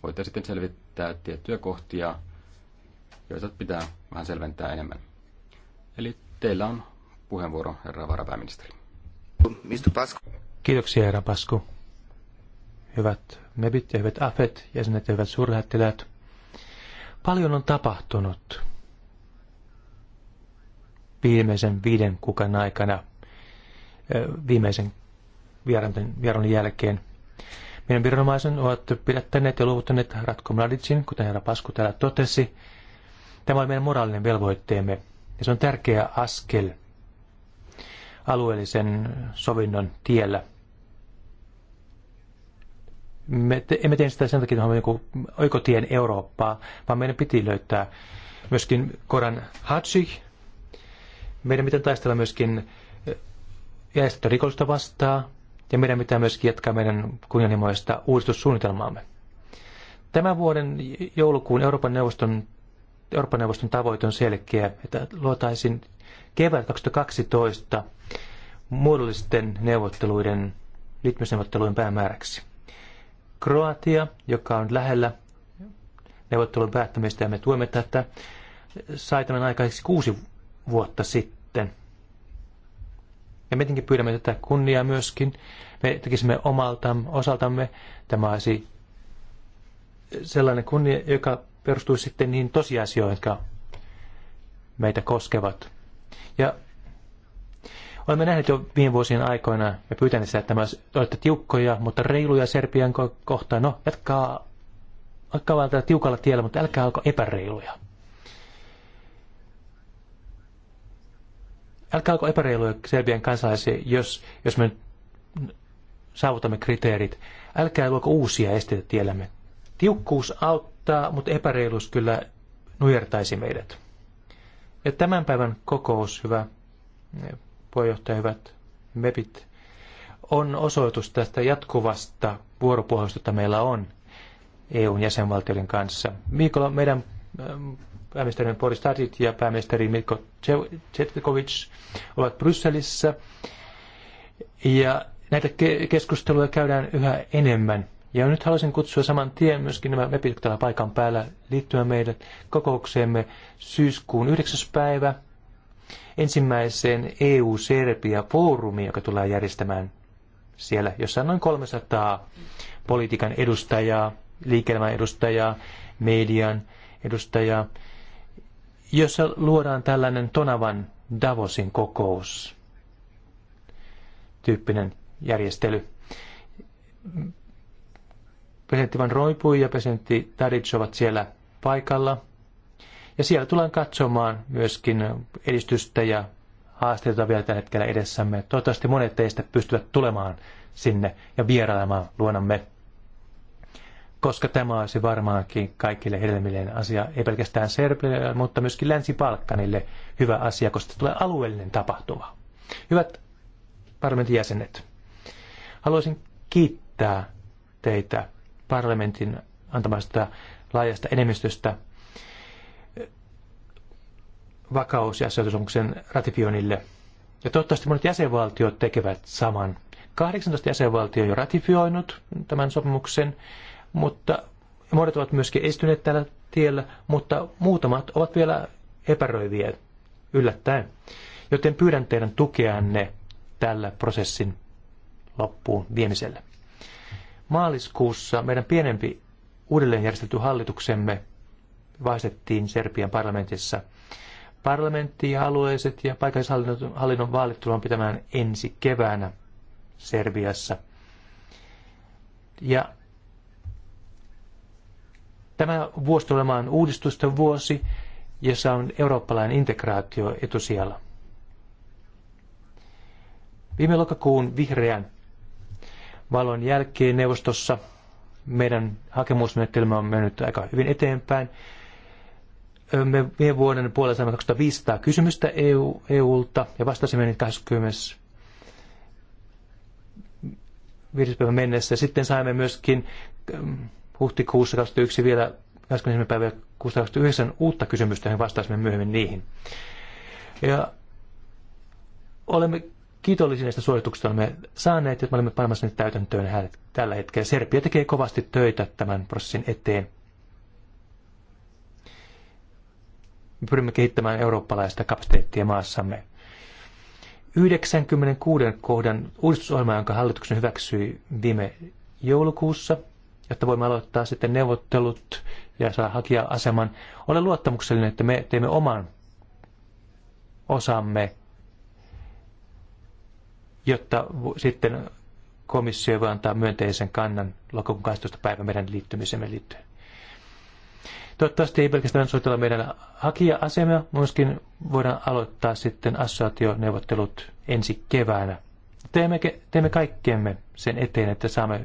voitte sitten selvittää tiettyjä kohtia joita pitää vähän selventää enemmän. Eli teillä on puheenvuoro, herra varapääministeri. Kiitoksia, herra Pasku. Hyvät mebit ja hyvät afet, jäsenet ja hyvät suurlähettiläät. Paljon on tapahtunut viimeisen viiden kukan aikana, viimeisen vieron jälkeen. Meidän viranomaisen ovat pidättäneet ja luovuttaneet Ratko Mladicin, kuten herra Pasku täällä totesi, Tämä on meidän moraalinen velvoitteemme ja se on tärkeä askel alueellisen sovinnon tiellä. Me te, emme tee sitä sen takia, että joku oikotien Eurooppaa, vaan meidän piti löytää myöskin Koran Hatsih. Meidän pitää taistella myöskin eh, järjestettä rikollista vastaan, ja meidän pitää myöskin jatkaa meidän kunnianhimoista uudistussuunnitelmaamme. Tämän vuoden joulukuun Euroopan neuvoston Euroopan neuvoston tavoite on selkeä, että luotaisiin kevät 2012 muodollisten neuvotteluiden, liittymisneuvottelujen päämääräksi. Kroatia, joka on lähellä neuvottelun päättämistä ja me tuemme tätä, sai tämän aikaiseksi kuusi vuotta sitten. Ja me tietenkin pyydämme tätä kunniaa myöskin. Me tekisimme omalta osaltamme tämä olisi sellainen kunnia, joka perustuu sitten niihin tosiasioihin, jotka meitä koskevat. Ja olemme nähneet jo viime vuosien aikoina ja pyytäneet sitä, että olette tiukkoja, mutta reiluja Serbian kohtaan. No, jatkaa, jatkaa vaan tällä tiukalla tiellä, mutta älkää alko epäreiluja. Älkää alko epäreiluja Serbian kansalaisia, jos, jos me saavutamme kriteerit. Älkää luoko uusia esteitä tiellämme. Tiukkuus auttaa mutta, mutta epäreiluus kyllä nujertaisi meidät. Ja tämän päivän kokous, hyvä eh, puheenjohtaja, hyvät MEPit, on osoitus tästä jatkuvasta vuoropuhelusta, jota meillä on EUn jäsenvaltioiden kanssa. Viikolla meidän eh, pääministeri Boris Tadit ja pääministeri Mikko Tsetkovic ovat Brysselissä. Ja näitä keskusteluja käydään yhä enemmän. Ja nyt haluaisin kutsua saman tien myöskin nämä mepit, jotka täällä paikan päällä liittyä meidän kokoukseemme syyskuun 9. päivä ensimmäiseen EU-Serbia-foorumiin, joka tulee järjestämään siellä, jossa on noin 300 politiikan edustajaa, liikelmän edustajaa, median edustajaa, jossa luodaan tällainen Tonavan Davosin kokous tyyppinen järjestely presidentti Van Roipui ja presidentti Tadic ovat siellä paikalla. Ja siellä tullaan katsomaan myöskin edistystä ja haasteita vielä tällä hetkellä edessämme. Toivottavasti monet teistä pystyvät tulemaan sinne ja vierailemaan luonamme, koska tämä olisi varmaankin kaikille hedelmillinen asia, ei pelkästään Serbille, mutta myöskin Länsi-Balkanille hyvä asia, koska se tulee alueellinen tapahtuma. Hyvät parlamentin jäsenet, haluaisin kiittää teitä parlamentin antamasta laajasta enemmistöstä vakaus- ja asioitusomuksen ratifioinnille. Ja toivottavasti monet jäsenvaltiot tekevät saman. 18 jäsenvaltio on jo ratifioinut tämän sopimuksen, mutta monet ovat myöskin estyneet tällä tiellä, mutta muutamat ovat vielä epäröiviä yllättäen. Joten pyydän teidän tukeanne tällä prosessin loppuun viemiselle. Maaliskuussa meidän pienempi uudelleenjärjestetty hallituksemme vaistettiin Serbian parlamentissa. Parlamentti ja alueelliset ja paikallishallinnon vaalit tullaan pitämään ensi keväänä Serbiassa. Ja tämä vuosi tulee olemaan uudistusten vuosi, jossa on eurooppalainen integraatio etusijalla. Viime lokakuun vihreän valon jälkeen neuvostossa. Meidän hakemusmenettelymme on mennyt aika hyvin eteenpäin. Me viime vuoden puolella saimme 2500 kysymystä EU, EUlta ja vastasimme niitä 20 viides päivä mennessä. Sitten saimme myöskin huhtikuussa 21 vielä 21. päivä 69 uutta kysymystä, johon vastasimme myöhemmin niihin. Ja olemme kiitollisia näistä suosituksista olemme saaneet, että me olemme panemassa niitä täytäntöön tällä hetkellä. Serbia tekee kovasti töitä tämän prosessin eteen. Me pyrimme kehittämään eurooppalaista kapasiteettia maassamme. 96 kohdan uudistusohjelma, jonka hallituksen hyväksyi viime joulukuussa, jotta voimme aloittaa sitten neuvottelut ja saa hakija-aseman. Olen luottamuksellinen, että me teemme oman osamme jotta sitten komissio voi antaa myönteisen kannan lokakuun 12. päivä meidän liittymisemme liittyen. Toivottavasti ei pelkästään soitella meidän hakija-asemia, myöskin voidaan aloittaa sitten neuvottelut ensi keväänä. Teemme, teemme kaikkemme sen eteen, että saamme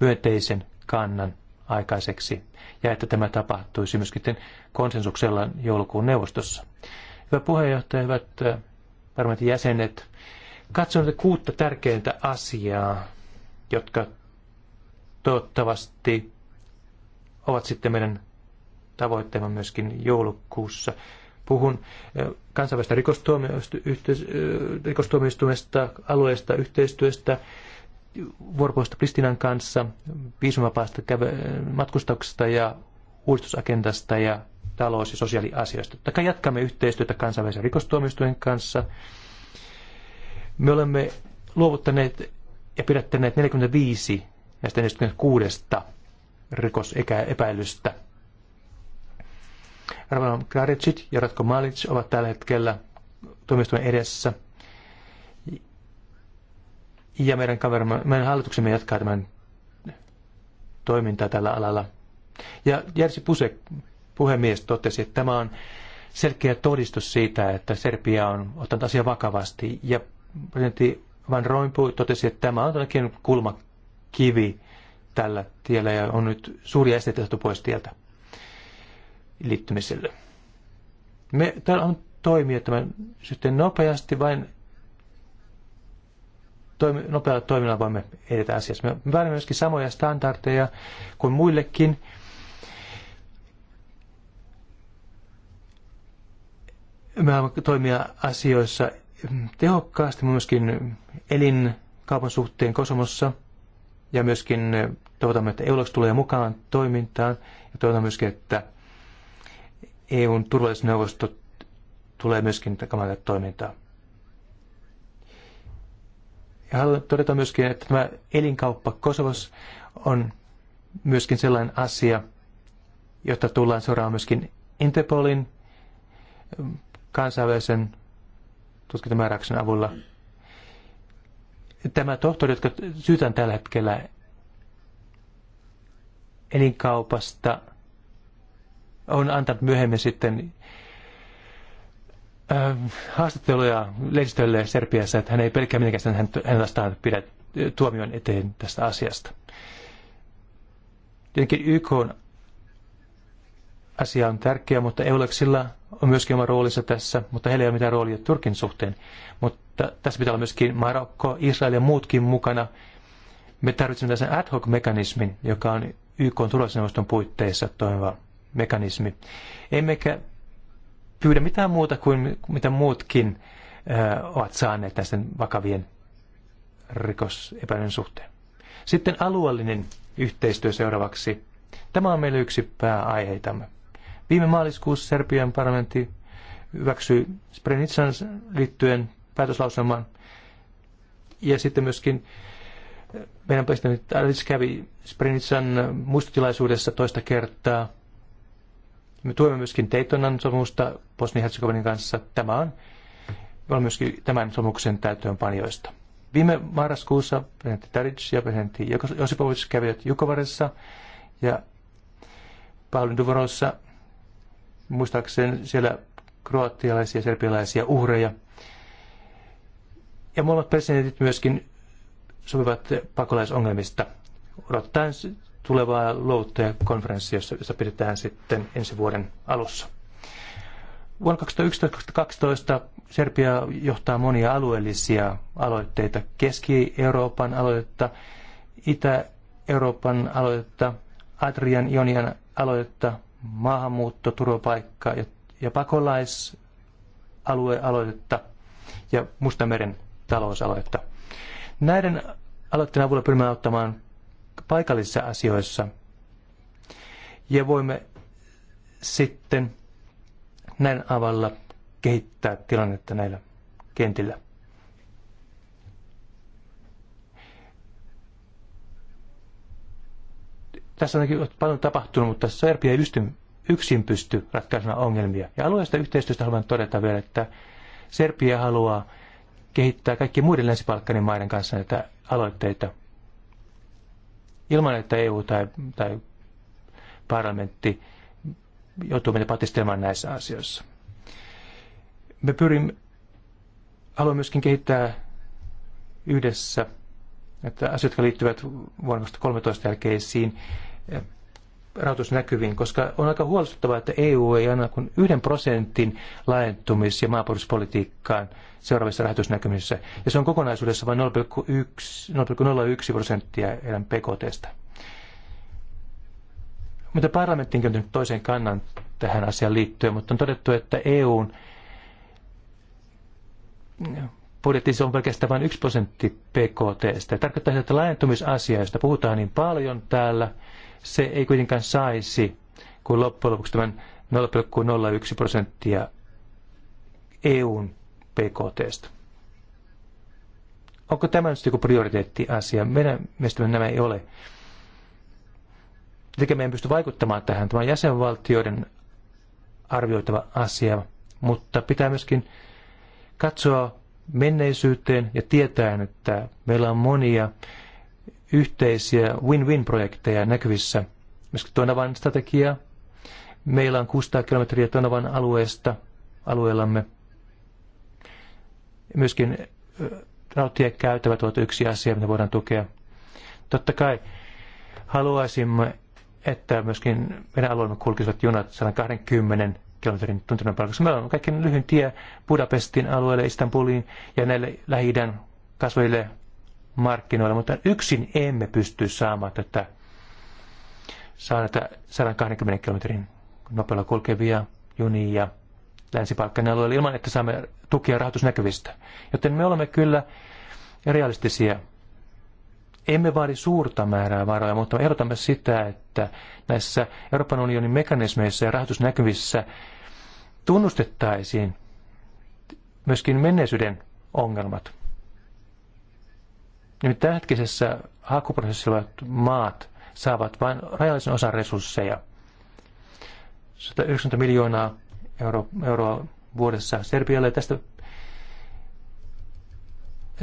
myönteisen kannan aikaiseksi ja että tämä tapahtuisi myöskin konsensuksella joulukuun neuvostossa. Hyvä puheenjohtaja, hyvät äh, parlamentin jäsenet, Katson kuutta tärkeintä asiaa, jotka toivottavasti ovat sitten meidän tavoitteemme myöskin joulukuussa. Puhun kansainvälistä rikostuomioistuimesta, alueesta, yhteistyöstä, vuoropuolista Pristinan kanssa, viisumapaasta matkustauksesta ja uudistusagendasta ja talous- ja sosiaaliasioista. jatkamme yhteistyötä kansainvälisen rikostuomioistuimen kanssa me olemme luovuttaneet ja pidättäneet 45 näistä 46 rikosepäilystä. Ravan Karicic ja Ratko Malic ovat tällä hetkellä tuomioistuimen edessä. Ja meidän, kaverimme, meidän hallituksemme jatkaa tämän toimintaa tällä alalla. Ja Jerzy Pusek, puhemies, totesi, että tämä on selkeä todistus siitä, että Serbia on ottanut asia vakavasti ja presidentti Van Rompuy totesi, että tämä on todellakin kulmakivi tällä tiellä ja on nyt suuria esteitä saatu pois tieltä liittymiselle. Me täällä on toimia tämän sitten nopeasti, vain toimi, nopealla toiminnalla voimme edetä asiassa. Me väärimme myöskin samoja standardeja kuin muillekin. Me haluamme toimia asioissa tehokkaasti myöskin elinkaupan suhteen Kosomossa ja myöskin eh, toivotamme, että EULEX tulee mukaan toimintaan ja toivotamme myöskin, että EUn turvallisuusneuvosto tulee myöskin takamaan toimintaa. Ja haluan todeta myöskin, että tämä elinkauppa Kosovos on myöskin sellainen asia, jota tullaan seuraamaan myöskin Interpolin eh, kansainvälisen tutkintamääräyksen avulla. Tämä tohtori, jotka syytän tällä hetkellä elinkaupasta, on antanut myöhemmin sitten äh, haastatteluja lehdistölle Serbiassa, että hän ei pelkää mitenkään hän, hän vastaan pidä äh, tuomion eteen tästä asiasta. Tietenkin YK on asia on tärkeä, mutta ei on myöskin oma roolinsa tässä, mutta heillä ei ole mitään roolia Turkin suhteen. Mutta tässä pitää olla myöskin Marokko, Israel ja muutkin mukana. Me tarvitsemme tässä ad hoc-mekanismin, joka on YK turvallisuusneuvoston puitteissa toimiva mekanismi. Emmekä pyydä mitään muuta kuin mitä muutkin äh, ovat saaneet tästä vakavien rikosepäilyn suhteen. Sitten alueellinen yhteistyö seuraavaksi. Tämä on meille yksi pääaiheitamme. Viime maaliskuussa Serbian parlamentti hyväksyi Sprenitsan liittyen päätöslauselman. Ja sitten myöskin eh, meidän presidentti Alice kävi Sprenitsan muistotilaisuudessa toista kertaa. Me tuemme myöskin Teitonan sopimusta Bosnia-Herzegovinin kanssa. Tämä on, on myöskin tämän sopimuksen täyttöönpanijoista. Viime marraskuussa presidentti Taric ja presidentti Josipovic kävivät Jukovaressa ja Paulin Duvorossa muistaakseni siellä kroatialaisia, serbialaisia uhreja. Ja molemmat presidentit myöskin sopivat pakolaisongelmista, odottaen tulevaa Louttaja-konferenssia, jossa pidetään sitten ensi vuoden alussa. Vuonna 2011-2012 Serbia johtaa monia alueellisia aloitteita, Keski-Euroopan aloitetta, Itä-Euroopan aloitetta, Adrian Ionian aloitetta maahanmuutto, turvapaikka ja, ja pakolaisaluealoitetta ja Mustameren talousaloitetta. Näiden aloitteen avulla pyrimme auttamaan paikallisissa asioissa ja voimme sitten näin avalla kehittää tilannetta näillä kentillä. Tässä on paljon tapahtunut, mutta Serbia ei yksin, yksin pysty ratkaisemaan ongelmia. Ja alueesta yhteistyöstä haluan todeta vielä, että Serbia haluaa kehittää kaikki muiden länsi maiden kanssa näitä aloitteita ilman, että EU tai, tai parlamentti joutuu meitä patistelemaan näissä asioissa. Me pyrimme, haluan myöskin kehittää yhdessä että asiat, jotka liittyvät vuonna 2013 jälkeisiin rahoitusnäkyviin, koska on aika huolestuttavaa, että EU ei anna kuin yhden prosentin laajentumis- ja maapuolustuspolitiikkaan seuraavissa rahoitusnäkymissä, ja se on kokonaisuudessa vain 0,01 prosenttia heidän PKTstä. Mutta parlamentin on nyt toisen kannan tähän asiaan liittyen, mutta on todettu, että EUn budjetissa on pelkästään vain 1 prosentti PKTstä. Tarkoittaa, että laajentumisasia, josta puhutaan niin paljon täällä, se ei kuitenkaan saisi, kun loppujen lopuksi tämän 0,01 prosenttia EUn PKTstä. Onko tämä nyt joku prioriteettiasia? Meidän mielestämme nämä ei ole. Eli me emme pysty vaikuttamaan tähän. Tämä on jäsenvaltioiden arvioitava asia, mutta pitää myöskin katsoa menneisyyteen ja tietää, että meillä on monia yhteisiä win-win-projekteja näkyvissä. Myöskin Tonavan strategia. Meillä on 600 kilometriä Tonavan alueesta, alueellamme. Myöskin rautiekäytävät ovat yksi asia, mitä voidaan tukea. Totta kai haluaisimme, että myöskin meidän alueemme kulkisivat junat 120 kilometrin tuntina paljon, meillä on kaikkein lyhyin tie Budapestin alueelle, Istanbuliin ja näille lähi kasvoille markkinoilla, mutta yksin emme pysty saamaan tätä, saa näitä 120 kilometrin nopealla kulkevia junia länsi alueella ilman, että saamme tukia rahoitusnäkyvistä. Joten me olemme kyllä realistisia. Emme vaadi suurta määrää varoja, mutta me ehdotamme sitä, että näissä Euroopan unionin mekanismeissa ja rahoitusnäkyvissä tunnustettaisiin myöskin menneisyyden ongelmat. Nyt tämänhetkisessä hakuprosessissa maat saavat vain rajallisen osan resursseja. 190 miljoonaa euro, euroa vuodessa Serbialle. Tästä,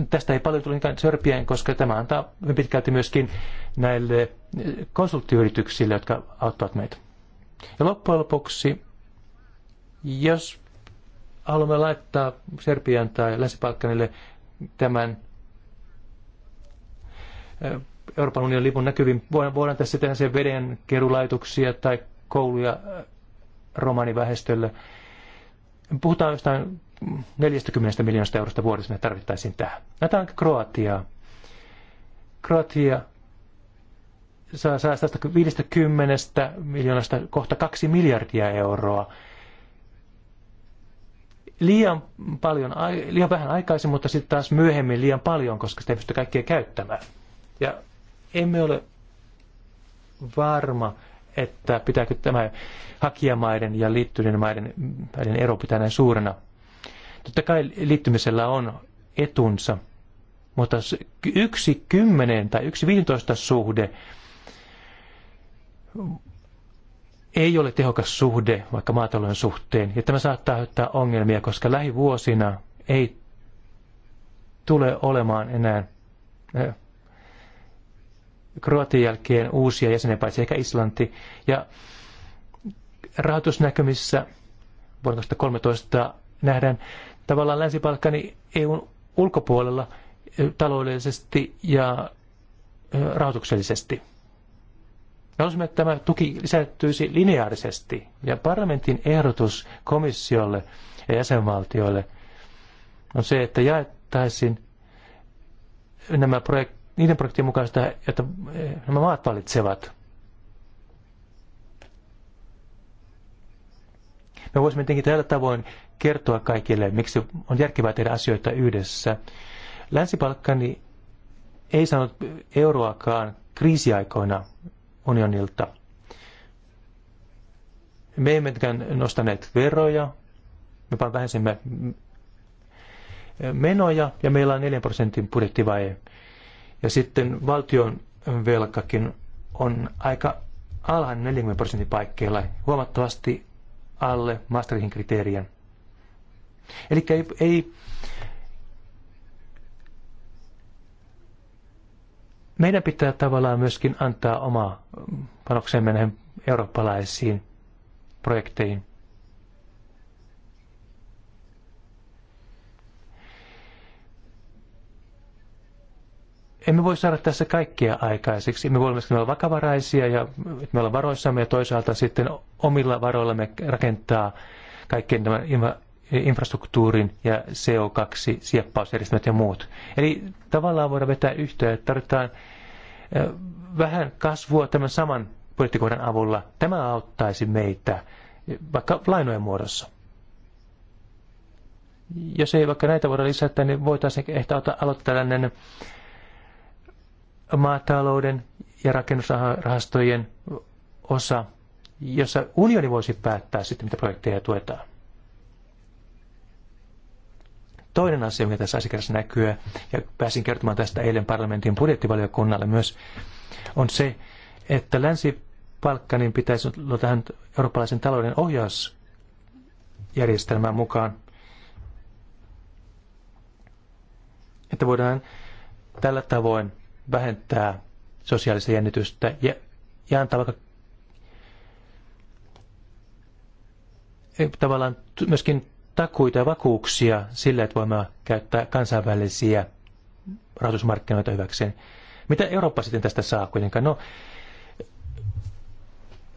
tästä ei paljon tule Serbiaan, koska tämä antaa hyvin pitkälti myöskin näille konsulttiyrityksille, jotka auttavat meitä. Ja loppujen lopuksi, jos haluamme laittaa Serbian tai Länsi-Balkanille tämän Euroopan unionin lipun näkyviin. Voidaan, voidaan tässä tehdä sen veden kerulaitoksia tai kouluja äh, romaniväestölle. Puhutaan jostain 40 miljoonasta eurosta vuodessa, me tarvittaisiin tähän. Näytään Kroatiaa. Kroatia saa, saa 150 miljoonasta kohta 2 miljardia euroa. Liian, paljon, liian vähän aikaisin, mutta sitten taas myöhemmin liian paljon, koska sitä ei pysty kaikkea käyttämään. Ja emme ole varma, että pitääkö tämä hakijamaiden ja liittyneiden maiden välinen ero pitää näin suurena. Totta kai liittymisellä on etunsa, mutta yksi kymmenen tai yksi 15 suhde ei ole tehokas suhde vaikka maatalouden suhteen. Ja tämä saattaa aiheuttaa ongelmia, koska lähivuosina ei tule olemaan enää eh, Kroatian jälkeen uusia jäseniä, paitsi ehkä Islanti. Ja rahoitusnäkymissä vuonna 2013 nähdään tavallaan Länsi-Balkani EUn ulkopuolella taloudellisesti ja rahoituksellisesti. Me haluaisimme, että tämä tuki lisättyisi lineaarisesti ja parlamentin ehdotus komissiolle ja jäsenvaltioille on se, että jaettaisiin nämä projekt, niiden projektien mukaista, että eh, nämä maat valitsevat. Me voisimme tietenkin tällä tavoin kertoa kaikille, miksi on järkevää tehdä asioita yhdessä. länsi ei saanut euroakaan kriisiaikoina unionilta. Me emmekään nostaneet veroja, me vähensimme menoja ja meillä on 4 prosentin budjettivaje. Ja sitten valtion velkakin on aika alhainen 40 prosentin paikkeilla, huomattavasti alle Maastrichtin kriteerien. Eli ei, ei, meidän pitää tavallaan myöskin antaa oma panoksemme näihin eurooppalaisiin projekteihin. emme voi saada tässä kaikkea aikaiseksi. Me voimme olla vakavaraisia ja me ollaan varoissamme ja toisaalta sitten omilla varoillamme rakentaa kaikkien tämän infrastruktuurin ja CO2-sieppausjärjestelmät ja muut. Eli tavallaan voidaan vetää yhteen, että tarvitaan vähän kasvua tämän saman budjettikohdan avulla. Tämä auttaisi meitä vaikka lainojen muodossa. Jos ei vaikka näitä voida lisätä, niin voitaisiin ehkä aloittaa tällainen maatalouden ja rakennusrahastojen osa, jossa unioni voisi päättää sitten, mitä projekteja tuetaan. Toinen asia, mikä tässä asiakirjassa näkyy, ja pääsin kertomaan tästä eilen parlamentin budjettivaliokunnalle myös, on se, että Länsi-Palkkanin pitäisi olla tähän eurooppalaisen talouden ohjausjärjestelmään mukaan, että voidaan tällä tavoin vähentää sosiaalista jännitystä ja, ja antaa vaikka tavallaan myöskin takuita ja vakuuksia sille, että voimme käyttää kansainvälisiä rahoitusmarkkinoita hyväkseen. Mitä Eurooppa sitten tästä saa kuitenkaan? No,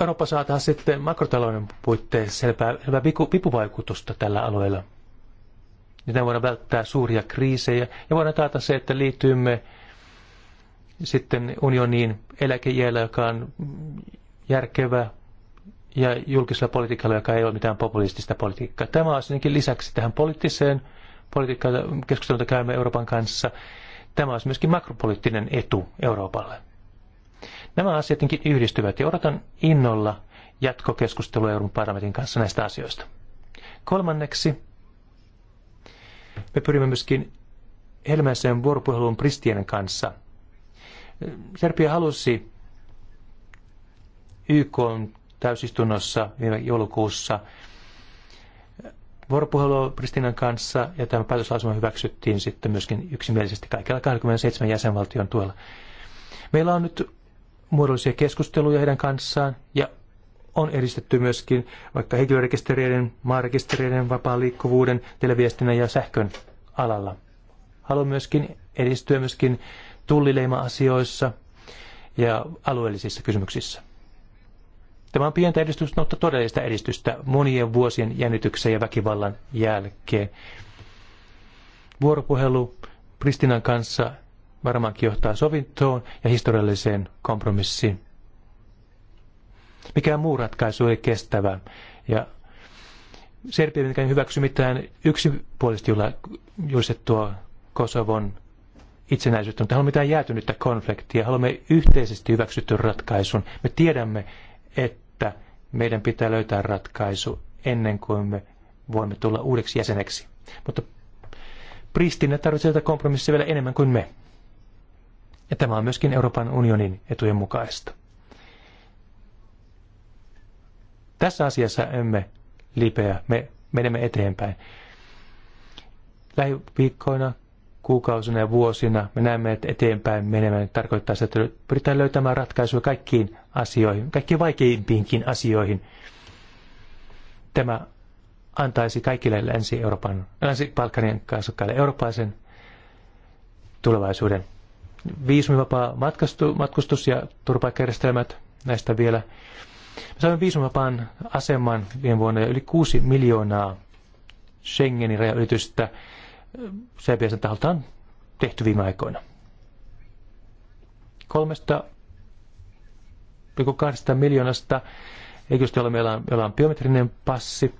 Eurooppa saa taas sitten makrotalouden puitteissa selvää, selvää vipuvaikutusta tällä alueella. Niitä voidaan välttää suuria kriisejä ja voidaan taata se, että liitymme sitten unionin eläkejällä, joka on järkevä ja julkisella politiikalla, joka ei ole mitään populistista politiikkaa. Tämä on sinnekin lisäksi tähän poliittiseen politiikkaan jota käymme Euroopan kanssa. Tämä on myöskin makropoliittinen etu Euroopalle. Nämä asiat yhdistyvät ja odotan innolla jatkokeskustelua Euroopan parlamentin kanssa näistä asioista. Kolmanneksi me pyrimme myöskin helmäiseen vuoropuheluun Pristienen kanssa – Serbia halusi YK täysistunnossa viime joulukuussa vuoropuhelua Pristinan kanssa, ja tämä päätöslausuma hyväksyttiin sitten myöskin yksimielisesti kaikilla 27 jäsenvaltion tuella. Meillä on nyt muodollisia keskusteluja heidän kanssaan, ja on edistetty myöskin vaikka henkilörekistereiden, maarekistereiden, vapaan liikkuvuuden, televiestinnän ja sähkön alalla. Haluan myöskin edistyä myöskin tullileima-asioissa ja alueellisissa kysymyksissä. Tämä on pientä edistystä, mutta todellista edistystä monien vuosien jännityksen ja väkivallan jälkeen. Vuoropuhelu Pristinan kanssa varmaankin johtaa sovintoon ja historialliseen kompromissiin. Mikään muu ratkaisu ei kestävä. Ja Serbia ei hyväksy mitään yksipuolisesti julistettua Kosovon itsenäisyyttä, mutta haluamme mitään jäätynyttä konfliktia. Haluamme yhteisesti hyväksytyn ratkaisun. Me tiedämme, että meidän pitää löytää ratkaisu ennen kuin me voimme tulla uudeksi jäseneksi. Mutta Pristina tarvitsee tätä kompromissia vielä enemmän kuin me. Ja tämä on myöskin Euroopan unionin etujen mukaista. Tässä asiassa emme lipeä, me menemme eteenpäin. Lähiviikkoina kuukausina ja vuosina me näemme, että eteenpäin menemään tarkoittaa sitä, että pyritään löytämään ratkaisuja kaikkiin asioihin, kaikkiin vaikeimpiinkin asioihin. Tämä antaisi kaikille Länsi-Euroopan, Länsi-Balkanien kansakkaille eurooppalaisen tulevaisuuden. Viisumivapaa matkustus ja turvapaikkajärjestelmät näistä vielä. Me saimme viisumivapaan aseman viime vuonna ja yli 6 miljoonaa Schengenin rajaylitystä CBSn taholta on tehty viime aikoina. Kolmesta kahdesta miljoonasta henkilöstä, jolla meillä on, jolla on biometrinen passi.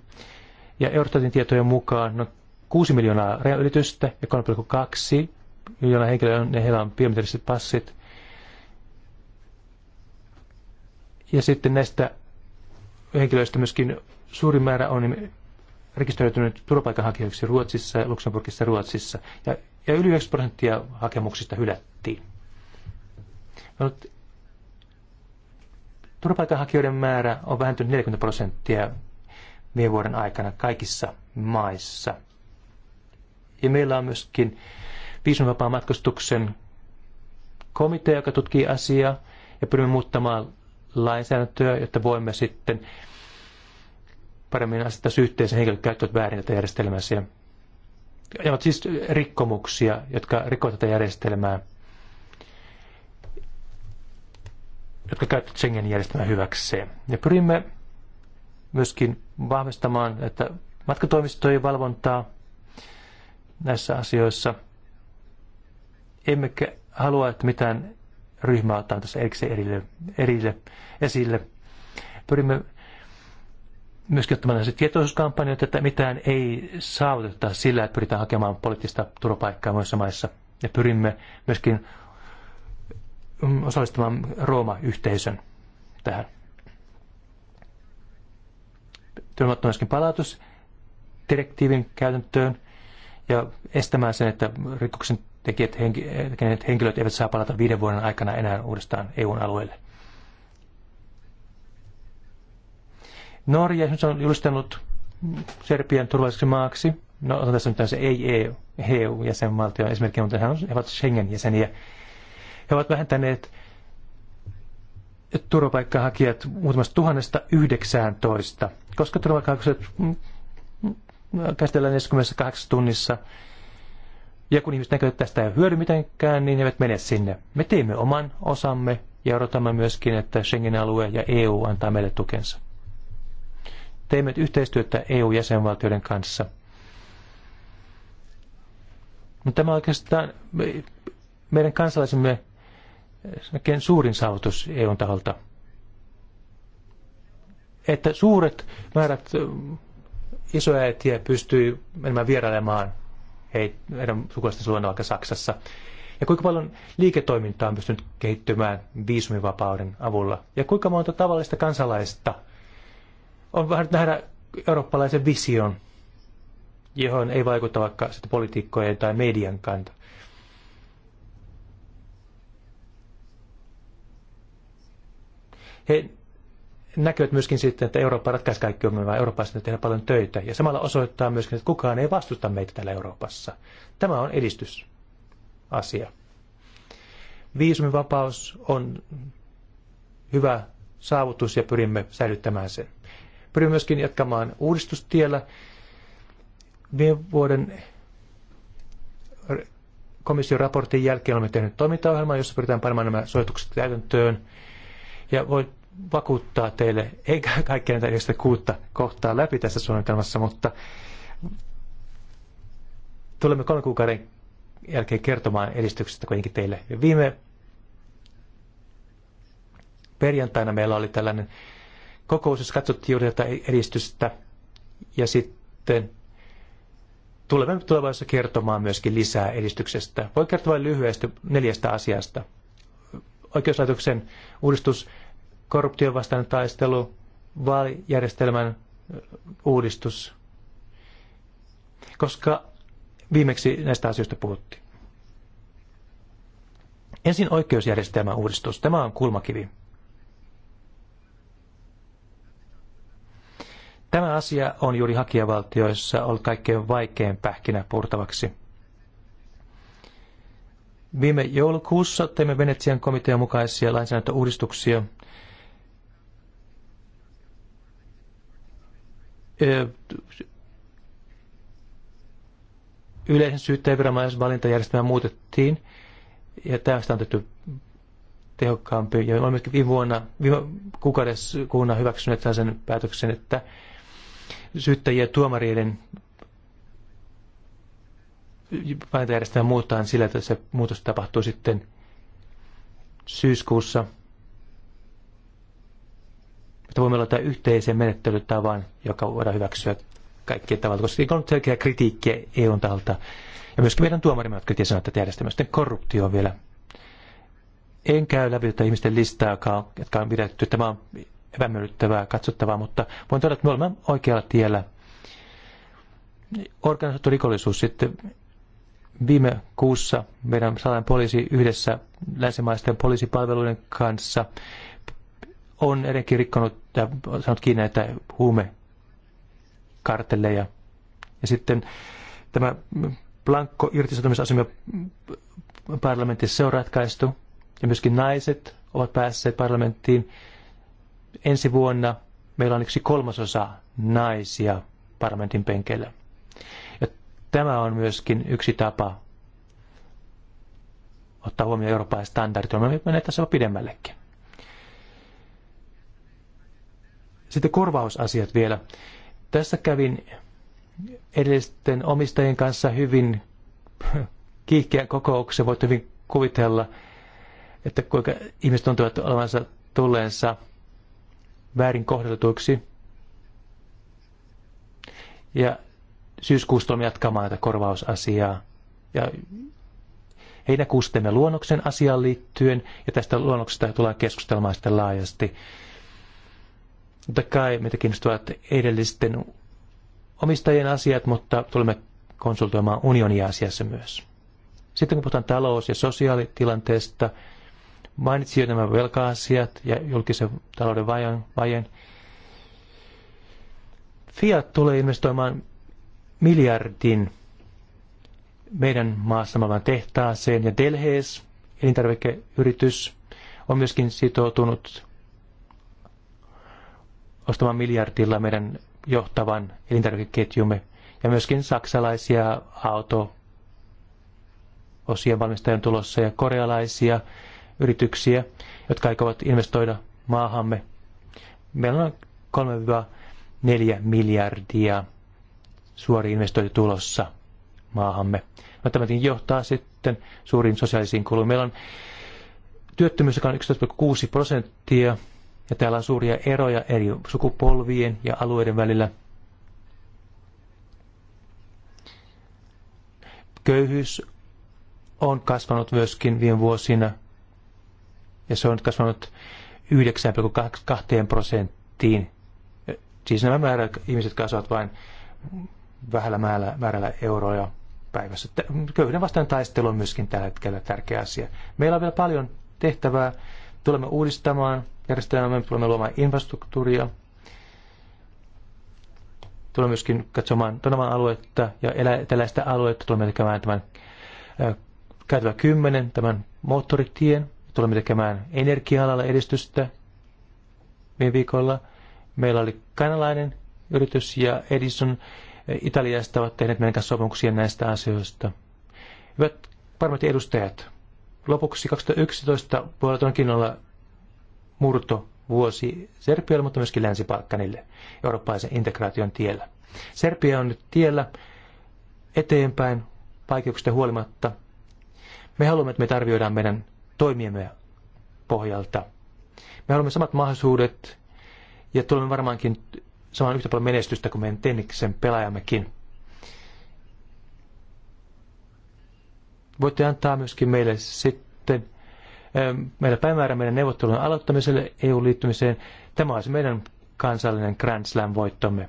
Ja Eurostatin tietojen mukaan no 6 miljoonaa rajanylitystä ja 3,2 miljoonaa henkilöä, ne heillä on biometriset passit. Ja sitten näistä henkilöistä myöskin suuri määrä on rekisteröitynyt turvapaikanhakijoiksi Ruotsissa, Luxemburgissa Ruotsissa. Ja, ja yli 9 prosenttia hakemuksista hylättiin. No, turvapaikanhakijoiden määrä on vähentynyt 40 prosenttia viime vuoden aikana kaikissa maissa. Ja meillä on myöskin viisumivapaan matkustuksen komitea, joka tutkii asiaa, ja pyrimme muuttamaan lainsäädäntöä, jotta voimme sitten paremmin asettaa yhteisen henkilöt käyttävät väärin tätä järjestelmässä. Ja ovat siis rikkomuksia, jotka rikkovat tätä järjestelmää, jotka käyttävät Schengenin järjestelmää hyväkseen. Ja pyrimme myöskin vahvistamaan, että matkatoimistojen valvontaa näissä asioissa. Emmekä halua, että mitään ryhmää ottaa tässä erikseen erille, erille esille. Pyrimme myöskin ottamalla se tietoisuuskampanjoita, että mitään ei saavuteta sillä, että pyritään hakemaan poliittista turvapaikkaa muissa maissa. Ja pyrimme myöskin mm, osallistamaan Rooma-yhteisön tähän. Tulemme ottamaan myöskin palautusdirektiivin käytäntöön ja estämään sen, että rikoksen tekijät, henkilöt eivät saa palata viiden vuoden aikana enää uudestaan EUn alueelle. Norja esimerkiksi on julistanut Serbian turvalliseksi maaksi. No on tässä nyt se ei EU-jäsenvaltio e esimerkiksi, mutta he ovat Schengen-jäseniä. He ovat vähentäneet turvapaikkahakijat muutamasta tuhannesta yhdeksään toista, koska turvapaikkahakijat mm, mm, käsitellään 48 tunnissa. Ja kun ihmiset näkevät, että tästä ei hyödy mitenkään, niin he eivät mene sinne. Me teemme oman osamme ja odotamme myöskin, että Schengen-alue ja EU antaa meille tukensa teemme yhteistyötä EU-jäsenvaltioiden kanssa. Mutta Tämä on oikeastaan meidän kansalaisemme suurin saavutus EUn taholta. Että suuret määrät isoja äitiä pystyy menemään vierailemaan heidän sukulaisten luona vaikka Saksassa. Ja kuinka paljon liiketoimintaa on pystynyt kehittymään viisumivapauden avulla. Ja kuinka monta tavallista kansalaista on vähän nähdä eurooppalaisen vision, johon ei vaikuta vaikka sitä politiikkojen tai median kanta. He näkevät myöskin sitten, että Eurooppa ratkaisi kaikki ongelmat, Euroopassa tehdä paljon töitä. Ja samalla osoittaa myöskin, että kukaan ei vastusta meitä täällä Euroopassa. Tämä on edistysasia. Viisumivapaus on hyvä saavutus ja pyrimme säilyttämään sen pyrimme myöskin jatkamaan uudistustiellä. Viime vuoden komission raportin jälkeen olemme tehneet toimintaohjelmaa, jossa pyritään panemaan nämä suositukset täytäntöön. Ja voi vakuuttaa teille, eikä kaikkea näitä kuutta kohtaa läpi tässä suunnitelmassa, mutta tulemme kolmen kuukauden jälkeen kertomaan edistyksestä kuitenkin teille. Viime perjantaina meillä oli tällainen kokous, katsottiin juuri tätä edistystä ja sitten tulemme tulevaisuudessa kertomaan myöskin lisää edistyksestä. Voi kertoa vain lyhyesti neljästä asiasta. Oikeuslaitoksen uudistus, korruption vastainen taistelu, vaalijärjestelmän uudistus, koska viimeksi näistä asioista puhuttiin. Ensin oikeusjärjestelmän uudistus. Tämä on kulmakivi Tämä asia on juuri hakijavaltioissa ollut kaikkein vaikein pähkinä purtavaksi. Viime joulukuussa teimme Venetsian komitean mukaisia lainsäädäntöuudistuksia. Yleisen syyttäjäviranomaisvalintajärjestelmä muutettiin ja tästä on tehty tehokkaampi. Ja olemme myöskin viime vuonna, viime kuukaudessa kuuna hyväksyneet sen päätöksen, että syyttäjiä tuomareiden valintajärjestelmä muuttaa sillä, että se muutos tapahtuu sitten syyskuussa. Että voimme aloittaa yhteisen menettelytavan, joka voidaan hyväksyä kaikkien tavalla, koska on ollut selkeää kritiikkiä EUn taholta. Ja myöskin meidän tuomarimme, jotka sanovat, että järjestelmä sitten korruptio on vielä. En käy läpi tätä ihmisten listaa, jotka on pidetty. Tämä on epämiellyttävää katsottavaa, mutta voin todeta, että me olemme oikealla tiellä. Organisoitu rikollisuus sitten viime kuussa meidän salainen poliisi yhdessä länsimaisten poliisipalveluiden kanssa on erikin rikkonut ja saanut kiinni näitä huumekartelleja. Ja sitten tämä blankko irtisotumisasemia parlamentissa se on ratkaistu. Ja myöskin naiset ovat päässeet parlamenttiin ensi vuonna meillä on yksi kolmasosa naisia parlamentin penkeillä. Ja tämä on myöskin yksi tapa ottaa huomioon Euroopan standardit. Me menee tässä pidemmällekin. Sitten korvausasiat vielä. Tässä kävin edellisten omistajien kanssa hyvin [laughs] kiihkeän kokouksen. Voit hyvin kuvitella, että kuinka ihmiset tuntuvat olevansa tulleensa – väärin kohdeltuiksi. Ja syyskuussa tulemme jatkamaan tätä korvausasiaa. Ja heinäkuussa teemme luonnoksen asiaan liittyen, ja tästä luonnoksesta tullaan keskustelemaan sitten laajasti. Mutta kai meitä kiinnostavat edellisten omistajien asiat, mutta tulemme konsultoimaan unionia asiassa myös. Sitten kun puhutaan talous- ja sosiaalitilanteesta, mainitsi jo nämä velka-asiat ja julkisen talouden vajeen. Fiat tulee investoimaan miljardin meidän maassamme olevan tehtaaseen ja Delhees, elintarvikeyritys, on myöskin sitoutunut ostamaan miljardilla meidän johtavan elintarvikeketjumme ja myöskin saksalaisia auto osien valmistajan tulossa ja korealaisia yrityksiä, jotka aikovat investoida maahamme. Meillä on 3-4 miljardia suori investointi tulossa maahamme. No, tämä johtaa sitten suuriin sosiaalisiin kuluihin. Meillä on työttömyys, joka on 11,6 prosenttia, ja täällä on suuria eroja eri sukupolvien ja alueiden välillä. Köyhyys on kasvanut myöskin viime vuosina ja se on nyt kasvanut 9,2 prosenttiin. Siis nämä määrä, ihmiset kasvavat vain vähällä määrällä, määrällä euroja päivässä. Köyhyyden vastaan taistelu on myöskin tällä hetkellä tärkeä asia. Meillä on vielä paljon tehtävää. Tulemme uudistamaan järjestelmää, tulemme luomaan infrastruktuuria, tulemme myöskin katsomaan Tonavan aluetta ja elä, tällaista aluetta tulemme tekemään tämän käytävä 10, tämän moottoritien tulemme tekemään energia-alalla edistystä viime viikolla. Meillä oli kanalainen yritys ja Edison eh, Italiasta ovat tehneet meidän kanssa sopimuksia näistä asioista. Hyvät parmat edustajat, lopuksi 2011 voi olla todellakin olla murto vuosi Serbialle, mutta myöskin Länsi-Balkanille eurooppalaisen integraation tiellä. Serbia on nyt tiellä eteenpäin vaikeuksista huolimatta. Me haluamme, että me tarvioidaan meidän toimiemme pohjalta. Me haluamme samat mahdollisuudet ja tulemme varmaankin saman yhtä paljon menestystä kuin meidän Tenniksen pelaajammekin. Voitte antaa myöskin meille sitten ähm, meillä päämäärä meidän neuvottelujen aloittamiselle EU-liittymiseen. Tämä olisi meidän kansallinen Grand Slam-voittomme.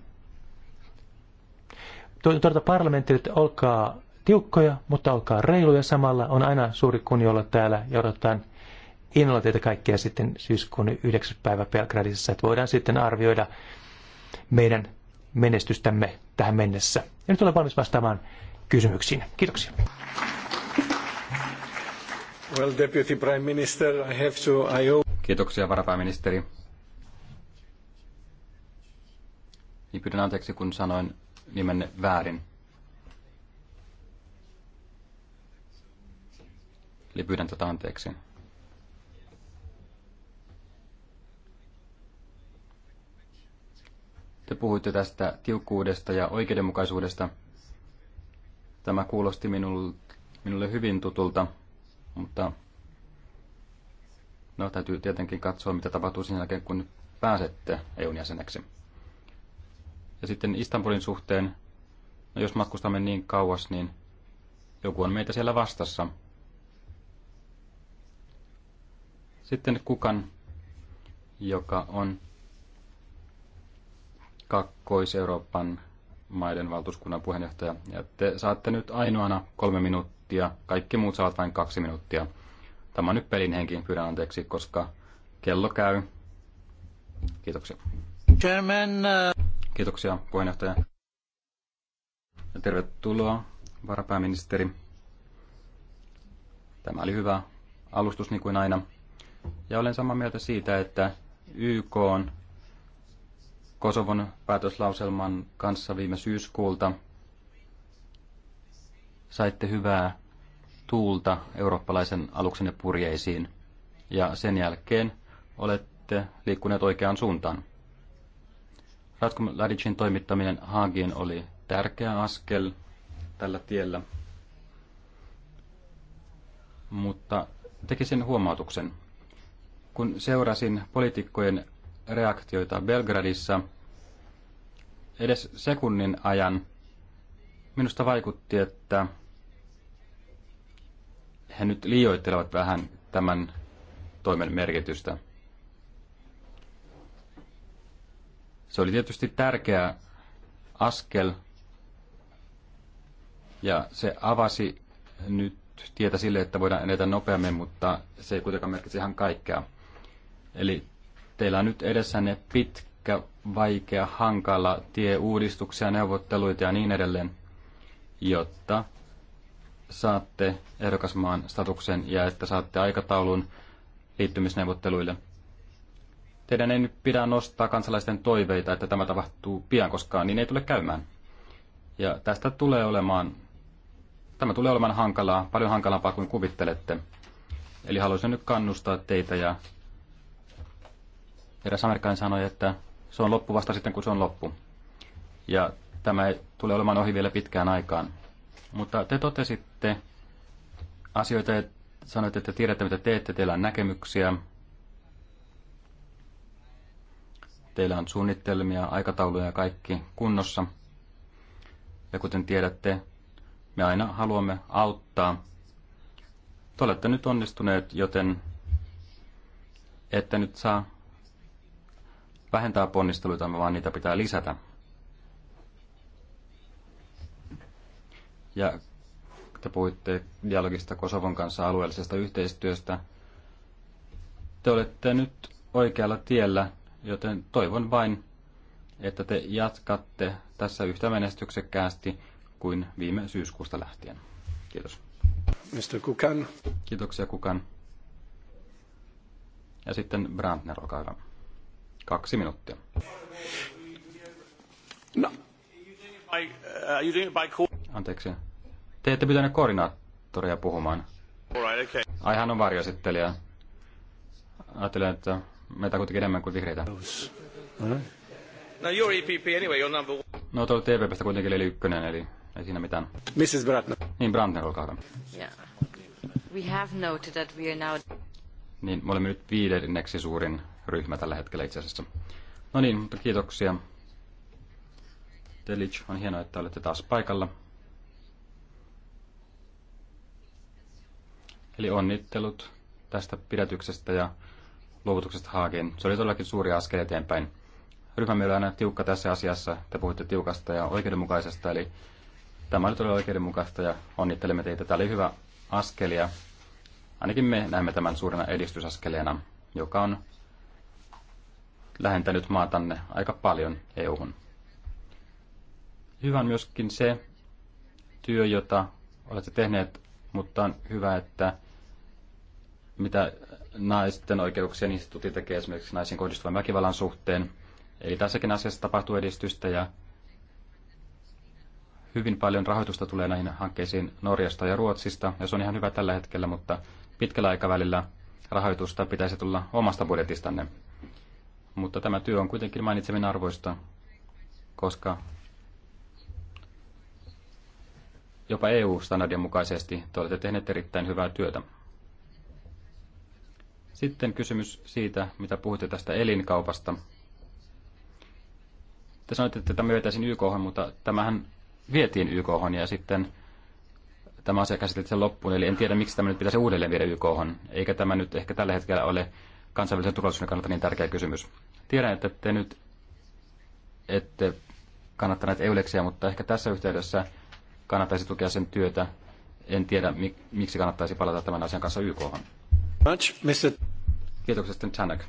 Tuota parlamentille, että olkaa tiukkoja, mutta olkaa reiluja samalla. On aina suuri kunnia olla täällä ja odotetaan innolla teitä kaikkia sitten syyskuun 9. päivä Belgradissa, että voidaan sitten arvioida meidän menestystämme tähän mennessä. Ja nyt olen valmis vastaamaan kysymyksiin. Kiitoksia. Well, Deputy Prime Minister, I have to... I hope. Kiitoksia, varapääministeri. Niin pyydän anteeksi, kun sanoin nimenne väärin. Eli pyydän tätä anteeksi. Te puhuitte tästä tiukkuudesta ja oikeudenmukaisuudesta. Tämä kuulosti minulle hyvin tutulta, mutta no, täytyy tietenkin katsoa, mitä tapahtuu sen jälkeen, kun pääsette EUn jäseneksi. Ja sitten Istanbulin suhteen, no jos matkustamme niin kauas, niin joku on meitä siellä vastassa – Sitten Kukan, joka on Kakkois-Euroopan maiden valtuuskunnan puheenjohtaja. Ja te saatte nyt ainoana kolme minuuttia, kaikki muut saavat vain kaksi minuuttia. Tämä on nyt pelin henki, pyydän anteeksi, koska kello käy. Kiitoksia. Chairman, uh, Kiitoksia puheenjohtaja. Ja tervetuloa varapääministeri. Tämä oli hyvä alustus niin kuin aina. Ja olen samaa mieltä siitä, että YK on Kosovon päätöslauselman kanssa viime syyskuulta. Saitte hyvää tuulta eurooppalaisen aluksenne purjeisiin ja sen jälkeen olette liikkuneet oikeaan suuntaan. Ratko Ladicin toimittaminen Haagiin oli tärkeä askel tällä tiellä, mutta tekisin huomautuksen. Kun seurasin poliitikkojen reaktioita Belgradissa edes sekunnin ajan, minusta vaikutti, että he nyt liioittelevat vähän tämän toimen merkitystä. Se oli tietysti tärkeä askel ja se avasi nyt tietä sille, että voidaan edetä nopeammin, mutta se ei kuitenkaan merkitse ihan kaikkea. Eli teillä on nyt edessänne pitkä, vaikea, hankala tie uudistuksia, neuvotteluita ja niin edelleen, jotta saatte ehdokasmaan statuksen ja että saatte aikataulun liittymisneuvotteluille. Teidän ei nyt pidä nostaa kansalaisten toiveita, että tämä tapahtuu pian, koskaan niin ei tule käymään. Ja tästä tulee olemaan, tämä tulee olemaan hankalaa, paljon hankalampaa kuin kuvittelette. Eli haluaisin nyt kannustaa teitä ja eräs amerikkalainen sanoi, että se on loppu vasta sitten, kun se on loppu. Ja tämä ei tule olemaan ohi vielä pitkään aikaan. Mutta te totesitte asioita ja sanoitte, että tiedätte, mitä teette, teillä on näkemyksiä, teillä on suunnitelmia, aikatauluja ja kaikki kunnossa. Ja kuten tiedätte, me aina haluamme auttaa. Te olette nyt onnistuneet, joten ette nyt saa vähentää ponnisteluita, vaan niitä pitää lisätä. Ja te puhuitte dialogista Kosovon kanssa alueellisesta yhteistyöstä. Te olette nyt oikealla tiellä, joten toivon vain, että te jatkatte tässä yhtä menestyksekkäästi kuin viime syyskuusta lähtien. Kiitos. Mr. Kukan. Kiitoksia Kukan. Ja sitten Brandner, olkaa hyvä. Kaksi minuuttia. No. Uh, Anteeksi. Te ette pitänyt koordinaattoria puhumaan. Aihan on varjoesittelijä. Ajattelen, että meitä on kuitenkin enemmän kuin vihreitä. No, you're EPP anyway, you're number one. No, tuolla TPPstä e kuitenkin eli ykkönen, eli ei siinä mitään. Mrs. Brantner. Niin, Brantner, olkaa hyvä. Yeah. We have noted that we are now... Niin, me olemme nyt viidenneksi suurin ryhmä tällä hetkellä itse asiassa. No niin, mutta kiitoksia. Delic, on hienoa, että olette taas paikalla. Eli onnittelut tästä pidätyksestä ja luovutuksesta Haagin. Se oli todellakin suuri askel eteenpäin. Ryhmämme oli aina tiukka tässä asiassa. Te puhuitte tiukasta ja oikeudenmukaisesta, eli tämä oli todella oikeudenmukaista ja onnittelemme teitä. Tämä oli hyvä askel ja ainakin me näemme tämän suurena edistysaskeleena, joka on lähentänyt maatanne aika paljon EU-hun. Hyvä on myöskin se työ, jota olette tehneet, mutta on hyvä, että mitä naisten oikeuksien niin instituutti tekee esimerkiksi naisiin kohdistuvan väkivallan suhteen. Eli tässäkin asiassa tapahtuu edistystä ja hyvin paljon rahoitusta tulee näihin hankkeisiin Norjasta ja Ruotsista, ja se on ihan hyvä tällä hetkellä, mutta pitkällä aikavälillä rahoitusta pitäisi tulla omasta budjetistanne. Mutta tämä työ on kuitenkin mainitsemin arvoista, koska jopa EU-standardien mukaisesti te olette tehneet erittäin hyvää työtä. Sitten kysymys siitä, mitä puhutte tästä elinkaupasta. Te sanoitte, että tämä vietäisiin YK, mutta tämähän vietiin YK ja sitten tämä asia käsiteltiin sen loppuun, eli en tiedä miksi tämä nyt pitäisi uudelleen viedä YK, eikä tämä nyt ehkä tällä hetkellä ole kansainvälisen turvallisuuden kannalta niin tärkeä kysymys. Tiedän, että te nyt ette kannattaneet Euleksiä, mutta ehkä tässä yhteydessä kannattaisi tukea sen työtä. En tiedä, miksi kannattaisi palata tämän asian kanssa YKhan. Kiitoksia sitten Chanak.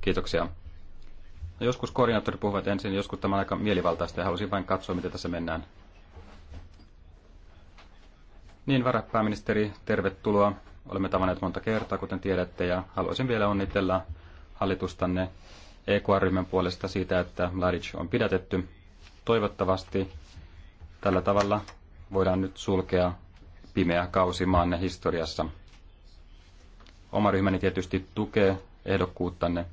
Kiitoksia. No, joskus koordinaattorit puhuvat ensin, joskus tämä on aika mielivaltaista ja halusin vain katsoa, miten tässä mennään. Niin, varapääministeri, tervetuloa. Olemme tavanneet monta kertaa, kuten tiedätte, ja haluaisin vielä onnitella hallitustanne EKR-ryhmän puolesta siitä, että Mladic on pidätetty. Toivottavasti tällä tavalla voidaan nyt sulkea pimeä kausi maanne historiassa. Oma ryhmäni tietysti tukee ehdokkuuttanne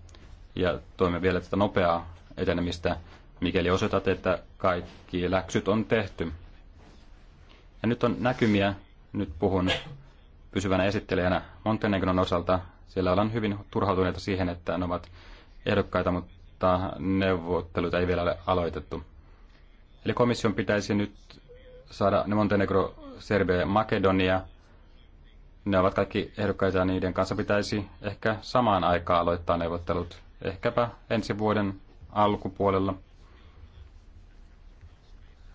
ja toimme vielä tätä nopeaa etenemistä, mikäli osoitat, että kaikki läksyt on tehty. Ja nyt on näkymiä, nyt puhun pysyvänä esittelijänä Montenegron osalta. Siellä ollaan hyvin turhautuneita siihen, että ne ovat ehdokkaita, mutta neuvotteluita ei vielä ole aloitettu. Eli komission pitäisi nyt saada ne Montenegro, Serbia ja Makedonia. Ne ovat kaikki ehdokkaita ja niiden kanssa pitäisi ehkä samaan aikaan aloittaa neuvottelut. Ehkäpä ensi vuoden alkupuolella.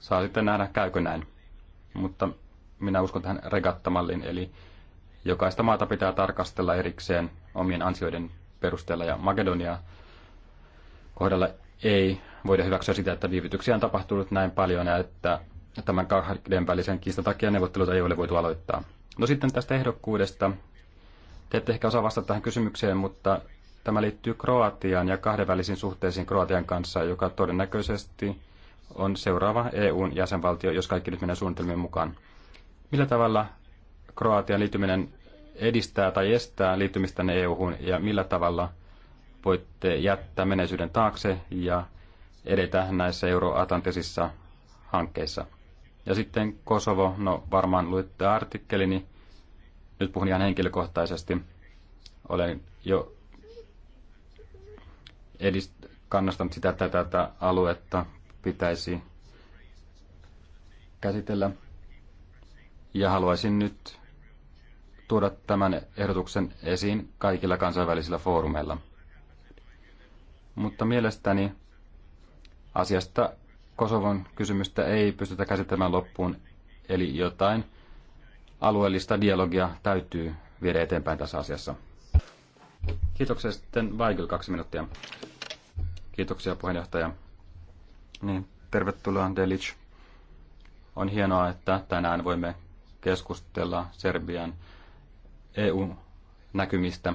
Saa sitten nähdä, käykö näin. Mutta minä uskon tähän regattamalliin, eli Jokaista maata pitää tarkastella erikseen omien ansioiden perusteella ja Makedonia kohdalla ei voida hyväksyä sitä, että viivytyksiä on tapahtunut näin paljon ja että tämän kahden välisen kiistan takia neuvotteluita ei ole voitu aloittaa. No sitten tästä ehdokkuudesta. Te ette ehkä osaa vastata tähän kysymykseen, mutta tämä liittyy Kroatiaan ja kahdenvälisiin suhteisiin Kroatian kanssa, joka todennäköisesti on seuraava EUn jäsenvaltio, jos kaikki nyt menee suunnitelmien mukaan. Millä tavalla Kroatian liittyminen edistää tai estää liittymistä EU-hun ja millä tavalla voitte jättää menneisyyden taakse ja edetä näissä euroatlantisissa hankkeissa. Ja sitten Kosovo, no varmaan luitte artikkelini, nyt puhun ihan henkilökohtaisesti. Olen jo edist- kannastanut sitä, että tätä aluetta pitäisi käsitellä. Ja haluaisin nyt tuoda tämän ehdotuksen esiin kaikilla kansainvälisillä foorumeilla. Mutta mielestäni asiasta Kosovon kysymystä ei pystytä käsittelemään loppuun, eli jotain alueellista dialogia täytyy viedä eteenpäin tässä asiassa. Kiitoksia sitten Weigel kaksi minuuttia. Kiitoksia puheenjohtaja. Niin, tervetuloa Delic. On hienoa, että tänään voimme keskustella Serbian EU-näkymistä,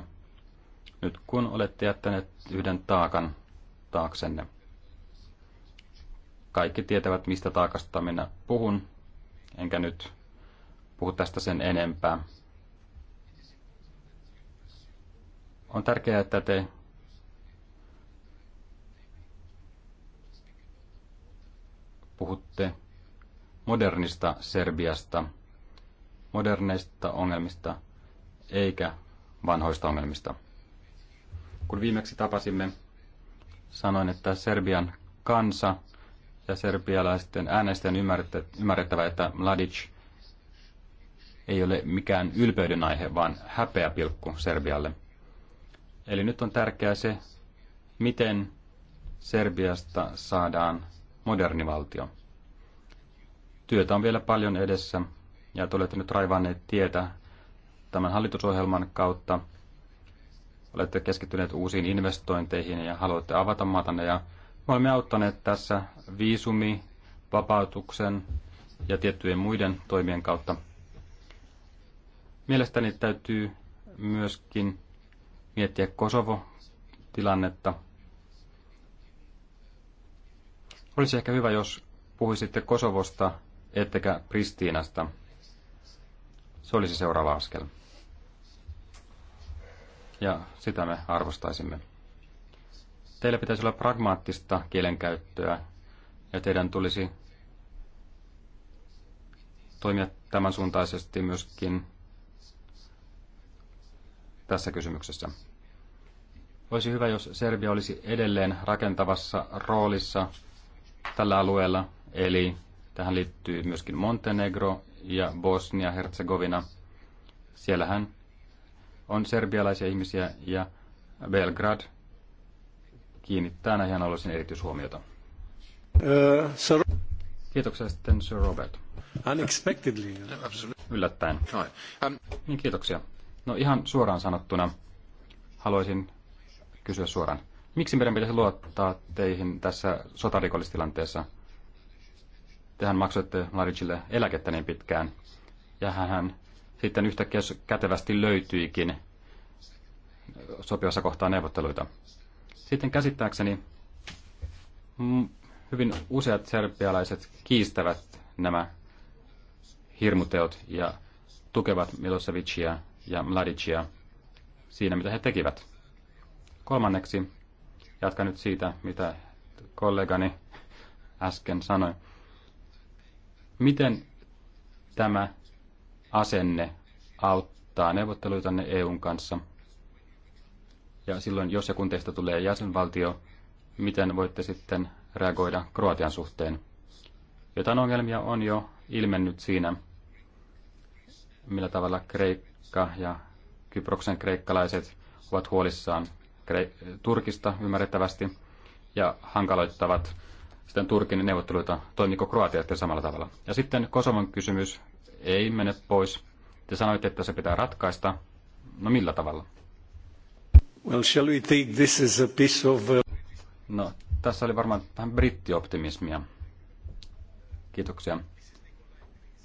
nyt kun olette jättäneet yhden taakan taaksenne. Kaikki tietävät, mistä taakasta minä puhun, enkä nyt puhu tästä sen enempää. On tärkeää, että te puhutte modernista Serbiasta, moderneista ongelmista, eikä vanhoista ongelmista. Kun viimeksi tapasimme, sanoin, että Serbian kansa ja serbialaisten äänestäjän ymmärrettävä, että Mladic ei ole mikään ylpeyden aihe, vaan häpeäpilkku Serbialle. Eli nyt on tärkeää se, miten Serbiasta saadaan moderni valtio. Työtä on vielä paljon edessä ja te olette nyt raivanneet tietä tämän hallitusohjelman kautta olette keskittyneet uusiin investointeihin ja haluatte avata maatanne. Ja me olemme auttaneet tässä viisumi, vapautuksen ja tiettyjen muiden toimien kautta. Mielestäni täytyy myöskin miettiä Kosovo-tilannetta. Olisi ehkä hyvä, jos puhuisitte Kosovosta ettekä Pristiinasta. Se olisi seuraava askel ja sitä me arvostaisimme. Teillä pitäisi olla pragmaattista kielenkäyttöä ja teidän tulisi toimia tämän suuntaisesti myöskin tässä kysymyksessä. Olisi hyvä, jos Serbia olisi edelleen rakentavassa roolissa tällä alueella, eli tähän liittyy myöskin Montenegro ja Bosnia-Herzegovina. Siellähän on serbialaisia ihmisiä ja Belgrad kiinnittää näihin aloisiin erityishuomiota. Uh, Kiitoksia sitten Sir Robert. Unexpectedly. Yllättäen. Um- niin, kiitoksia. No ihan suoraan sanottuna haluaisin kysyä suoraan. Miksi meidän pitäisi luottaa teihin tässä sotarikollistilanteessa? Tehän maksoitte Laricille eläkettä niin pitkään, ja hän sitten yhtäkkiä kätevästi löytyikin sopivassa kohtaa neuvotteluita. Sitten käsittääkseni hyvin useat serbialaiset kiistävät nämä hirmuteot ja tukevat Milosevicia ja Mladicia siinä, mitä he tekivät. Kolmanneksi, jatkan nyt siitä, mitä kollegani äsken sanoi. Miten tämä asenne auttaa neuvotteluitanne EUn kanssa? Ja silloin, jos ja kun teistä tulee jäsenvaltio, miten voitte sitten reagoida Kroatian suhteen? Jotain ongelmia on jo ilmennyt siinä, millä tavalla Kreikka ja Kyproksen kreikkalaiset ovat huolissaan Turkista ymmärrettävästi ja hankaloittavat sitten Turkin neuvotteluita. Toimiko Kroatia samalla tavalla? Ja sitten kosovan kysymys ei mene pois. Te sanoitte, että se pitää ratkaista. No millä tavalla? Well, shall we take this as a piece of... Uh, no, tässä oli varmaan vähän brittioptimismia. Kiitoksia.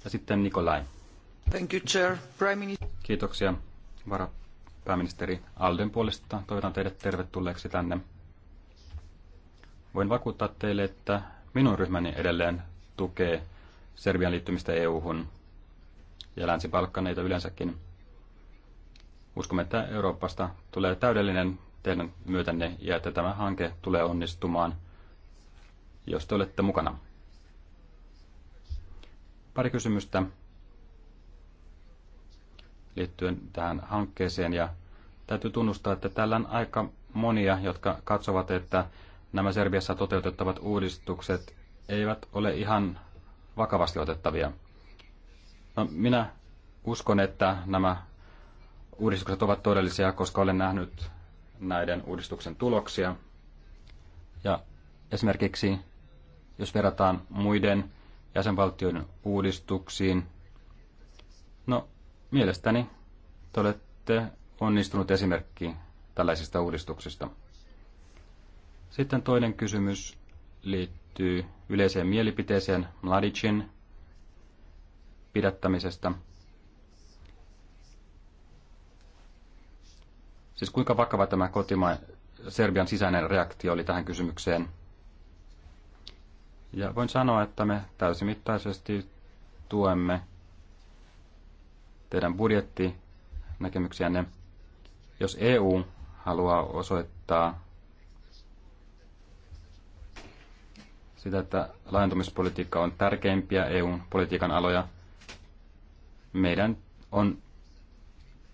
Ja sitten Nikolai. Thank you, Chair. Prime Minister. Kiitoksia, varapääministeri Alden puolesta. Toivotan teidät tervetulleeksi tänne. Voin vakuuttaa teille, että minun ryhmäni edelleen tukee Serbian liittymistä EU-hun ja länsi-Balkaneita yleensäkin. Uskomme, että Euroopasta tulee täydellinen teidän myötänne ja että tämä hanke tulee onnistumaan, jos te olette mukana. Pari kysymystä liittyen tähän hankkeeseen ja täytyy tunnustaa, että täällä on aika monia, jotka katsovat, että nämä Serbiassa toteutettavat uudistukset eivät ole ihan vakavasti otettavia. No, minä uskon, että nämä uudistukset ovat todellisia, koska olen nähnyt näiden uudistuksen tuloksia. Ja esimerkiksi, jos verrataan muiden jäsenvaltioiden uudistuksiin, no mielestäni te olette onnistunut esimerkki tällaisista uudistuksista. Sitten toinen kysymys liittyy yleiseen mielipiteeseen Mladicin pidättämisestä. Siis kuinka vakava tämä kotima Serbian sisäinen reaktio oli tähän kysymykseen? Ja voin sanoa, että me täysimittaisesti tuemme teidän budjettinäkemyksiänne. Jos EU haluaa osoittaa sitä, että laajentumispolitiikka on tärkeimpiä EUn politiikan aloja, meidän on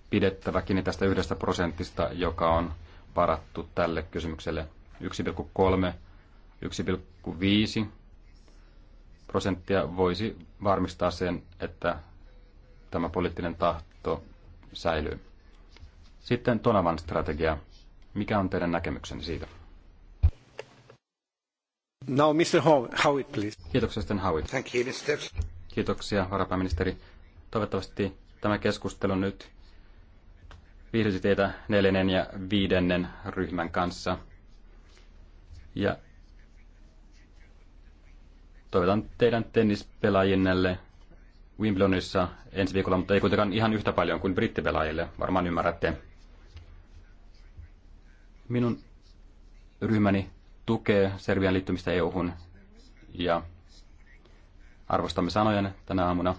pidettävä kiinni tästä yhdestä prosentista, joka on varattu tälle kysymykselle 1,3, 1,5 prosenttia voisi varmistaa sen, että tämä poliittinen tahto säilyy. Sitten Tonavan strategia. Mikä on teidän näkemyksenne siitä? Now, Mr. Howitt, please. Kiitoksia, Sten Howitt. Thank you, Mr. Kiitoksia, varapääministeri. Toivottavasti tämä keskustelu nyt viihdytti teitä neljännen ja viidennen ryhmän kanssa. Ja toivotan teidän tennispelaajinelle Wimbledonissa ensi viikolla, mutta ei kuitenkaan ihan yhtä paljon kuin brittipelaajille, varmaan ymmärrätte. Minun ryhmäni tukee Serbian liittymistä EU-hun ja arvostamme sanojen tänä aamuna.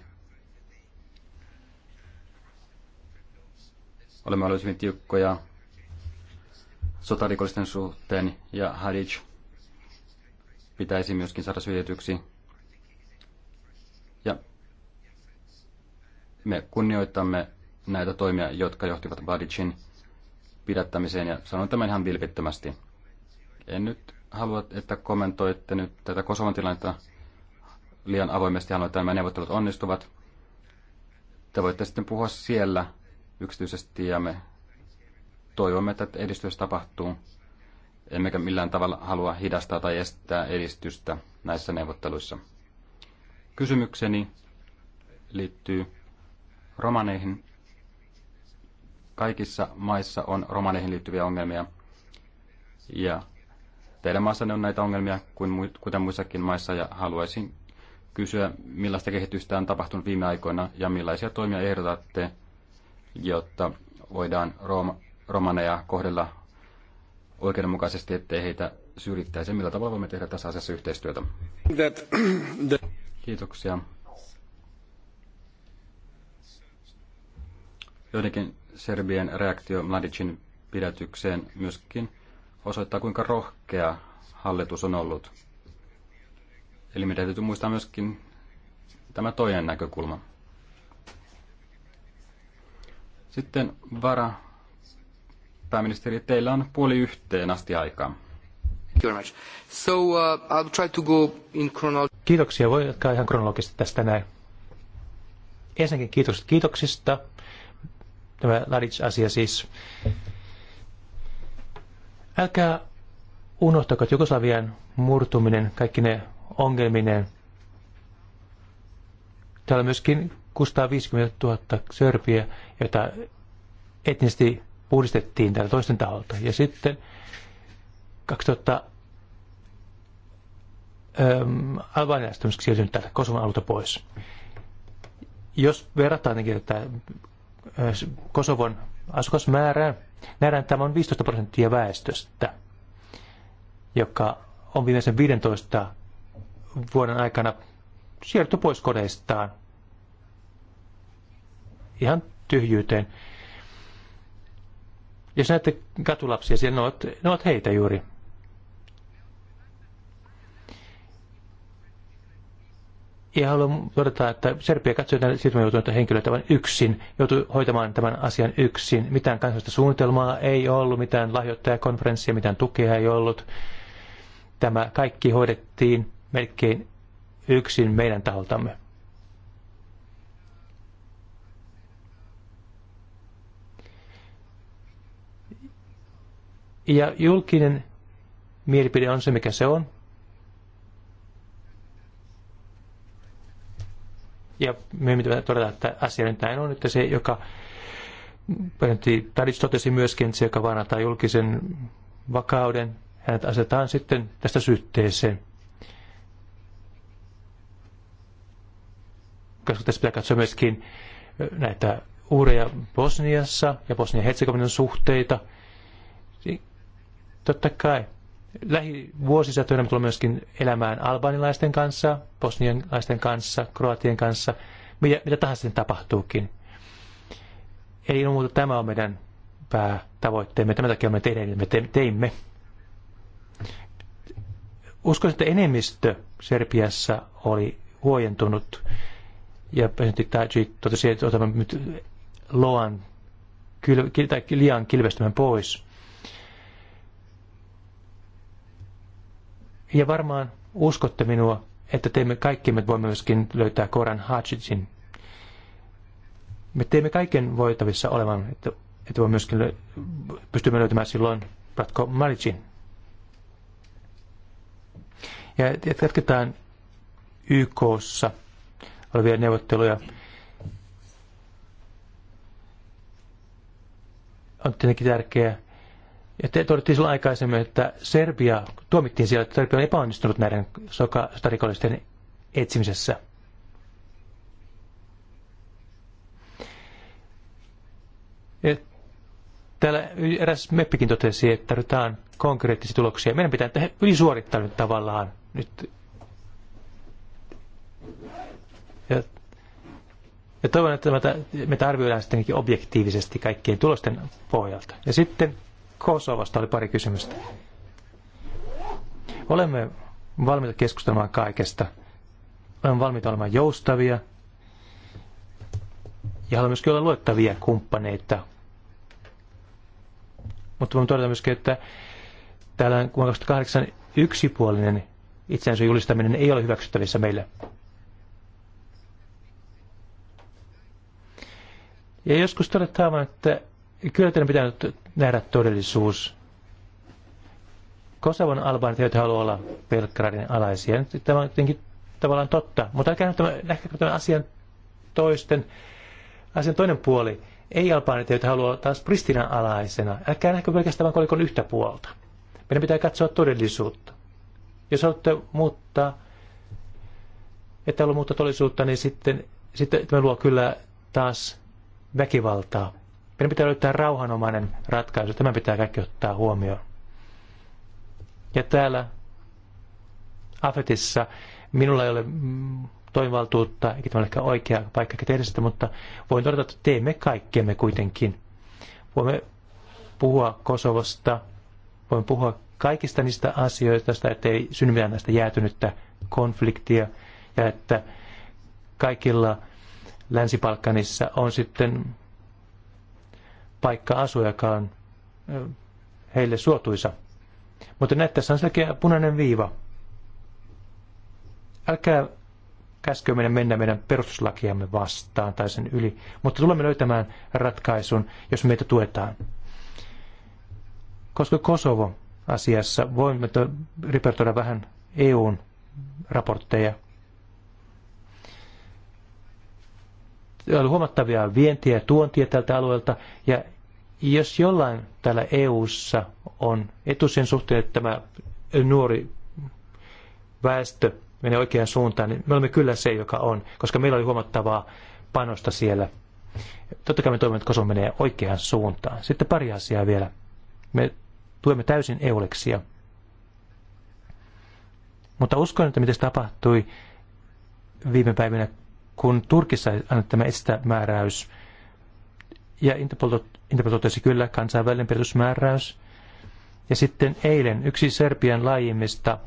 Olemme olleet hyvin tiukkoja sotarikollisten suhteen ja Hadic pitäisi myöskin saada syytetyksi. Ja me kunnioitamme näitä toimia, jotka johtivat Badicin pidättämiseen ja sanon tämän ihan vilpittömästi. En nyt halua, että kommentoitte nyt tätä Kosovan tilannetta liian avoimesti. Haluan, että nämä neuvottelut onnistuvat. Te voitte sitten puhua siellä yksityisesti ja me toivomme, että edistys tapahtuu. Emmekä millään tavalla halua hidastaa tai estää edistystä näissä neuvotteluissa. Kysymykseni liittyy romaneihin. Kaikissa maissa on romaneihin liittyviä ongelmia. Ja teidän maassanne on näitä ongelmia, kuin, kuten muissakin maissa, ja haluaisin kysyä, millaista kehitystä on tapahtunut viime aikoina ja millaisia toimia ehdotatte jotta voidaan rom, romaneja kohdella oikeudenmukaisesti, ettei heitä syrjittäisi. Millä tavalla voimme tehdä tässä asiassa yhteistyötä? [coughs] Kiitoksia. Joidenkin Serbien reaktio Mladicin pidätykseen myöskin osoittaa, kuinka rohkea hallitus on ollut. Eli meidän täytyy muistaa myöskin tämä toinen näkökulma. Sitten vara pääministeri, teillä on puoli yhteen asti aikaa. Kiitoksia. Voi jatkaa ihan kronologisesti tästä näin. Ensinnäkin kiitokset kiitoksista. Tämä Ladic-asia siis. Älkää unohtako, että Jugoslavian murtuminen, kaikki ne ongelmineen. Täällä on myöskin 650 000 sörpiä, joita etnisesti puhdistettiin täällä toisten taholta. Ja sitten 2000 ähm, albanialaiset on siirtynyt täältä Kosovan alueelta pois. Jos verrataan tätä äh, Kosovon asukasmäärää, nähdään, että tämä on 15 prosenttia väestöstä, joka on viimeisen 15 vuoden aikana siirtynyt pois kodeistaan ihan tyhjyyteen. Jos näette katulapsia siellä, ne ovat, ne ovat heitä juuri. Ja haluan todeta, että Serbia katsoi näitä siirtymäjoutuneita henkilöitä vain yksin, joutui hoitamaan tämän asian yksin. Mitään kansallista suunnitelmaa ei ollut, mitään lahjoittajakonferenssia, mitään tukea ei ollut. Tämä kaikki hoidettiin melkein yksin meidän taholtamme. Ja julkinen mielipide on se, mikä se on. Ja myöhemmin todetaan, että asia nyt näin on, että se, joka Tadic totesi myöskin, että se, joka vaarantaa julkisen vakauden, hänet asetaan sitten tästä syytteeseen. Koska tässä pitää katsoa myöskin näitä uureja Bosniassa ja Bosnian Herzegovinan suhteita – Totta kai lähivuosisatoina me tulemme myöskin elämään albanilaisten kanssa, bosnialaisten kanssa, kroatien kanssa, mitä, mitä tahansa sitten tapahtuukin. Ei ilman muuta tämä on meidän päätavoitteemme, tämän takia me teemme, me teimme. Uskon, että enemmistö Serbiassa oli huojentunut ja presidentti Taji totesi, että otamme nyt Loan, kyl, tai liian kilvestymän pois – Ja varmaan uskotte minua, että teemme kaikki, me voimme myöskin löytää Koran Hajjin. Me teemme kaiken voitavissa olevan, että, että voimme myöskin lö- pystymme löytämään silloin Ratko Malicin. Ja jatketaan YKssa olevia neuvotteluja. On tietenkin tärkeää, ja te todettiin silloin aikaisemmin, että Serbia, tuomittiin siellä, että Serbia on epäonnistunut näiden sotarikollisten etsimisessä. Ja täällä eräs meppikin totesi, että tarvitaan konkreettisia tuloksia. Meidän pitää tehdä ylisuorittaa nyt tavallaan nyt. Ja, ja toivon, että me arvioidaan sittenkin objektiivisesti kaikkien tulosten pohjalta. Ja sitten Kosovasta oli pari kysymystä. Olemme valmiita keskustelemaan kaikesta. Olemme valmiita olemaan joustavia. Ja haluamme myöskin olla luettavia kumppaneita. Mutta voimme todeta myöskin, että täällä on 28 yksipuolinen itsensä julistaminen ei ole hyväksyttävissä meille. Ja joskus todetaan, että kyllä teidän pitää nähdä todellisuus. Kosovon albanit eivät halua olla Belgradin alaisia. Nyt tämä on jotenkin tavallaan totta, mutta älkää nyt tämän, tämän asian toisten, asian toinen puoli. Ei albanit eivät halua taas Pristinan alaisena. Älkää nähkö pelkästään kolikon yhtä puolta. Meidän pitää katsoa todellisuutta. Jos haluatte muuttaa, että haluaa muuttaa todellisuutta, niin sitten, sitten tämä luo kyllä taas väkivaltaa meidän pitää löytää rauhanomainen ratkaisu. Tämä pitää kaikki ottaa huomioon. Ja täällä Afetissa minulla ei ole mm, toimivaltuutta, eikä tämä ole oikea paikka tehdä sitä, mutta voin todeta, että teemme kaikkemme kuitenkin. Voimme puhua Kosovosta, voimme puhua kaikista niistä asioista, että ei synny mitään näistä jäätynyttä konfliktia ja että kaikilla Länsi-Balkanissa on sitten paikka asujakaan heille suotuisa. Mutta näet, tässä on selkeä punainen viiva. Älkää käskö meidän mennä meidän perustuslakiamme vastaan tai sen yli, mutta tulemme löytämään ratkaisun, jos meitä tuetaan. Koska Kosovo asiassa voimme repertoida vähän EUn raportteja oli huomattavia vientiä ja tuontia tältä alueelta, ja jos jollain täällä EU:ssa on etu sen suhteen, että tämä nuori väestö menee oikeaan suuntaan, niin me olemme kyllä se, joka on, koska meillä oli huomattavaa panosta siellä. Totta kai me toivomme, että Kosovo menee oikeaan suuntaan. Sitten pari asiaa vielä. Me tuemme täysin euleksia. Mutta uskon, että mitä tapahtui viime päivinä kun Turkissa annettiin estämääräys, ja Interpol, Interpol totesi kyllä kansainvälinen perusmääräys, ja sitten eilen yksi Serbian laajimmista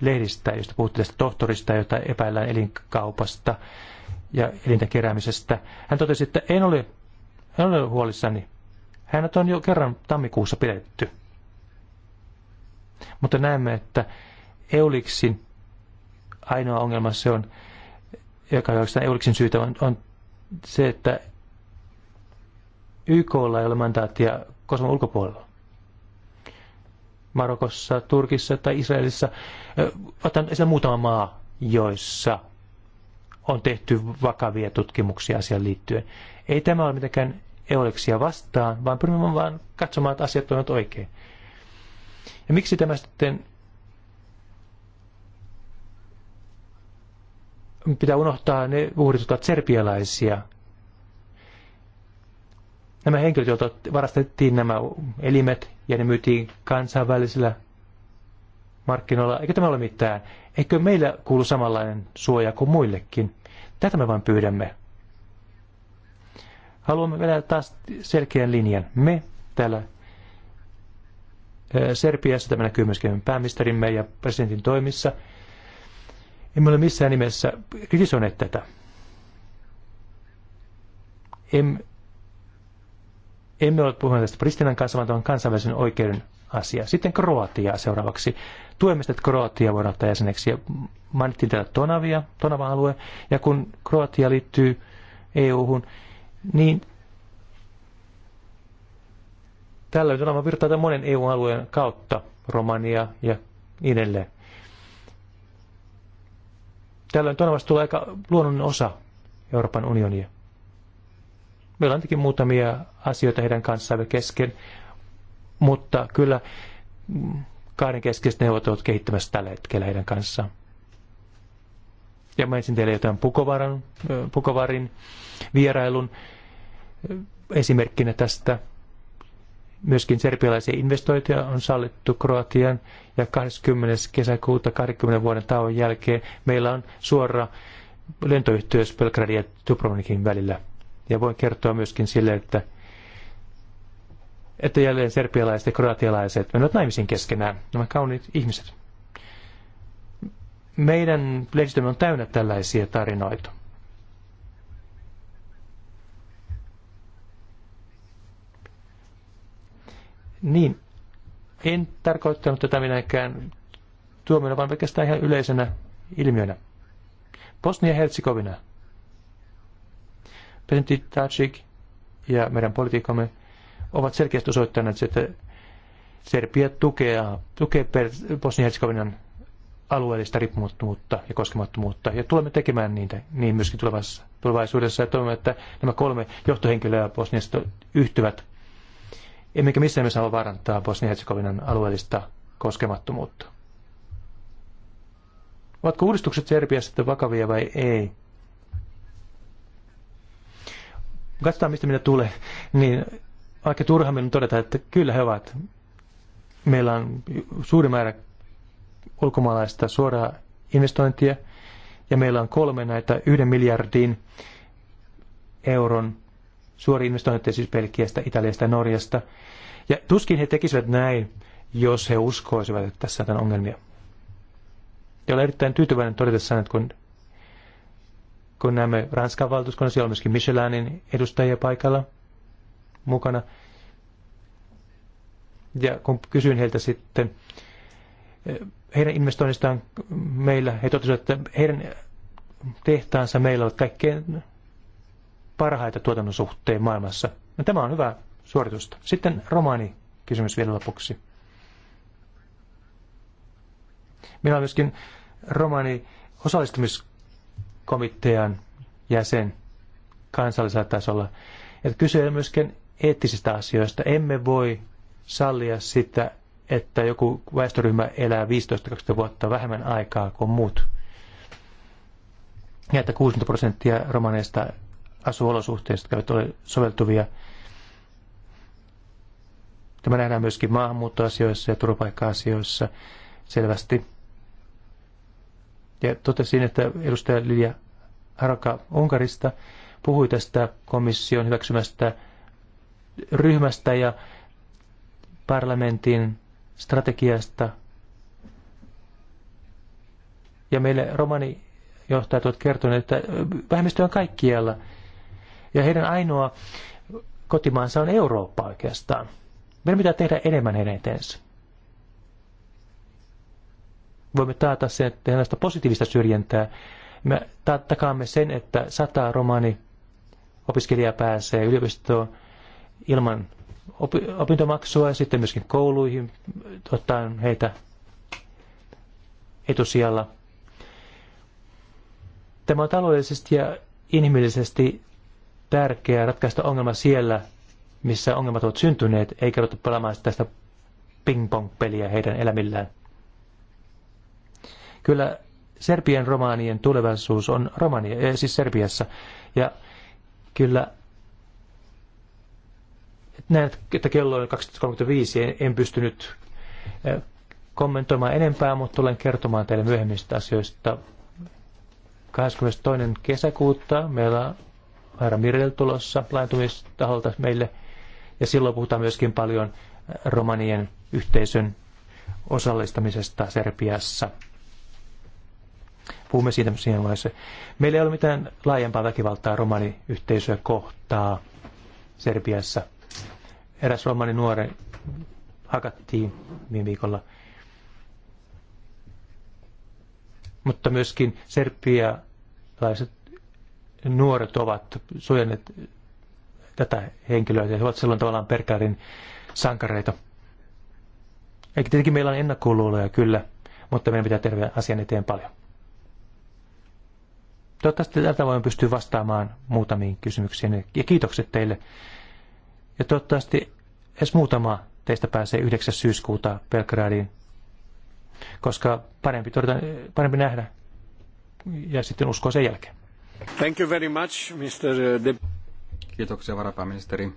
lehdistä, josta puhuttiin tästä tohtorista, jota epäillään elinkaupasta ja elinten keräämisestä. Hän totesi, että en ole, en ole huolissani. Hänet on jo kerran tammikuussa pidetty. Mutta näemme, että Euliksin ainoa ongelma se on, joka on Euliksen syytä, on, on se, että YKlla ei ole mandaattia Kosovon ulkopuolella. Marokossa, Turkissa tai Israelissa. Otan esille muutama maa, joissa on tehty vakavia tutkimuksia asiaan liittyen. Ei tämä ole mitenkään eoleksia vastaan, vaan pyrimme vaan katsomaan, että asiat ovat oikein. Ja miksi tämä sitten pitää unohtaa ne uhrit, jotka ovat serbialaisia. Nämä henkilöt, joilta varastettiin nämä elimet ja ne myytiin kansainvälisillä markkinoilla, eikö tämä ole mitään? Eikö meillä kuulu samanlainen suoja kuin muillekin? Tätä me vain pyydämme. Haluamme vielä taas selkeän linjan. Me täällä eh, Serbiassa, tämä näkyy myöskin pääministerimme ja presidentin toimissa, emme ole missään nimessä kritisoineet tätä. Em, emme ole puhuneet tästä Pristinan kanssa, vaan tämän kansainvälisen oikeuden asia. Sitten Kroatia seuraavaksi. Tuemme sitä, että Kroatia voidaan ottaa jäseneksi. Ja mainittiin täällä Tonavia, Tonava-alue. Ja kun Kroatia liittyy EU-hun, niin tällöin Tonava virtaa monen EU-alueen kautta. Romania ja niin edelleen. Tällöin Donavasta tulee aika luonnollinen osa Euroopan unionia. Meillä on muutamia asioita heidän kanssaan kesken, mutta kyllä kahden keskeiset neuvottelut kehittämässä tällä hetkellä heidän kanssaan. Ja mä ensin teille jotain Pukovarin vierailun esimerkkinä tästä – Myöskin serbialaisia investointeja on sallittu Kroatian ja 20. kesäkuuta 20 vuoden tauon jälkeen meillä on suora lentoyhteys Belgradin ja Dubrovnikin välillä. Ja voin kertoa myöskin sille, että, että jälleen serbialaiset ja kroatialaiset menevät naimisiin keskenään, nämä kauniit ihmiset. Meidän lehdistömme on täynnä tällaisia tarinoita. Niin, en tarkoittanut tätä minäkään tuomiona, vaan pelkästään ihan yleisenä ilmiönä. Bosnia-Herzegovina. Presidentti Tajik ja meidän politiikkamme ovat selkeästi osoittaneet, että Serbia tukee, tukee Bosnia-Herzegovinan alueellista riippumattomuutta ja koskemattomuutta. Ja tulemme tekemään niitä niin myöskin tulevaisuudessa. Ja toivomme, että nämä kolme johtohenkilöä Bosniasta yhtyvät Emmekä missään nimessä halua vaarantaa Bosnia-Herzegovinan alueellista koskemattomuutta. Ovatko uudistukset Serbiassa sitten vakavia vai ei? Katsotaan, mistä mitä tulee. Niin aika turha minun todeta, että kyllä he ovat. Meillä on suuri määrä ulkomaalaista suoraa investointia, ja meillä on kolme näitä yhden miljardin euron Suuri investoinnit siis Belgiasta, Italiasta ja Norjasta. Ja tuskin he tekisivät näin, jos he uskoisivat, että tässä on ongelmia. Ja olen erittäin tyytyväinen todeta sanat kun, kun näemme Ranskan valtuuskunnan, siellä on myöskin Michelinin edustajia paikalla mukana. Ja kun kysyin heiltä sitten eh, heidän investoinnistaan meillä, he totesivat, että heidän tehtaansa meillä ovat kaikkein parhaita tuotannon suhteen maailmassa. Ja tämä on hyvä suoritusta. Sitten romaani kysymys vielä lopuksi. Minä olen myöskin romaani osallistumiskomitean jäsen kansallisella tasolla. Että kyse on myöskin eettisistä asioista. Emme voi sallia sitä, että joku väestöryhmä elää 15-20 vuotta vähemmän aikaa kuin muut. Ja että 60 prosenttia romaneista asuolosuhteista, jotka eivät ole soveltuvia. Tämä nähdään myöskin maahanmuuttoasioissa ja turvapaikka-asioissa selvästi. Ja totesin, että edustaja Lilja Haraka Unkarista puhui tästä komission hyväksymästä ryhmästä ja parlamentin strategiasta. Ja meille romani johtajat ovat kertoneet, että vähemmistö on kaikkialla – ja heidän ainoa kotimaansa on Eurooppa oikeastaan. Meidän pitää tehdä enemmän heidän eteensä. Voimme taata sen, että tehdään tästä positiivista syrjintää. Me takaamme sen, että sata romani opiskelijaa pääsee yliopistoon ilman opintomaksua ja sitten myöskin kouluihin ottaen heitä etusijalla. Tämä on taloudellisesti ja inhimillisesti tärkeää ratkaista ongelma siellä, missä ongelmat ovat syntyneet, eikä ruveta pelaamaan tästä ping-pong-peliä heidän elämillään. Kyllä Serbian romaanien tulevaisuus on Romania, eh, siis Serbiassa. Ja kyllä näen, että kello on 2035, en pystynyt eh, kommentoimaan enempää, mutta tulen kertomaan teille myöhemmistä asioista. 22. kesäkuuta meillä herra Mirel tulossa laajentumistaholta meille. Ja silloin puhutaan myöskin paljon romanien yhteisön osallistamisesta Serbiassa. Puhumme siitä siinä vaiheessa. Meillä ei ole mitään laajempaa väkivaltaa romaniyhteisöä kohtaa Serbiassa. Eräs romani nuori hakattiin viime viikolla. Mutta myöskin serbialaiset nuoret ovat suojanneet tätä henkilöä ja he ovat silloin tavallaan perkärin sankareita. Eikä tietenkin meillä on ennakkoluuloja kyllä, mutta meidän pitää terveä asian eteen paljon. Toivottavasti tältä voin pystyä vastaamaan muutamiin kysymyksiin ja kiitokset teille. Ja toivottavasti edes muutama teistä pääsee 9. syyskuuta Belgradiin, koska parempi, todeta, parempi nähdä ja sitten uskoa sen jälkeen. Uh, Kiitoksia varapääministeri.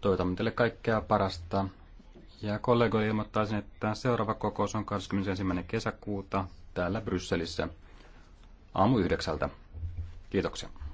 Toivotamme teille kaikkea parasta. Ja kollegoille ilmoittaisin, että seuraava kokous on 21. kesäkuuta täällä Brysselissä aamu yhdeksältä. Kiitoksia.